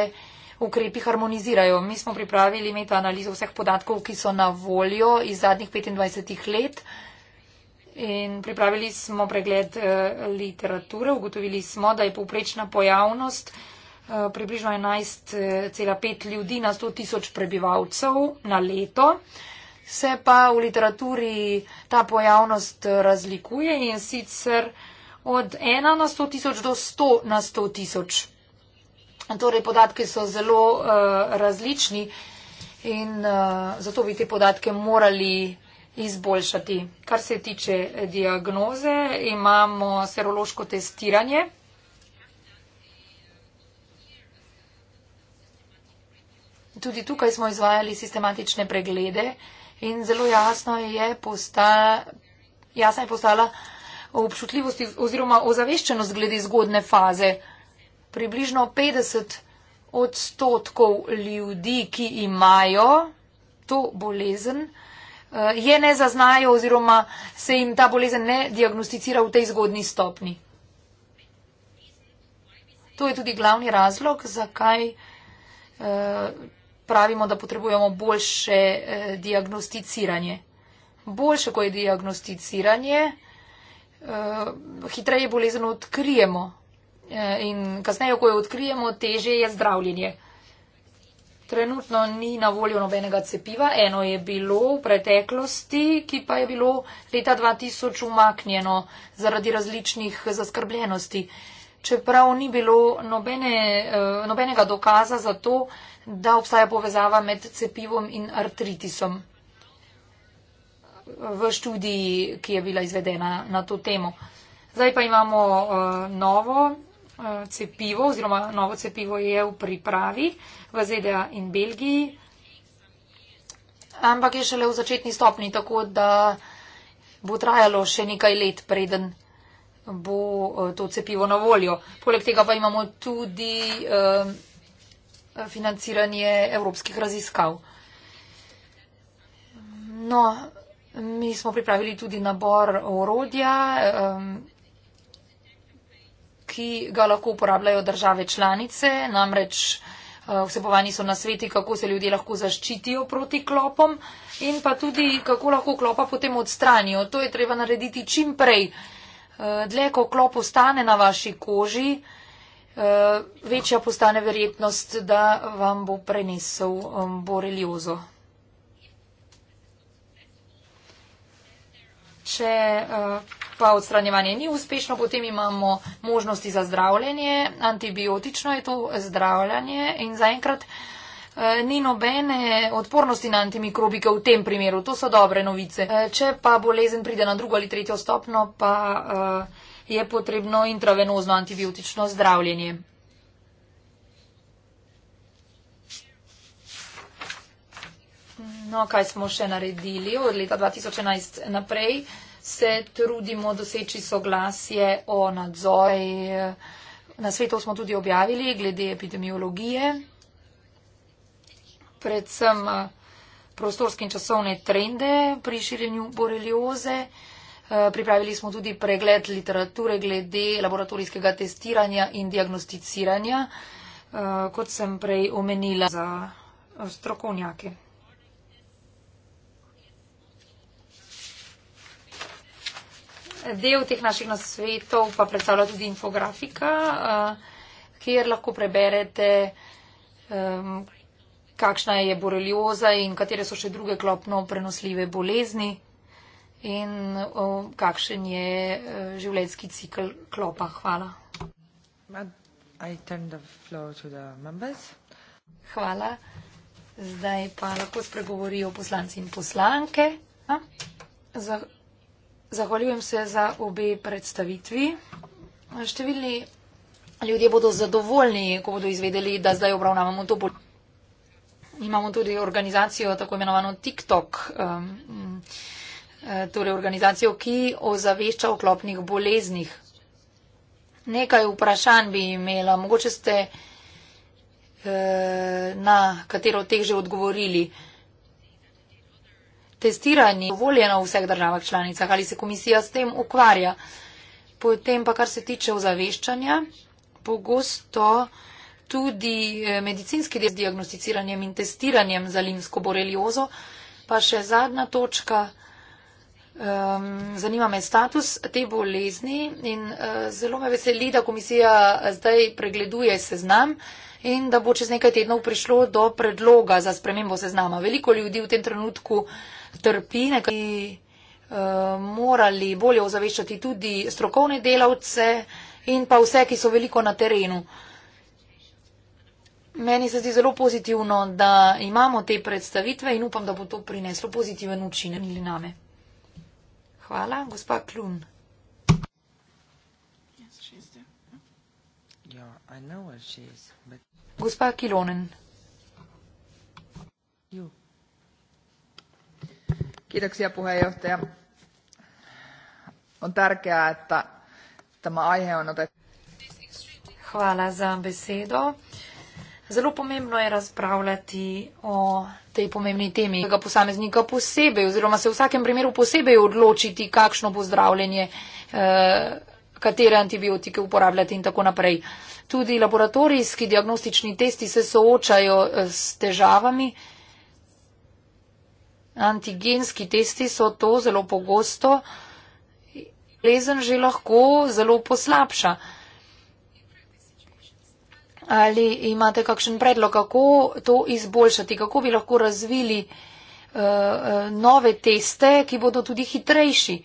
Speaker 1: ukrepi harmonizirajo. Mi smo pripravili metanalizo vseh podatkov, ki so na voljo iz zadnjih 25 let. In pripravili smo pregled eh, literature, ugotovili smo, da je povprečna pojavnost eh, približno 11,5 eh, ljudi na 100 tisoč prebivalcev na leto. Se pa v literaturi ta pojavnost razlikuje in sicer od 1 na 100 tisoč do 100 na 100 tisoč. Torej, podatke so zelo uh, različni in uh, zato bi te podatke morali izboljšati. Kar se tiče diagnoze, imamo serološko testiranje. Tudi tukaj smo izvajali sistematične preglede in zelo jasno je postala, jasno je postala občutljivost oziroma ozaveščenost glede zgodne faze. Približno 50 odstotkov ljudi, ki imajo to bolezen, Eh, je ne zaznajo oziroma se jim ta bolezen ne diagnosticira v tej zgodni stopni. To je tudi glavni razlog, zakaj eh, pravimo, da potrebujemo boljše eh, diagnosticiranje. Boljše, ko je diagnosticiranje, hitreje bolezen odkrijemo in kasneje, ko jo odkrijemo, teže je zdravljenje trenutno ni na voljo nobenega cepiva. Eno je bilo v preteklosti, ki pa je bilo leta 2000 umaknjeno zaradi različnih zaskrbljenosti. Čeprav ni bilo nobene, eh, nobenega dokaza za to, da obstaja povezava med cepivom in artritisom v študiji, ki je bila izvedena na to temo. Zdaj pa imamo uh, novo Eh, cepivo oziroma novo cepivo je v pripravi v ZDA in Belgiji, ampak je šele v začetni stopni, tako da bo trajalo še nekaj let, preden bo eh, to cepivo na voljo. Poleg tega pa imamo tudi eh, financiranje evropskih raziskav. No, mi smo pripravili tudi nabor orodja ki ga lahko uporabljajo države članice, namreč eh, vsebovani so nasveti, kako se ljudje lahko zaščitijo proti klopom in pa tudi, kako lahko klopa potem odstranijo. To je treba narediti čim prej. Eh, dlje, ko klop ostane na vaši koži, eh, večja postane verjetnost, da vam bo prenesel um, boreliozo. Če uh, pa odstranjevanje ni uspešno, potem imamo možnosti za zdravljenje, antibiotično je to zdravljanje in zaenkrat e, ni nobene odpornosti na antimikrobike v tem primeru. To so dobre novice. E, če pa bolezen pride na drugo ali tretjo stopno, pa e, je potrebno intravenozno antibiotično zdravljenje. No, kaj smo še naredili od leta 2011 naprej? se trudimo doseči soglasje o nadzori. Na svetu smo tudi objavili glede epidemiologije, predvsem eh, prostorske in časovne trende pri širjenju borelioze. Eh, pripravili smo tudi pregled literature glede laboratorijskega testiranja in diagnosticiranja, eh, kot sem prej omenila za strokovnjake. del teh naših nasvetov pa predstavlja tudi infografika, eh, kjer lahko preberete, kakšna je borelioza in katere so še druge klopno prenosljive bolezni in kakšen je eh, življenjski cikl klopa. Hvala. Hvala. Zdaj pa lahko spregovorijo poslanci in poslanke. Ha? Za Zahvaljujem se za obe predstavitvi. Številni ljudje bodo zadovoljni, ko bodo izvedeli, da zdaj obravnavamo to bolj. Imamo tudi organizacijo, tako imenovano TikTok, um, mm, eh, torej organizacijo, ki ozavešča o klopnih boleznih. Nekaj vprašanj bi imela, mogoče ste uh, na katero od teh že odgovorili. Uh, testiranje dovoljeno v vseh državah članicah, ali se komisija s tem ukvarja. Potem pa, kar se tiče ozaveščanja, pogosto tudi eh, medicinski del z diagnosticiranjem in testiranjem za limsko boreliozo. Pa še zadnja točka, um, zanima me status te bolezni in uh, zelo me veseli, da komisija zdaj pregleduje seznam in da bo čez nekaj tednov prišlo do predloga za spremembo seznama. Veliko ljudi v tem trenutku trpine, ki bi uh, eh, morali bolje ozaveščati tudi strokovne delavce in pa vse, ki so veliko na terenu. Meni se zdi zelo pozitivno, da imamo te predstavitve in upam, da bo to prineslo pozitiven učinek ali name. Hvala, gospa Klun.
Speaker 3: Yes, yeah, is, but...
Speaker 1: Gospa Kilonen. Kiitoksia puheenjohtaja. On tärkeää, että tämä aihe on otettu. Hvala za besedo. Zelo pomembno je razpravljati o tej pomembni temi, ki ga posameznika posebej oziroma se v vsakem primeru posebej odločiti, kakšno bo zdravljenje, eh, katere antibiotike uporabljati in tako naprej. Tudi laboratorijski diagnostični testi se soočajo eh, s težavami, antigenski testi so to zelo pogosto, lezen že lahko zelo poslabša. Ali imate kakšen predlog, kako to izboljšati, kako bi lahko razvili eh, eh, nove teste, ki bodo tudi hitrejši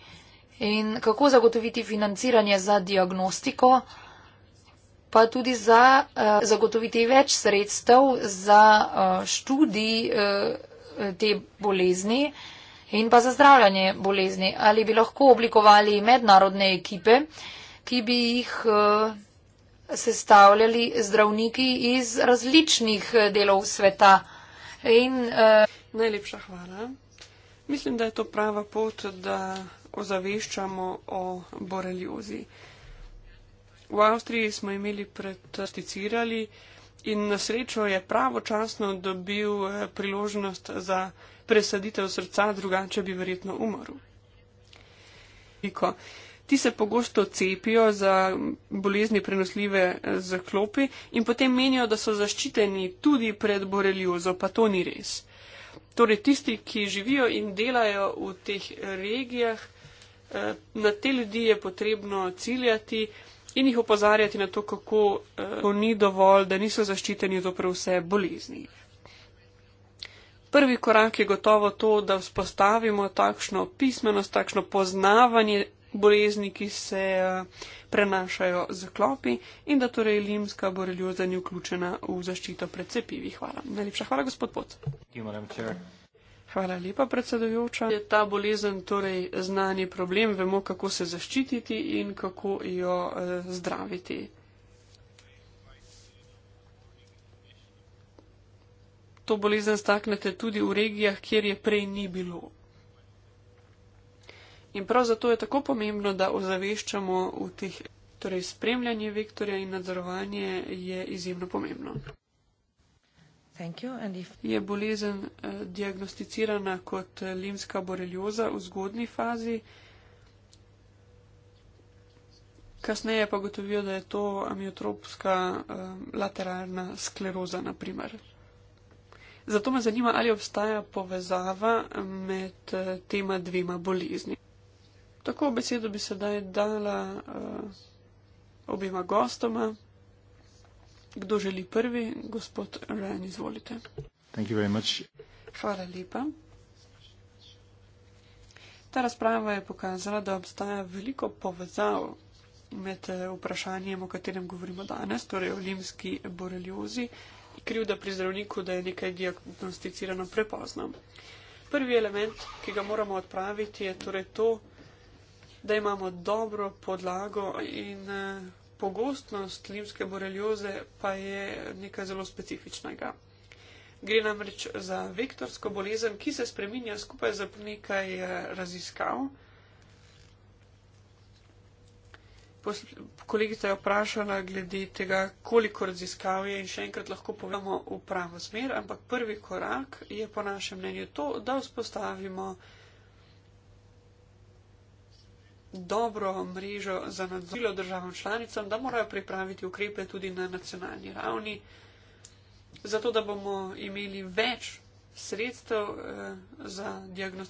Speaker 1: in kako zagotoviti financiranje za diagnostiko, pa tudi za eh, zagotoviti več sredstev za študij te bolezni in pa za zdravljanje bolezni. Ali bi lahko oblikovali mednarodne ekipe, ki bi jih eh, sestavljali zdravniki iz različnih eh, delov sveta. In, eh, Najlepša hvala.
Speaker 3: Mislim, da je to prava pot, da ozaveščamo o boreliozi. V Avstriji smo imeli predsticirali, in na srečo je pravočasno dobil eh, priložnost za presaditev srca, drugače bi verjetno umrl. Iko. Ti se pogosto cepijo za bolezni prenosljive eh, zaklopi in potem menijo, da so zaščiteni tudi pred boreliozo, pa to ni res. Torej, tisti, ki živijo in delajo v teh regijah, eh, na te ljudi je potrebno ciljati, in jih opozarjati na to, kako eh, to ni dovolj, da niso zaščiteni zopr vse bolezni. Prvi korak je gotovo to, da vzpostavimo takšno pismenost, takšno poznavanje bolezni, ki se eh, prenašajo z klopi in da torej limska borelioza ni vključena v zaščito pred cepivi. Hvala. Najlepša hvala, gospod Pot.
Speaker 2: Thank you,
Speaker 3: Hvala lepa, predsedujoča. Je ta bolezen torej znani problem, vemo, kako se zaščititi in kako jo eh, zdraviti. To bolezen staknete tudi v regijah, kjer je prej ni bilo. In prav zato je tako pomembno, da ozaveščamo v teh, torej spremljanje vektorja in nadzorovanje je izjemno pomembno. Je bolezen uh, diagnosticirana kot eh, limska borelioza v zgodni fazi, kasneje pa gotovijo, da je to amiotropska uh, lateralna skleroza, naprimer. Zato me zanima, ali obstaja povezava med uh, tema dvema bolezni. Tako besedo bi sedaj dala uh, obima gostoma. Kdo želi prvi? Gospod Rajan, izvolite. Thank you very much. Hvala lepa. Ta razprava je pokazala, da obstaja veliko povezav med eh, vprašanjem, o katerem govorimo danes, torej o limski boreliozi, krivda pri zdravniku, da je nekaj diagnosticirano prepozno. Prvi element, ki ga moramo odpraviti, je torej to, da imamo dobro podlago in eh, pogostnost limske borelioze pa je nekaj zelo specifičnega. Gre namreč za vektorsko bolezen, ki se spreminja skupaj z nekaj eh, raziskav. Kolegica je vprašala glede tega, koliko raziskav je in še enkrat lahko povemo v pravo smer, ampak prvi korak je po našem mnenju to, da vzpostavimo dobro mrežo za nadzorilo državam članicam, da morajo pripraviti ukrepe tudi na nacionalni ravni,
Speaker 1: zato da bomo imeli več sredstev eh, za diagnostiko.